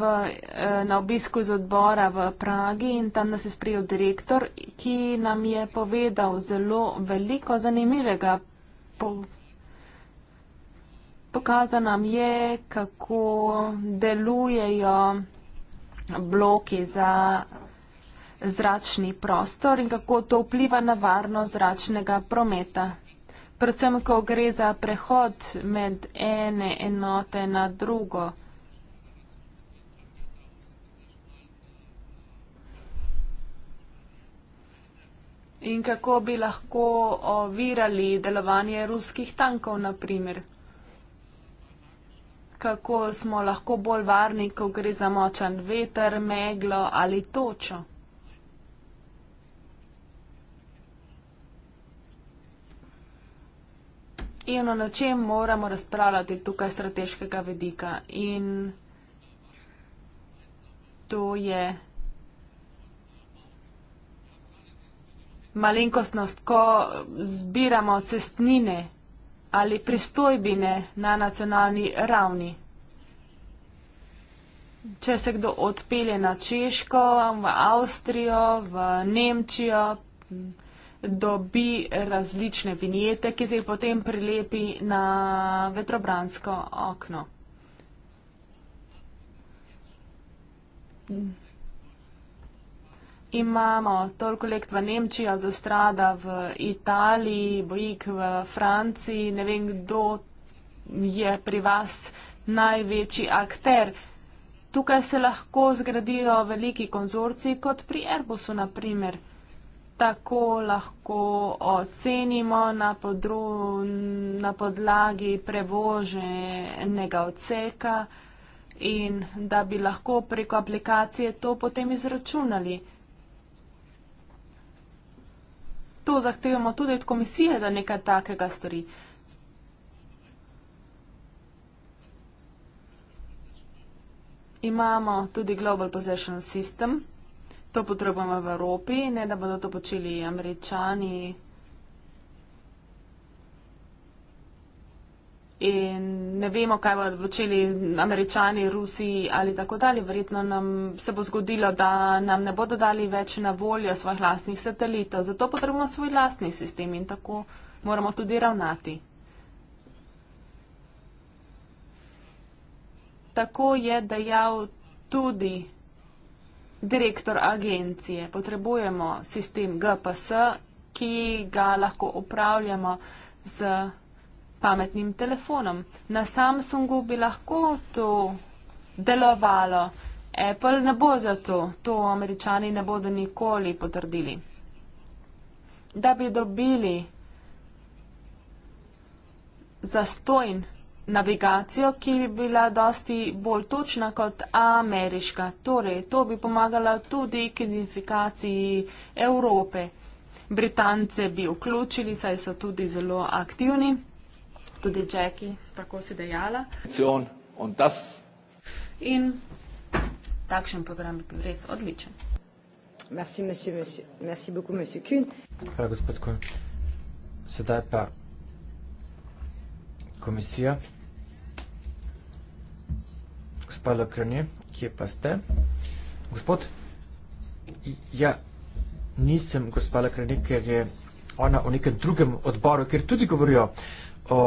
Speaker 3: v, eh, na obisku iz odbora v Pragi in tam nas je sprijel direktor, ki nam je povedal zelo veliko zanimivega. Po, pokazal nam je, kako delujejo bloki za zračni prostor in kako to vpliva na varnost zračnega prometa predvsem ko gre za prehod med ene enote na drugo. In kako bi lahko ovirali delovanje ruskih tankov, naprimer? Kako smo lahko bolj varni, ko gre za močan veter, meglo ali točo? in o čem moramo razpravljati tukaj strateškega vedika. In to je malenkostnost, ko zbiramo cestnine ali pristojbine na nacionalni ravni. Če se kdo odpelje na Češko, v Avstrijo, v Nemčijo, dobi različne vinjete, ki se jih potem prilepi na vetrobransko okno. Imamo toliko lekt v Nemčiji, avtostrada v Italiji, bojik v Franciji. Ne vem, kdo je pri vas največji akter. Tukaj se lahko zgradijo veliki konzorci, kot pri Airbusu, na primer tako lahko ocenimo na, podru, na podlagi prevoženega odseka in da bi lahko preko aplikacije to potem izračunali. To zahtevamo tudi od komisije, da nekaj takega stori. Imamo tudi Global Possession System to potrebujemo v Evropi, ne da bodo to počeli američani. In ne vemo, kaj bodo počeli američani, rusi ali tako dalje. Verjetno nam se bo zgodilo, da nam ne bodo dali več na voljo svojih lastnih satelitov. Zato potrebujemo svoj lastni sistem in tako moramo tudi ravnati. Tako je dejal tudi direktor agencije. Potrebujemo sistem GPS, ki ga lahko upravljamo z pametnim telefonom. Na Samsungu bi lahko to delovalo. Apple ne bo za to. To američani ne bodo nikoli potrdili. Da bi dobili zastojn navigacijo, ki bi bila dosti bolj točna kot ameriška. Torej, to bi pomagalo tudi k identifikaciji Evrope. Britance bi vključili, saj so tudi zelo aktivni, tudi Jackie, tako si dejala. In takšen program bi bil res odličen. Merci, monsieur, monsieur. Merci beaucoup, monsieur Kuhn.
Speaker 2: Hvala, gospod Kuhn. Sedaj pa komisija gospa Lokrnje, kje pa ste? Gospod, ja, nisem gospa Lokrnje, ker je ona v nekem drugem odboru, ker tudi govorijo o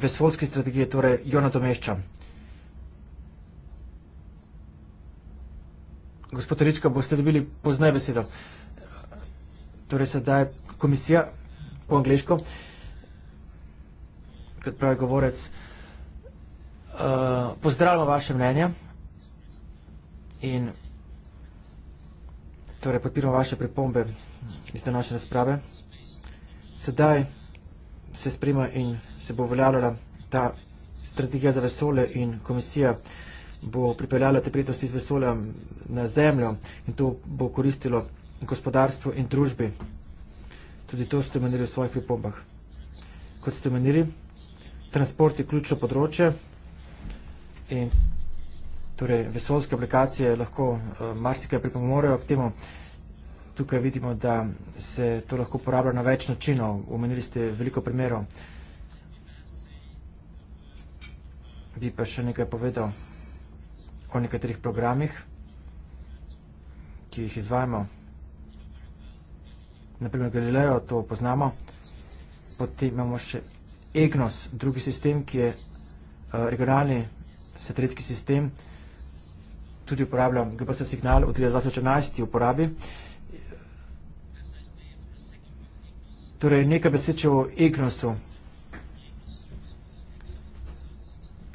Speaker 2: vesolski strategiji, torej jo nadomeščam. Gospod Rička, boste dobili poznaj besedo. Torej sedaj komisija po angliško, kot pravi govorec, Eh, pozdravljamo vaše mnenje in torej podpiramo vaše pripombe iz današnje razprave. Sedaj se sprema in se bo uveljavljala ta strategija za vesolje in komisija bo pripeljala te prednosti iz vesolja na zemljo in to bo koristilo gospodarstvu in družbi. Tudi to ste omenili v svojih pripombah. Kot ste omenili, transport je ključno področje, in torej vesolske aplikacije lahko uh, marsikaj pripomorejo k temu. Tukaj vidimo, da se to lahko uporablja na več načinov. Omenili ste veliko primerov. Bi pa še nekaj povedal o nekaterih programih, ki jih izvajamo. Naprimer Galileo, to poznamo. Potem imamo še EGNOS, drugi sistem, ki je eh, regionalni satelitski sistem, tudi uporabljam GPS signal od 2014 v uporabi. Torej, nekaj besedče o Ignosu.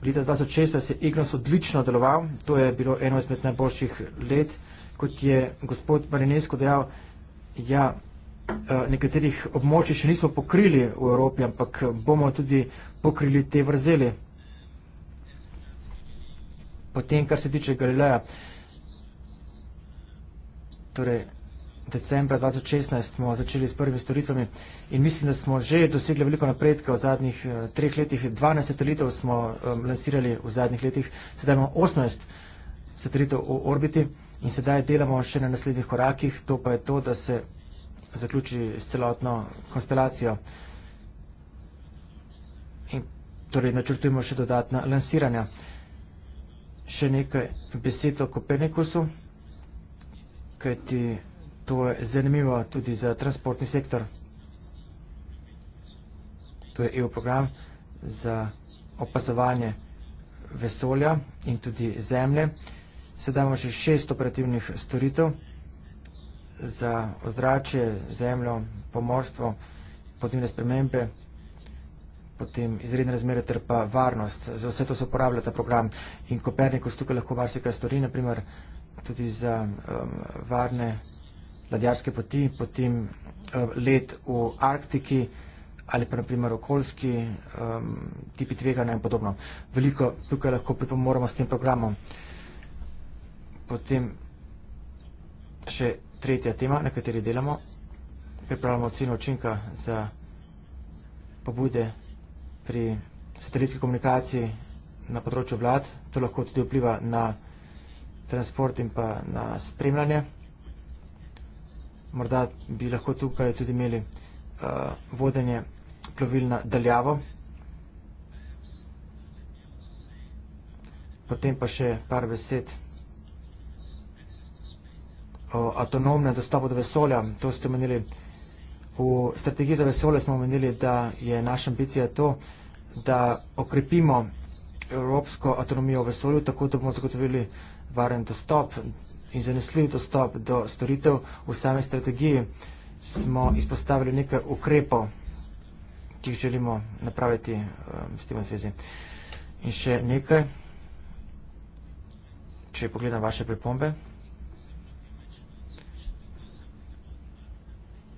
Speaker 2: Leta 2016 je Ignos odlično deloval, to je bilo eno izmed najboljših let, kot je gospod Marinesko dejal, ja, eh, nekaterih območij še nismo pokrili v Evropi, ampak eh, bomo tudi pokrili te vrzeli. Potem, kar se tiče Galileja, torej decembra 2016 smo začeli s prvimi storitvami in mislim, da smo že dosegli veliko napredka v zadnjih eh, treh letih. 12 satelitov smo um, lansirali v zadnjih letih, sedaj imamo 18 satelitov v orbiti in sedaj delamo še na naslednjih korakih, to pa je to, da se zaključi s celotno konstelacijo. In, torej, načrtujemo še dodatna lansiranja. Uh, še nekaj besed o Kopernikusu, kajti to je zanimivo tudi za transportni sektor. To je EU program za opazovanje vesolja in tudi zemlje. Sedaj imamo še šest operativnih storitev za ozračje, zemljo, pomorstvo, podnebne spremembe, potem izredne razmere ter pa varnost. Za vse to se uporablja ta program in Kopernikus tukaj lahko varsikaj stori, naprimer tudi za um, varne ladjarske poti, potem um, let v Arktiki ali pa naprimer okoljski um, tipi tveganja in podobno. Veliko tukaj lahko pripomoramo s tem programom. Potem še tretja tema, na kateri delamo, pripravljamo oceno učinka za pobude pri satelitski komunikaciji na področju vlad. To lahko tudi vpliva na transport in pa na spremljanje. Morda bi lahko tukaj tudi imeli uh, vodenje plovil na daljavo. Potem pa še par besed o avtonomnem dostopu do vesolja. To ste omenili. V strategiji za vesolje smo omenili, da je naša ambicija to, da okrepimo evropsko avtonomijo v vesolju, tako da bomo zagotovili varen dostop in zanesljiv dostop do storitev. V sami strategiji smo izpostavili nekaj ukrepov, ki jih želimo napraviti um, s tem zvezi. In še nekaj, če pogledam vaše pripombe.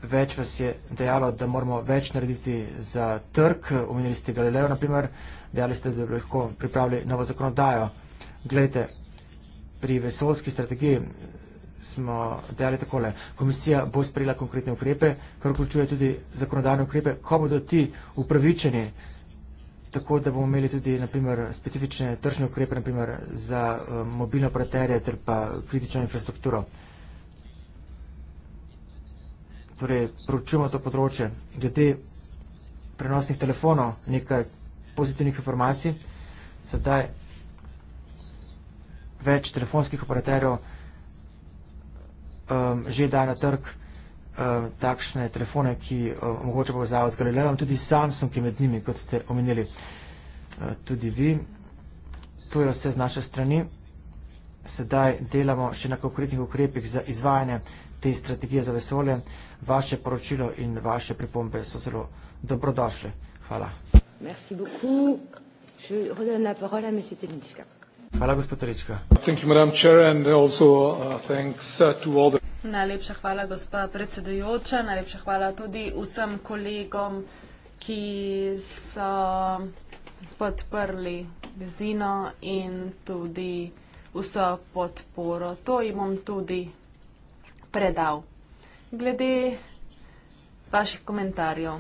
Speaker 2: več vas je dejalo, da moramo več narediti za trg, omenili ste Galileo, naprimer, dejali ste, da bi lahko pripravili novo zakonodajo. Glejte, pri vesolski strategiji smo dejali takole. Komisija bo sprejela konkretne ukrepe, kar vključuje tudi zakonodajne ukrepe, ko bodo ti upravičeni, tako da bomo imeli tudi, naprimer, specifične tržne ukrepe, naprimer, za eh, mobilne operaterje ter pa kritično infrastrukturo torej, proučujemo to področje. Glede prenosnih telefonov, nekaj pozitivnih informacij, sedaj več telefonskih operaterjev um, že daje na trg um, takšne telefone, ki um, omogoča povezavo z Galilejem, tudi Samsung je med njimi, kot ste omenili uh, tudi vi. To je vse z naše strani. Sedaj delamo še na konkretnih ukrepih za izvajanje te strategije za vesolje. Uh, vaše poročilo in vaše pripombe so zelo dobrodošle. Hvala.
Speaker 1: Merci beaucoup. Je redonne la parole à monsieur Telička.
Speaker 2: Hvala, gospod Telička. Thank you, madam chair, and also uh, thanks uh, to all the...
Speaker 3: Najlepša hvala, gospa predsedujoča. Najlepša hvala tudi vsem kolegom, ki so podprli vizino in tudi vso podporo. To jim bom tudi predal glede vaših komentarjev.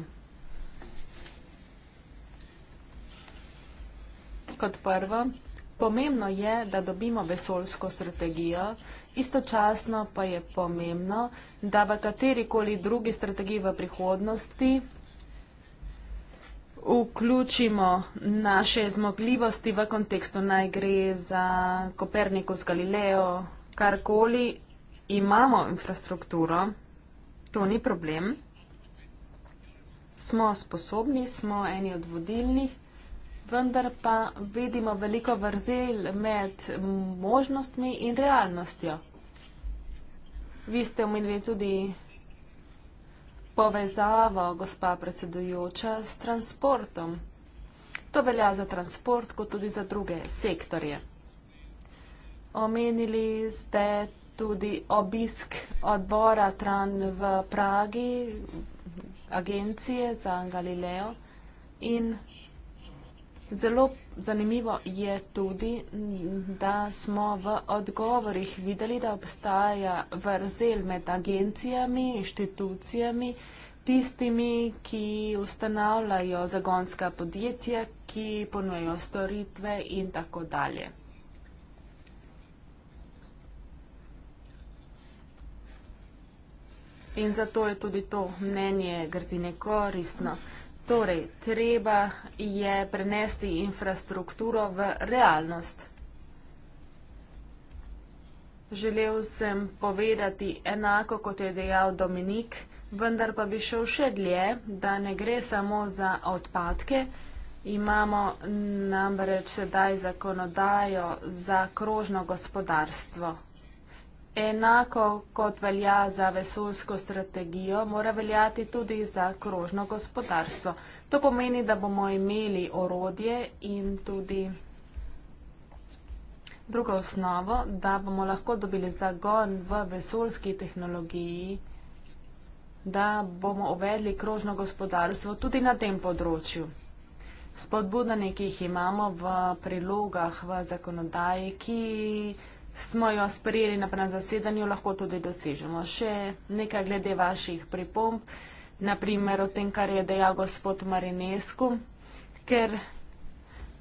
Speaker 3: Kot prvo, pomembno je, da dobimo vesolsko strategijo, istočasno pa je pomembno, da v katerikoli drugi strategiji v prihodnosti vključimo naše zmogljivosti v kontekstu, naj gre za Kopernikus Galileo, karkoli imamo infrastrukturo. To ni problem. Smo sposobni, smo eni od vodilnih, vendar pa vidimo veliko vrzel med možnostmi in realnostjo. Vi ste omenili tudi povezavo, gospa predsedujoča, s transportom. To velja za transport, kot tudi za druge sektorje. Omenili ste tudi obisk odbora Tran v Pragi, agencije za Galileo. In zelo zanimivo je tudi, da smo v odgovorih videli, da obstaja vrzel med agencijami, inštitucijami, tistimi, ki ustanavljajo zagonska podjetja, ki ponujejo storitve in tako dalje. In zato je tudi to mnenje grzine koristno. Torej, treba je prenesti infrastrukturo v realnost. Želel sem povedati enako, kot je dejal Dominik, vendar pa bi šel še dlje, da ne gre samo za odpadke. Imamo namreč sedaj zakonodajo za krožno gospodarstvo, Enako kot velja za vesoljsko strategijo, mora veljati tudi za krožno gospodarstvo. To pomeni, da bomo imeli orodje in tudi drugo osnovo, da bomo lahko dobili zagon v vesoljski tehnologiji, da bomo uvedli krožno gospodarstvo tudi na tem področju. Spodbudanje, ki jih imamo v prilogah, v zakonodaji, ki smo jo sprejeli na prvem zasedanju, lahko tudi dosežemo. Še nekaj glede vaših pripomb, naprimer o tem, kar je dejal gospod Marinesku, ker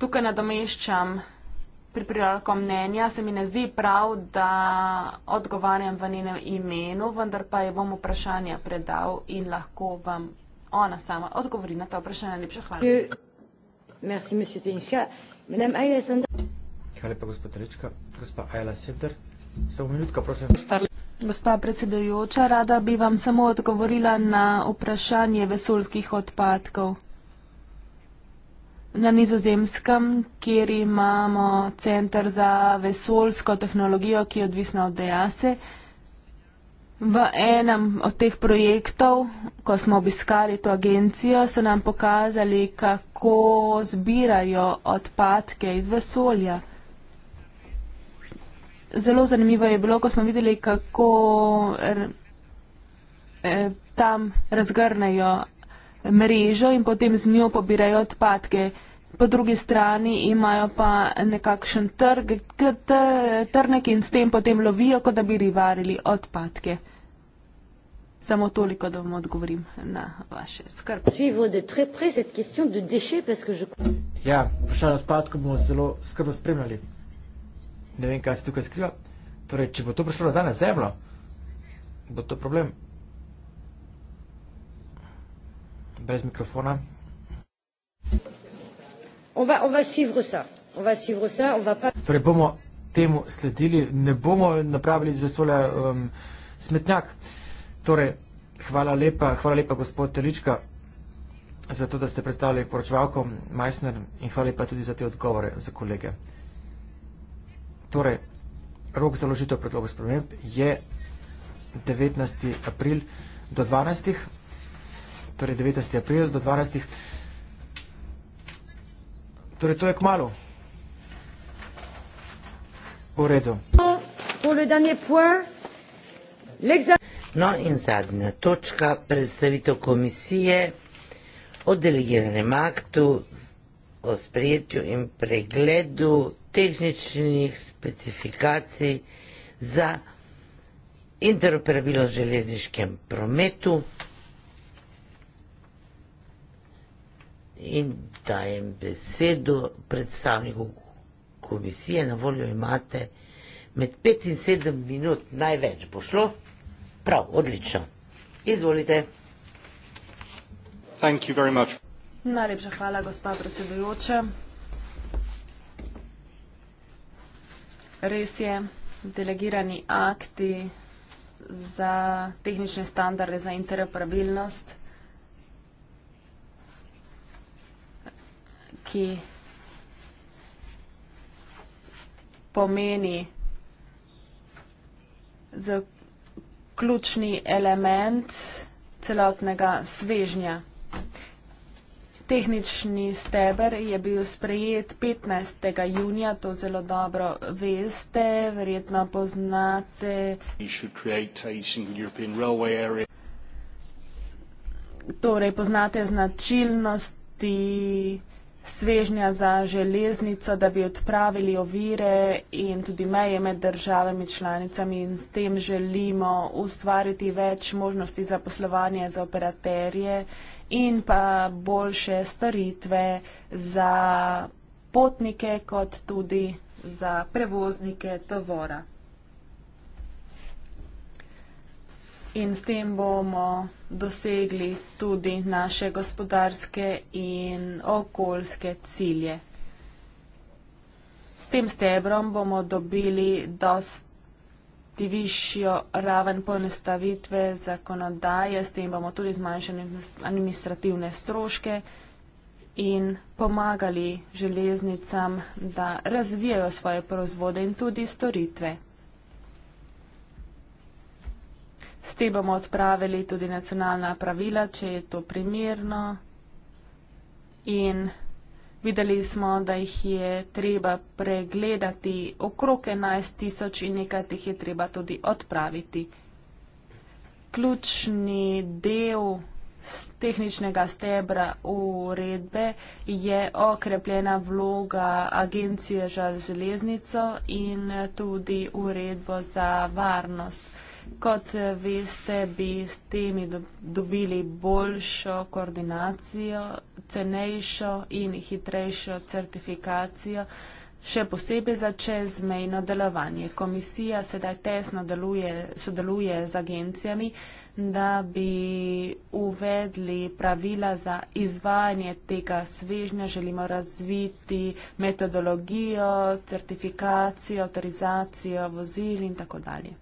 Speaker 3: tukaj nadomeščam pripravljalko mnenja, se mi ne zdi prav, da odgovarjam v njenem imenu, vendar pa je bom vprašanje predal in lahko vam ona sama odgovori na ta vprašanje. Najlepša hvala. Merci, monsieur Tinska. Madame Aya Sandra.
Speaker 2: Hvala lepa, gospod Rečka. Gospa Ajla Seder, samo minutko, prosim.
Speaker 3: Gospa predsedujoča, rada bi vam samo odgovorila na vprašanje vesolskih odpadkov. Na nizozemskem, kjer imamo centr za vesolsko tehnologijo, ki je odvisna od dejase, v enem od teh projektov, ko smo obiskali to agencijo, so nam pokazali, kako zbirajo odpadke iz vesolja. Zelo zanimivo je bilo, ko smo videli, kako r, eh, tam razgrnejo mrežo in potem z njo pobirajo odpadke. Po drugi strani imajo pa nekakšen trg, trnek in s tem potem lovijo, kot da bi rivarili odpadke. Samo toliko, da vam odgovorim na vaše skrb.
Speaker 2: Ja, vprašanje odpadkov bomo zelo skrbno spremljali ne vem, kaj se tukaj skriva. Torej, če bo to prišlo nazaj na zemljo, bo to problem. Brez mikrofona. Torej, bomo temu sledili, ne bomo napravili z vesolja um, smetnjak. Torej, hvala lepa, hvala lepa gospod Telička, za to, da ste predstavili poročevalko Majsner in hvala lepa tudi za te odgovore za kolege. Torej, rok za ložitev predlogov sprememb je 19. april do 12. Torej, 19. april do 12. Torej, to je k malu. V redu.
Speaker 1: No in zadnja točka, predstavitev komisije o delegiranem aktu o sprejetju in pregledu tehničnih specifikacij za interoperabilnost v železniškem prometu in dajem besedo predstavniku komisije. Na voljo imate med pet in sedem minut največ bo šlo. Prav, odlično.
Speaker 3: Izvolite. Thank you very much. Najlepša hvala, gospa predsedujoča. Res je, delegirani akti za tehnične standarde za interoperabilnost, ki pomeni z ključni element celotnega svežnja. Tehnični steber je bil sprejet 15. junija, to zelo dobro veste, verjetno poznate. Torej, poznate značilnosti svežnja za železnico, da bi odpravili ovire in tudi meje med državami članicami in s tem želimo ustvariti več možnosti za poslovanje za operaterje in pa boljše storitve za potnike kot tudi za prevoznike tovora. in s tem bomo dosegli tudi naše gospodarske in okoljske cilje. S tem stebrom bomo dobili dosti višjo raven ponestavitve zakonodaje, s tem bomo tudi zmanjšali administrativne stroške in pomagali železnicam, da razvijajo svoje proizvode in tudi storitve. S tem bomo odpravili tudi nacionalna pravila, če je to primerno. In videli smo, da jih je treba pregledati okrog 11 tisoč in nekaj teh je treba tudi odpraviti. Ključni del tehničnega stebra uredbe je okrepljena vloga agencije za železnico in tudi uredbo za varnost. Kot eh, veste, bi s temi dobili boljšo koordinacijo, cenejšo in hitrejšo certifikacijo, še posebej za čezmejno delovanje. Komisija sedaj tesno deluje, sodeluje z agencijami, da bi uvedli pravila za izvajanje tega svežnja. Želimo razviti metodologijo, certifikacijo, avtorizacijo vozil in tako dalje.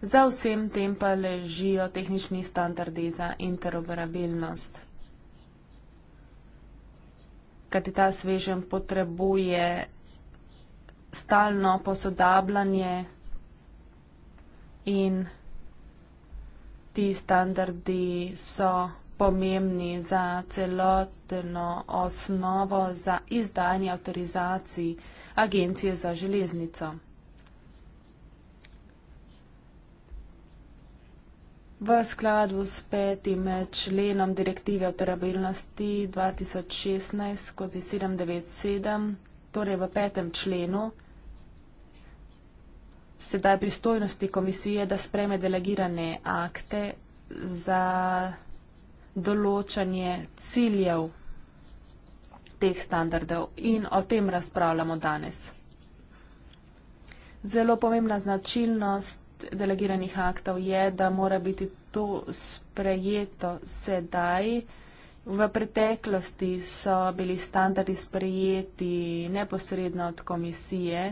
Speaker 3: za vsem tem pa ležijo tehnični standardi za interoperabilnost. Kajti ta svežen potrebuje stalno posodabljanje in ti standardi so pomembni za celotno osnovo za izdanje avtorizacij agencije za železnico. v skladu s petim členom direktive o terabilnosti 2016 skozi 797, torej v petem členu, sedaj pristojnosti komisije, da spreme delegirane akte za določanje ciljev teh standardov in o tem razpravljamo danes. Zelo pomembna značilnost delegiranih aktov je, da mora biti to sprejeto sedaj. V preteklosti so bili standardi sprejeti neposredno od komisije,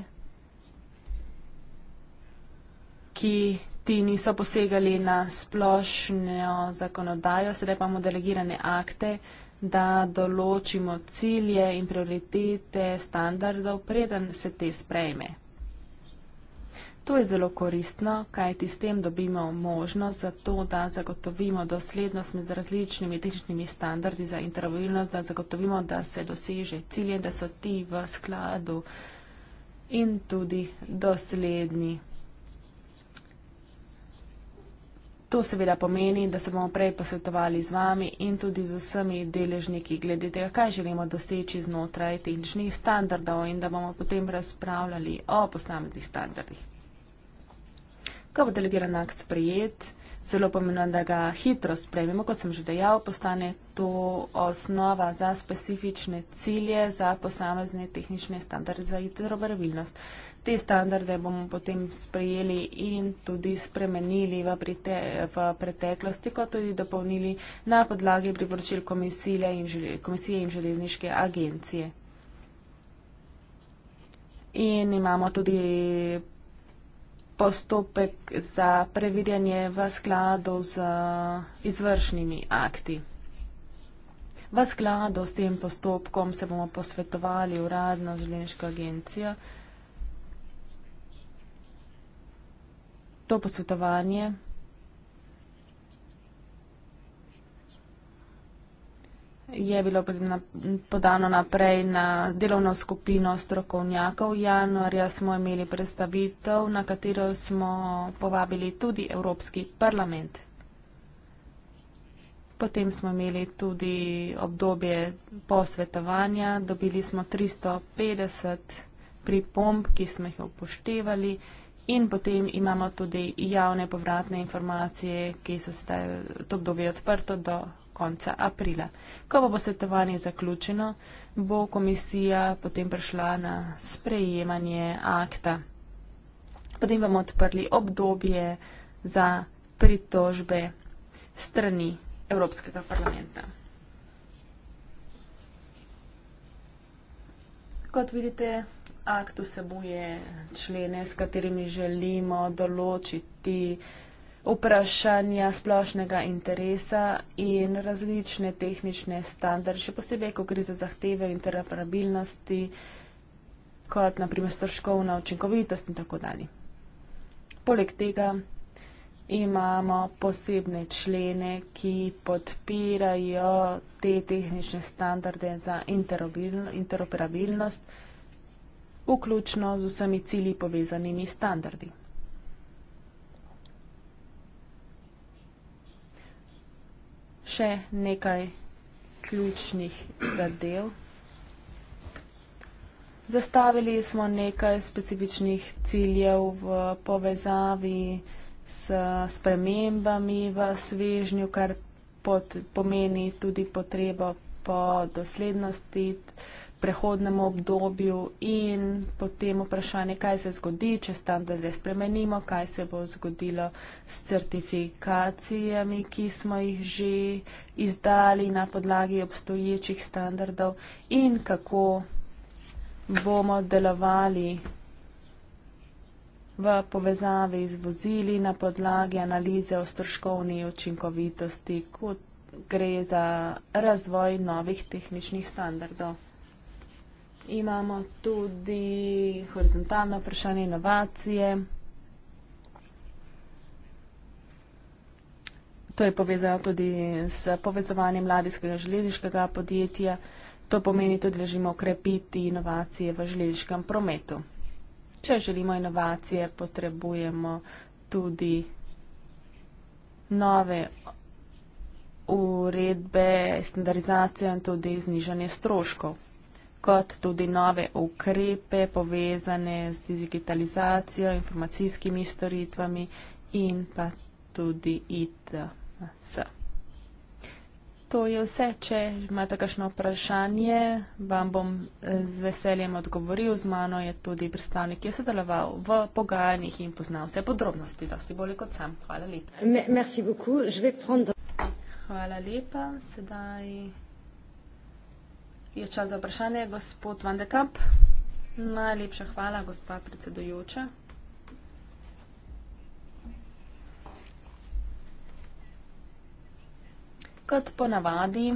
Speaker 3: ki ti niso posegali na splošno zakonodajo, sedaj pa imamo delegirane akte, da določimo cilje in prioritete standardov, preden se te sprejme. To je zelo koristno, kajti s tem dobimo možnost za to, da zagotovimo doslednost med različnimi tehničnimi standardi za interoperabilnost, da zagotovimo, da se doseže cilje, da so ti v skladu in tudi dosledni. To seveda pomeni, da se bomo prej posvetovali z vami in tudi z vsemi deležniki glede tega, kaj želimo doseči znotraj tehničnih standardov in da bomo potem razpravljali o posameznih standardih ko bo delegiran akt sprejet, zelo pomembno, da ga hitro sprejmemo, kot sem že dejal, postane to osnova za specifične cilje, za posamezne tehnične standarde za hidrobarvilnost. Te standarde bomo potem sprejeli in tudi spremenili v, prite, v preteklosti, kot tudi dopolnili na podlagi priporočil komisije in železniške agencije. In imamo tudi postopek za previdenje v skladu z eh, izvršnimi akti. V skladu s tem postopkom se bomo posvetovali uradno želeniško agencijo. To posvetovanje je bilo podano naprej na delovno skupino strokovnjakov. Januarja smo imeli predstavitev, na katero smo povabili tudi Evropski parlament. Potem smo imeli tudi obdobje posvetovanja, dobili smo 350 pripomb, ki smo jih upoštevali in potem imamo tudi javne povratne informacije, ki so se to obdobje odprto do konca aprila. Ko bo posvetovanje zaključeno, bo komisija potem prišla na sprejemanje akta. Potem bomo odprli obdobje za pritožbe strani Evropskega parlamenta. Kot vidite, akt vsebuje člene, s katerimi želimo določiti vprašanja splošnega interesa in različne tehnične standarde, še posebej, ko gre za zahteve interoperabilnosti, kot naprimer stroškovna učinkovitost in tako dalje. Poleg tega imamo posebne člene, ki podpirajo te tehnične standarde za interoperabilnost, vključno z vsemi cilji povezanimi standardi. še nekaj ključnih zadev. Zastavili smo nekaj specifičnih ciljev v povezavi s spremembami v svežnju, kar pot, pomeni tudi potrebo po doslednosti, prehodnemu obdobju in potem vprašanje, kaj se zgodi, če standarde spremenimo, kaj se bo zgodilo s certifikacijami, ki smo jih že izdali na podlagi obstoječih standardov in kako bomo delovali v povezavi z vozili na podlagi analize o stroškovni učinkovitosti, kot gre za razvoj novih tehničnih standardov. Imamo tudi horizontalno vprašanje inovacije. To je povezano tudi s povezovanjem mladinskega železniškega podjetja. To pomeni tudi, da želimo okrepiti inovacije v železniškem prometu. Če želimo inovacije, potrebujemo tudi nove uredbe, standardizacijo in tudi znižanje stroškov kot tudi nove ukrepe povezane z digitalizacijo, informacijskimi storitvami in pa tudi ITS. To je vse. Če imate kakšno vprašanje, vam bom eh, z veseljem odgovoril. Z mano je tudi predstavnik, ki je sodeloval v pogajanjih in poznal vse podrobnosti, dosti bolje kot sam. Hvala lepa. Merci beaucoup. Je vais prendre. Hvala lepa. Sedaj je čas za vprašanje. Gospod Van de Kamp, najlepša hvala, gospa predsedujoča. Kot ponavadi,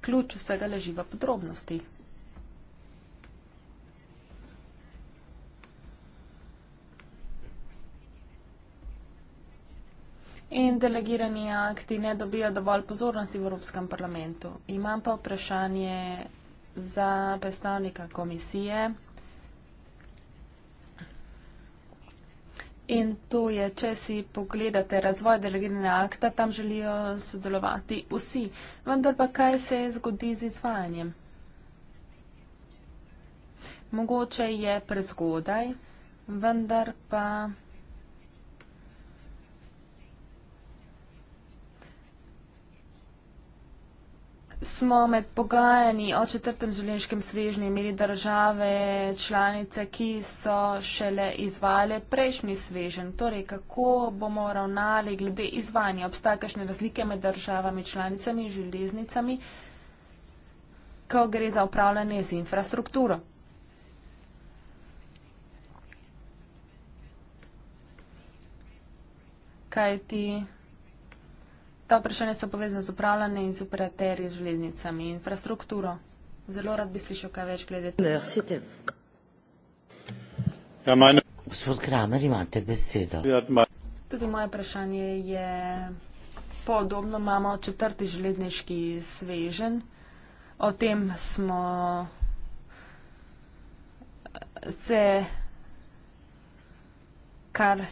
Speaker 3: ključ vsega leži v podrobnostih. in delegirani akti ne dobijo dovolj pozornosti v Evropskem parlamentu. Imam pa vprašanje za predstavnika komisije. In to je, če si pogledate razvoj delegiranega akta, tam želijo sodelovati vsi. Vendar pa kaj se zgodi z izvajanjem? Mogoče je prezgodaj, vendar pa. smo med pogajanji o četrtem življenjskem svežnju imeli države članice, ki so šele izvale prejšnji svežen. Torej, kako bomo ravnali glede izvanja? Obstaja kakšne razlike med državami članicami in železnicami, ko gre za upravljanje z infrastrukturo? Kaj ti? Ta vprašanja so povezane z upravljanjem in z operaterji železnicami in infrastrukturo. Zelo rad bi slišal kaj več glede tega.
Speaker 1: Ja, Gospod Kramer, imate besedo. Ja,
Speaker 3: Tudi moje vprašanje je podobno. Imamo četrti železniški svežen. O tem smo se kar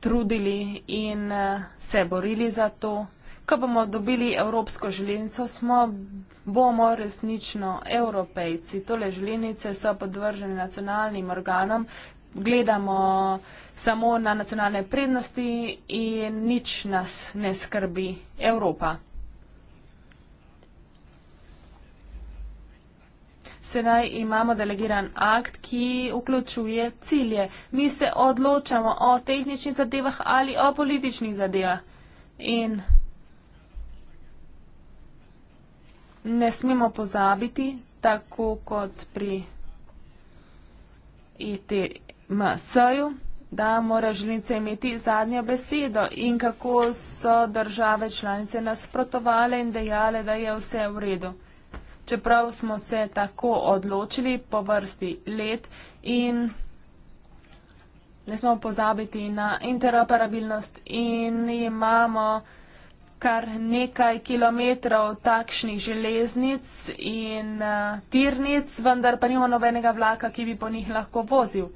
Speaker 3: trudili in eh, se borili za to ko bomo dobili evropsko želenico, smo, bomo resnično evropejci. Tole želenice so podvržene nacionalnim organom, gledamo samo na nacionalne prednosti in nič nas ne skrbi Evropa. Sedaj imamo delegiran akt, ki vključuje cilje. Mi se odločamo o tehničnih zadevah ali o političnih zadevah. In ne smemo pozabiti, tako kot pri ITMS-ju, da mora želnice imeti zadnjo besedo in kako so države članice nasprotovale in dejale, da je vse v redu. Čeprav smo se tako odločili po vrsti let in ne smemo pozabiti na interoperabilnost in imamo kar nekaj kilometrov takšnih železnic in uh, tirnic, vendar pa nima nobenega vlaka, ki bi po njih lahko vozil.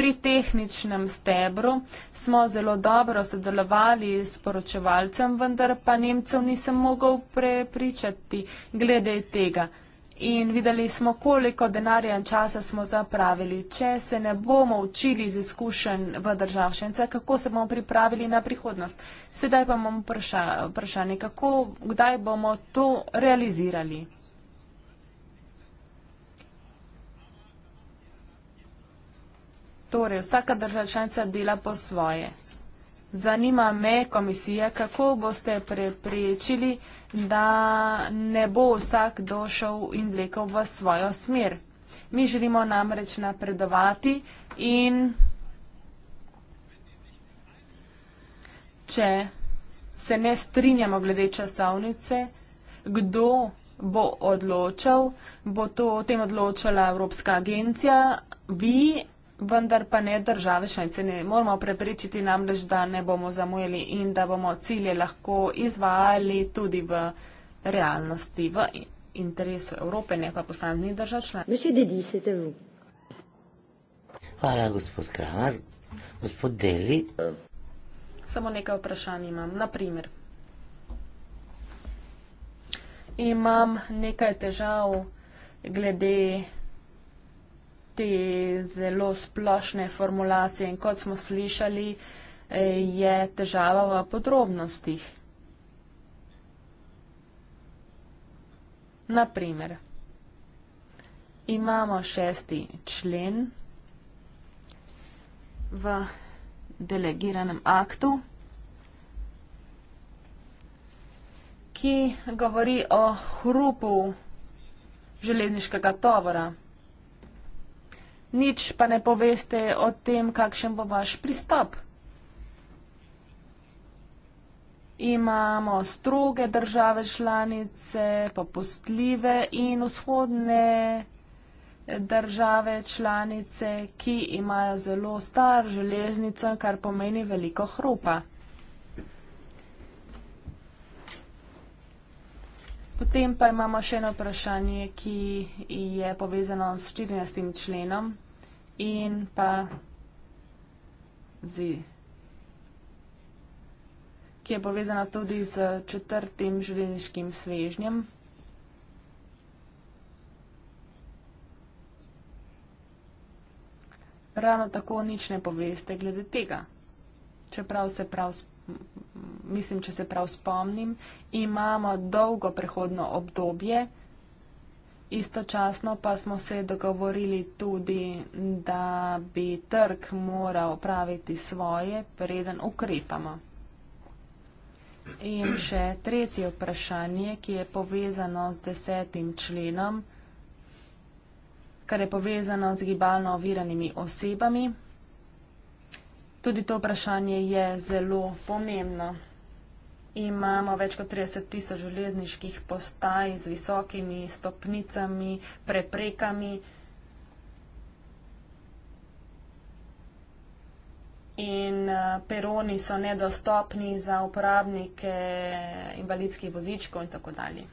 Speaker 3: Pri tehničnem stebru smo zelo dobro sodelovali s poročevalcem, vendar pa Nemcev nisem mogel prepričati glede tega in videli smo, koliko denarja in časa smo zapravili. Če se ne bomo učili iz izkušenj v državšence, kako se bomo pripravili na prihodnost? Sedaj pa imamo vprašanje, kako, kdaj bomo to realizirali? Torej, vsaka državšanca dela po svoje. Zanima me komisija, kako boste preprečili, da ne bo vsak došel in vlekel v svojo smer. Mi želimo namreč napredovati in če se ne strinjamo glede časovnice, kdo bo odločal, bo to o tem odločala Evropska agencija, vi vendar pa ne države članice ne moramo preprečiti namreč, da ne bomo zamujeli in da bomo cilje lahko izvajali tudi v realnosti, v interesu Evrope, ne pa posameznih držav članic.
Speaker 1: Hvala, gospod Kramar. Gospod Deli.
Speaker 3: Samo nekaj vprašanj imam. Naprimer, imam nekaj težav glede te zelo splošne formulacije in kot smo slišali, eh, je težava v podrobnostih. Naprimer, imamo šesti člen v delegiranem aktu, ki govori o hrupu železniškega tovora nič pa ne poveste o tem, kakšen bo vaš pristop. Imamo stroge države članice, popustljive in vzhodne države članice, ki imajo zelo star železnico, kar pomeni veliko hrupa. Potem pa imamo še eno vprašanje, ki je povezano s 14. členom in pa z, ki je povezano tudi z četrtim železniškim svežnjem. Ravno tako nič ne poveste glede tega, čeprav se prav spomnite mislim, če se prav spomnim, imamo dolgo prehodno obdobje. Istočasno pa smo se dogovorili tudi, da bi trg moral praviti svoje, preden ukrepamo. In še tretje vprašanje, ki je povezano z desetim členom, kar je povezano z gibalno oviranimi osebami. Tudi to vprašanje je zelo pomembno. Imamo več kot 30 tisoč železniških postaj z visokimi stopnicami, preprekami. In eh, peroni so nedostopni za uporabnike invalidskih vozičkov in tako dalje.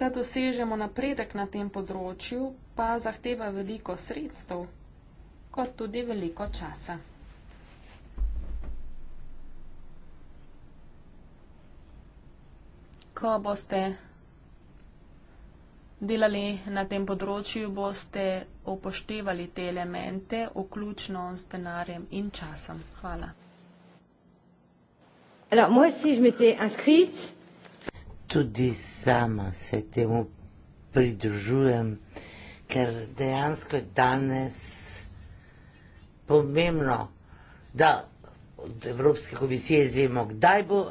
Speaker 3: Da dosežemo napredek na tem področju, pa zahteva veliko sredstev, kot tudi veliko časa. ko boste delali na tem področju, boste upoštevali te elemente, vključno s denarjem in časom. Hvala.
Speaker 1: Alors, moi aussi, je m'étais inscrite. Tudi sama se temu pridružujem, ker dejansko je danes pomembno, da od Evropske komisije izvemo, kdaj bo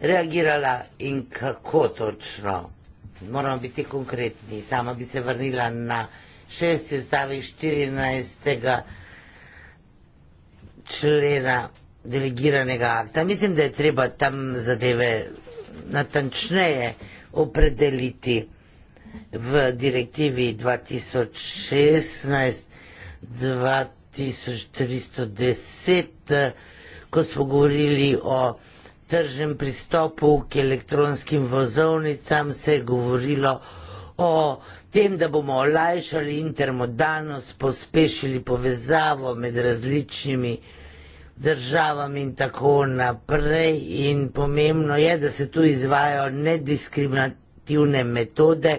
Speaker 1: reagirala in kako točno. Moramo biti konkretni. Sama bi se vrnila na šesti ustavi 14. člena delegiranega akta. Mislim, da je treba tam zadeve natančneje opredeliti v direktivi 2016-2310, ko smo govorili o tržnem pristopu k elektronskim vozovnicam se je govorilo o tem, da bomo olajšali intermodalnost, pospešili povezavo med različnimi državami in tako naprej. In pomembno je, da se tu izvajo nediskriminativne metode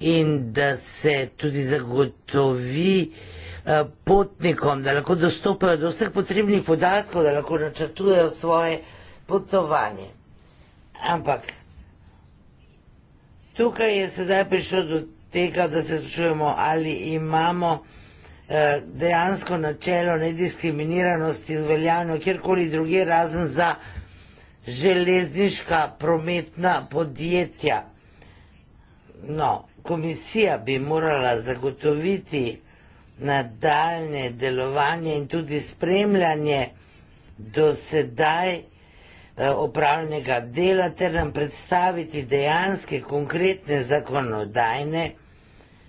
Speaker 1: in da se tudi zagotovi eh, potnikom, da lahko dostopajo do vseh potrebnih podatkov, da lahko načrtujejo svoje potovanje. Ampak tukaj je sedaj prišlo do tega, da se sprašujemo, ali imamo eh, dejansko načelo nediskriminiranosti uveljavljeno kjerkoli druge, razen za železniška prometna podjetja. No, komisija bi morala zagotoviti nadaljne delovanje in tudi spremljanje do sedaj upravnega eh, dela ter nam predstaviti dejanske, konkretne zakonodajne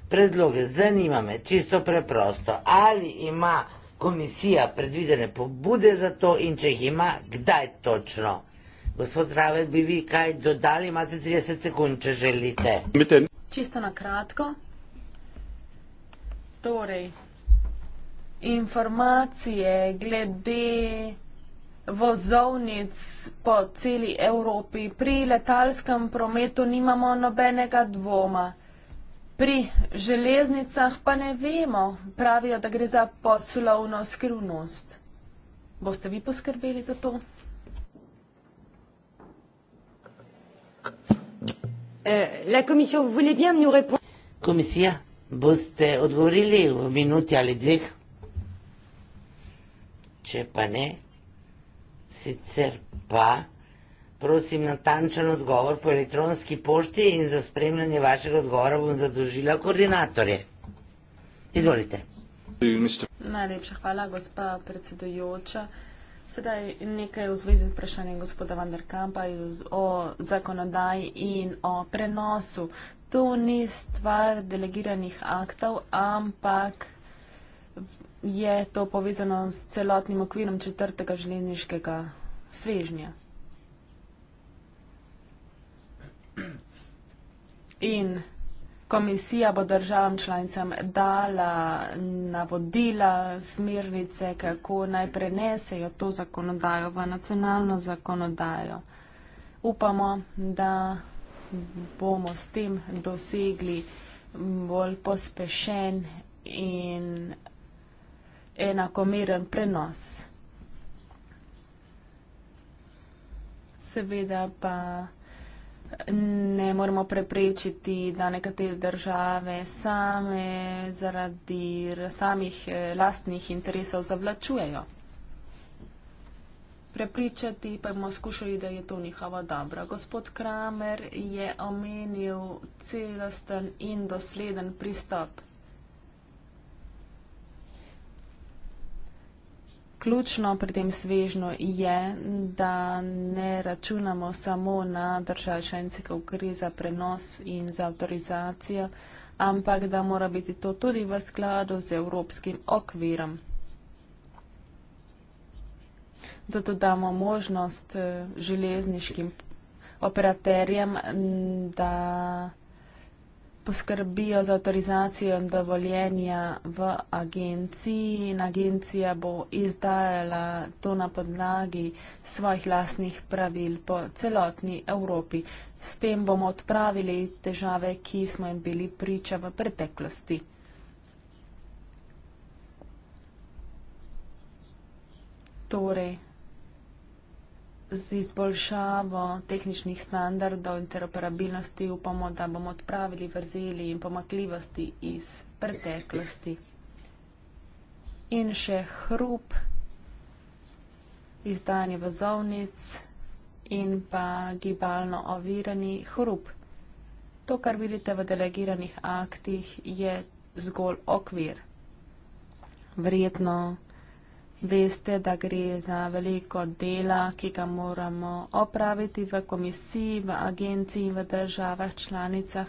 Speaker 1: predloge. Zanima me čisto preprosto, ali ima komisija predvidene pobude za to in če jih ima, kdaj točno. Gospod Ravet, bi vi kaj dodali? Imate 30 sekund, če želite.
Speaker 3: Čisto na kratko. Torej, informacije glede vozovnic po celi Evropi. Pri letalskem prometu nimamo nobenega dvoma. Pri železnicah pa ne vemo, pravijo, da gre za poslovno skrivnost. Boste vi poskrbeli za to? Eh, Komisija,
Speaker 1: boste odgovorili v minuti ali dveh? Če pa ne, sicer pa prosim natančen odgovor po elektronski pošti in za spremljanje vašega odgovora bom zadožila koordinatorje. Izvolite.
Speaker 3: Najlepša hvala, gospa predsedujoča. Sedaj nekaj v zvezi z vprašanjem gospoda Vanderkampa o zakonodaji in o prenosu. To ni stvar delegiranih aktov, ampak je to povezano s celotnim okvirom četrtega želeniškega svežnja. In komisija bo državam članicam dala navodila, smernice, kako naj prenesejo to zakonodajo v nacionalno zakonodajo. Upamo, da bomo s tem dosegli bolj pospešen in enakomeren prenos. Seveda pa. Ne moremo preprečiti, da nekatere države same zaradi samih eh, lastnih interesov zavlačujejo. Prepričati pa bomo skušali, da je to njihova dobra. Gospod Kramer je omenil celosten in dosleden pristop. ključno pri tem svežnju je, da ne računamo samo na držav šencikov kri za prenos in za avtorizacijo, ampak da mora biti to tudi v skladu z evropskim okvirom. Zato damo možnost eh, železniškim operaterjem, da poskrbijo za avtorizacijo in dovoljenja v agenciji in agencija bo izdajala to na podlagi svojih lastnih pravil po celotni Evropi. S tem bomo odpravili težave, ki smo jim bili priča v preteklosti. Torej, z izboljšavo tehničnih standardov interoperabilnosti upamo, da bomo odpravili vrzeli in pomakljivosti iz preteklosti. In še hrup, izdanje vozovnic in pa gibalno ovirani hrup. To, kar vidite v delegiranih aktih, je zgolj okvir. Verjetno. Veste, da gre za veliko dela, ki ga moramo opraviti v komisiji, v agenciji, v državah, članicah.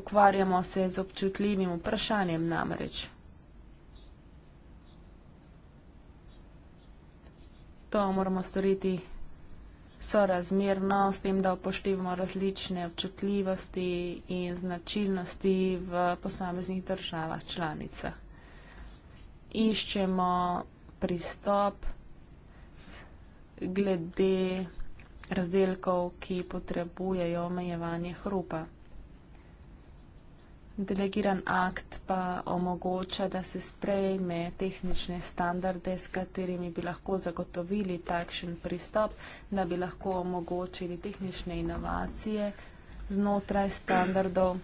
Speaker 3: Ukvarjamo se z občutljivim vprašanjem namreč. To moramo storiti sorazmerno s tem, da upoštevamo različne občutljivosti in značilnosti v posameznih državah članicah iščemo pristop glede razdelkov, ki potrebujejo omejevanje hrupa. Delegiran akt pa omogoča, da se sprejme tehnične standarde, s katerimi bi lahko zagotovili takšen pristop, da bi lahko omogočili tehnične inovacije znotraj standardov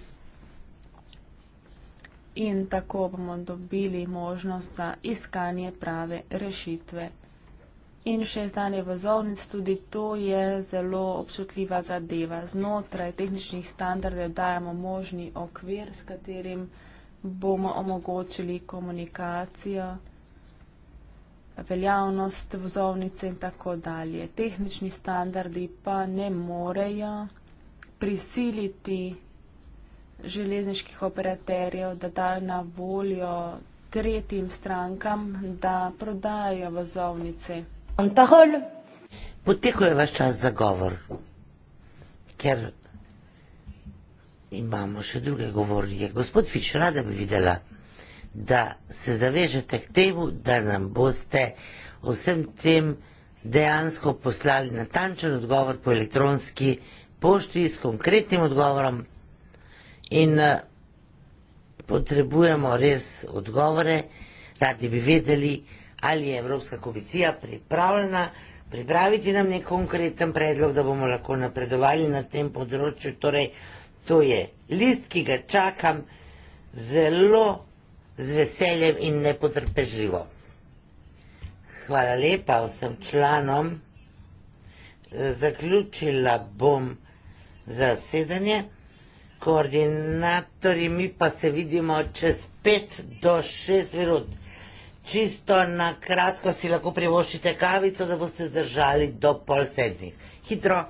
Speaker 3: in tako bomo dobili možnost za iskanje prave rešitve. In še izdanje vozovnic, tudi to je zelo občutljiva zadeva. Znotraj tehničnih standardov dajemo možni okvir, s katerim bomo omogočili komunikacijo, veljavnost vozovnice in tako dalje. Tehnični standardi pa ne morejo prisiliti železniških operaterjev, da dajo na voljo tretjim strankam, da prodajajo vozovnice.
Speaker 1: Poteko je vaš čas za govor, ker imamo še druge govornike. Gospod Fič, rada bi videla, da se zavežete k temu, da nam boste vsem tem dejansko poslali natančen odgovor po elektronski pošti s konkretnim odgovorom, In eh, potrebujemo res odgovore, radi bi vedeli, ali je Evropska komisija pripravljena pripraviti nam nek konkreten predlog, da bomo lahko napredovali na tem področju. Torej, to je list, ki ga čakam zelo z veseljem in nepotrpežljivo. Hvala lepa vsem članom. Eh, zaključila bom zasedanje koordinatori, mi pa se vidimo čez pet do šest minut. Čisto na kratko si lahko privošite kavico, da boste zdržali do pol sedmih. Hitro!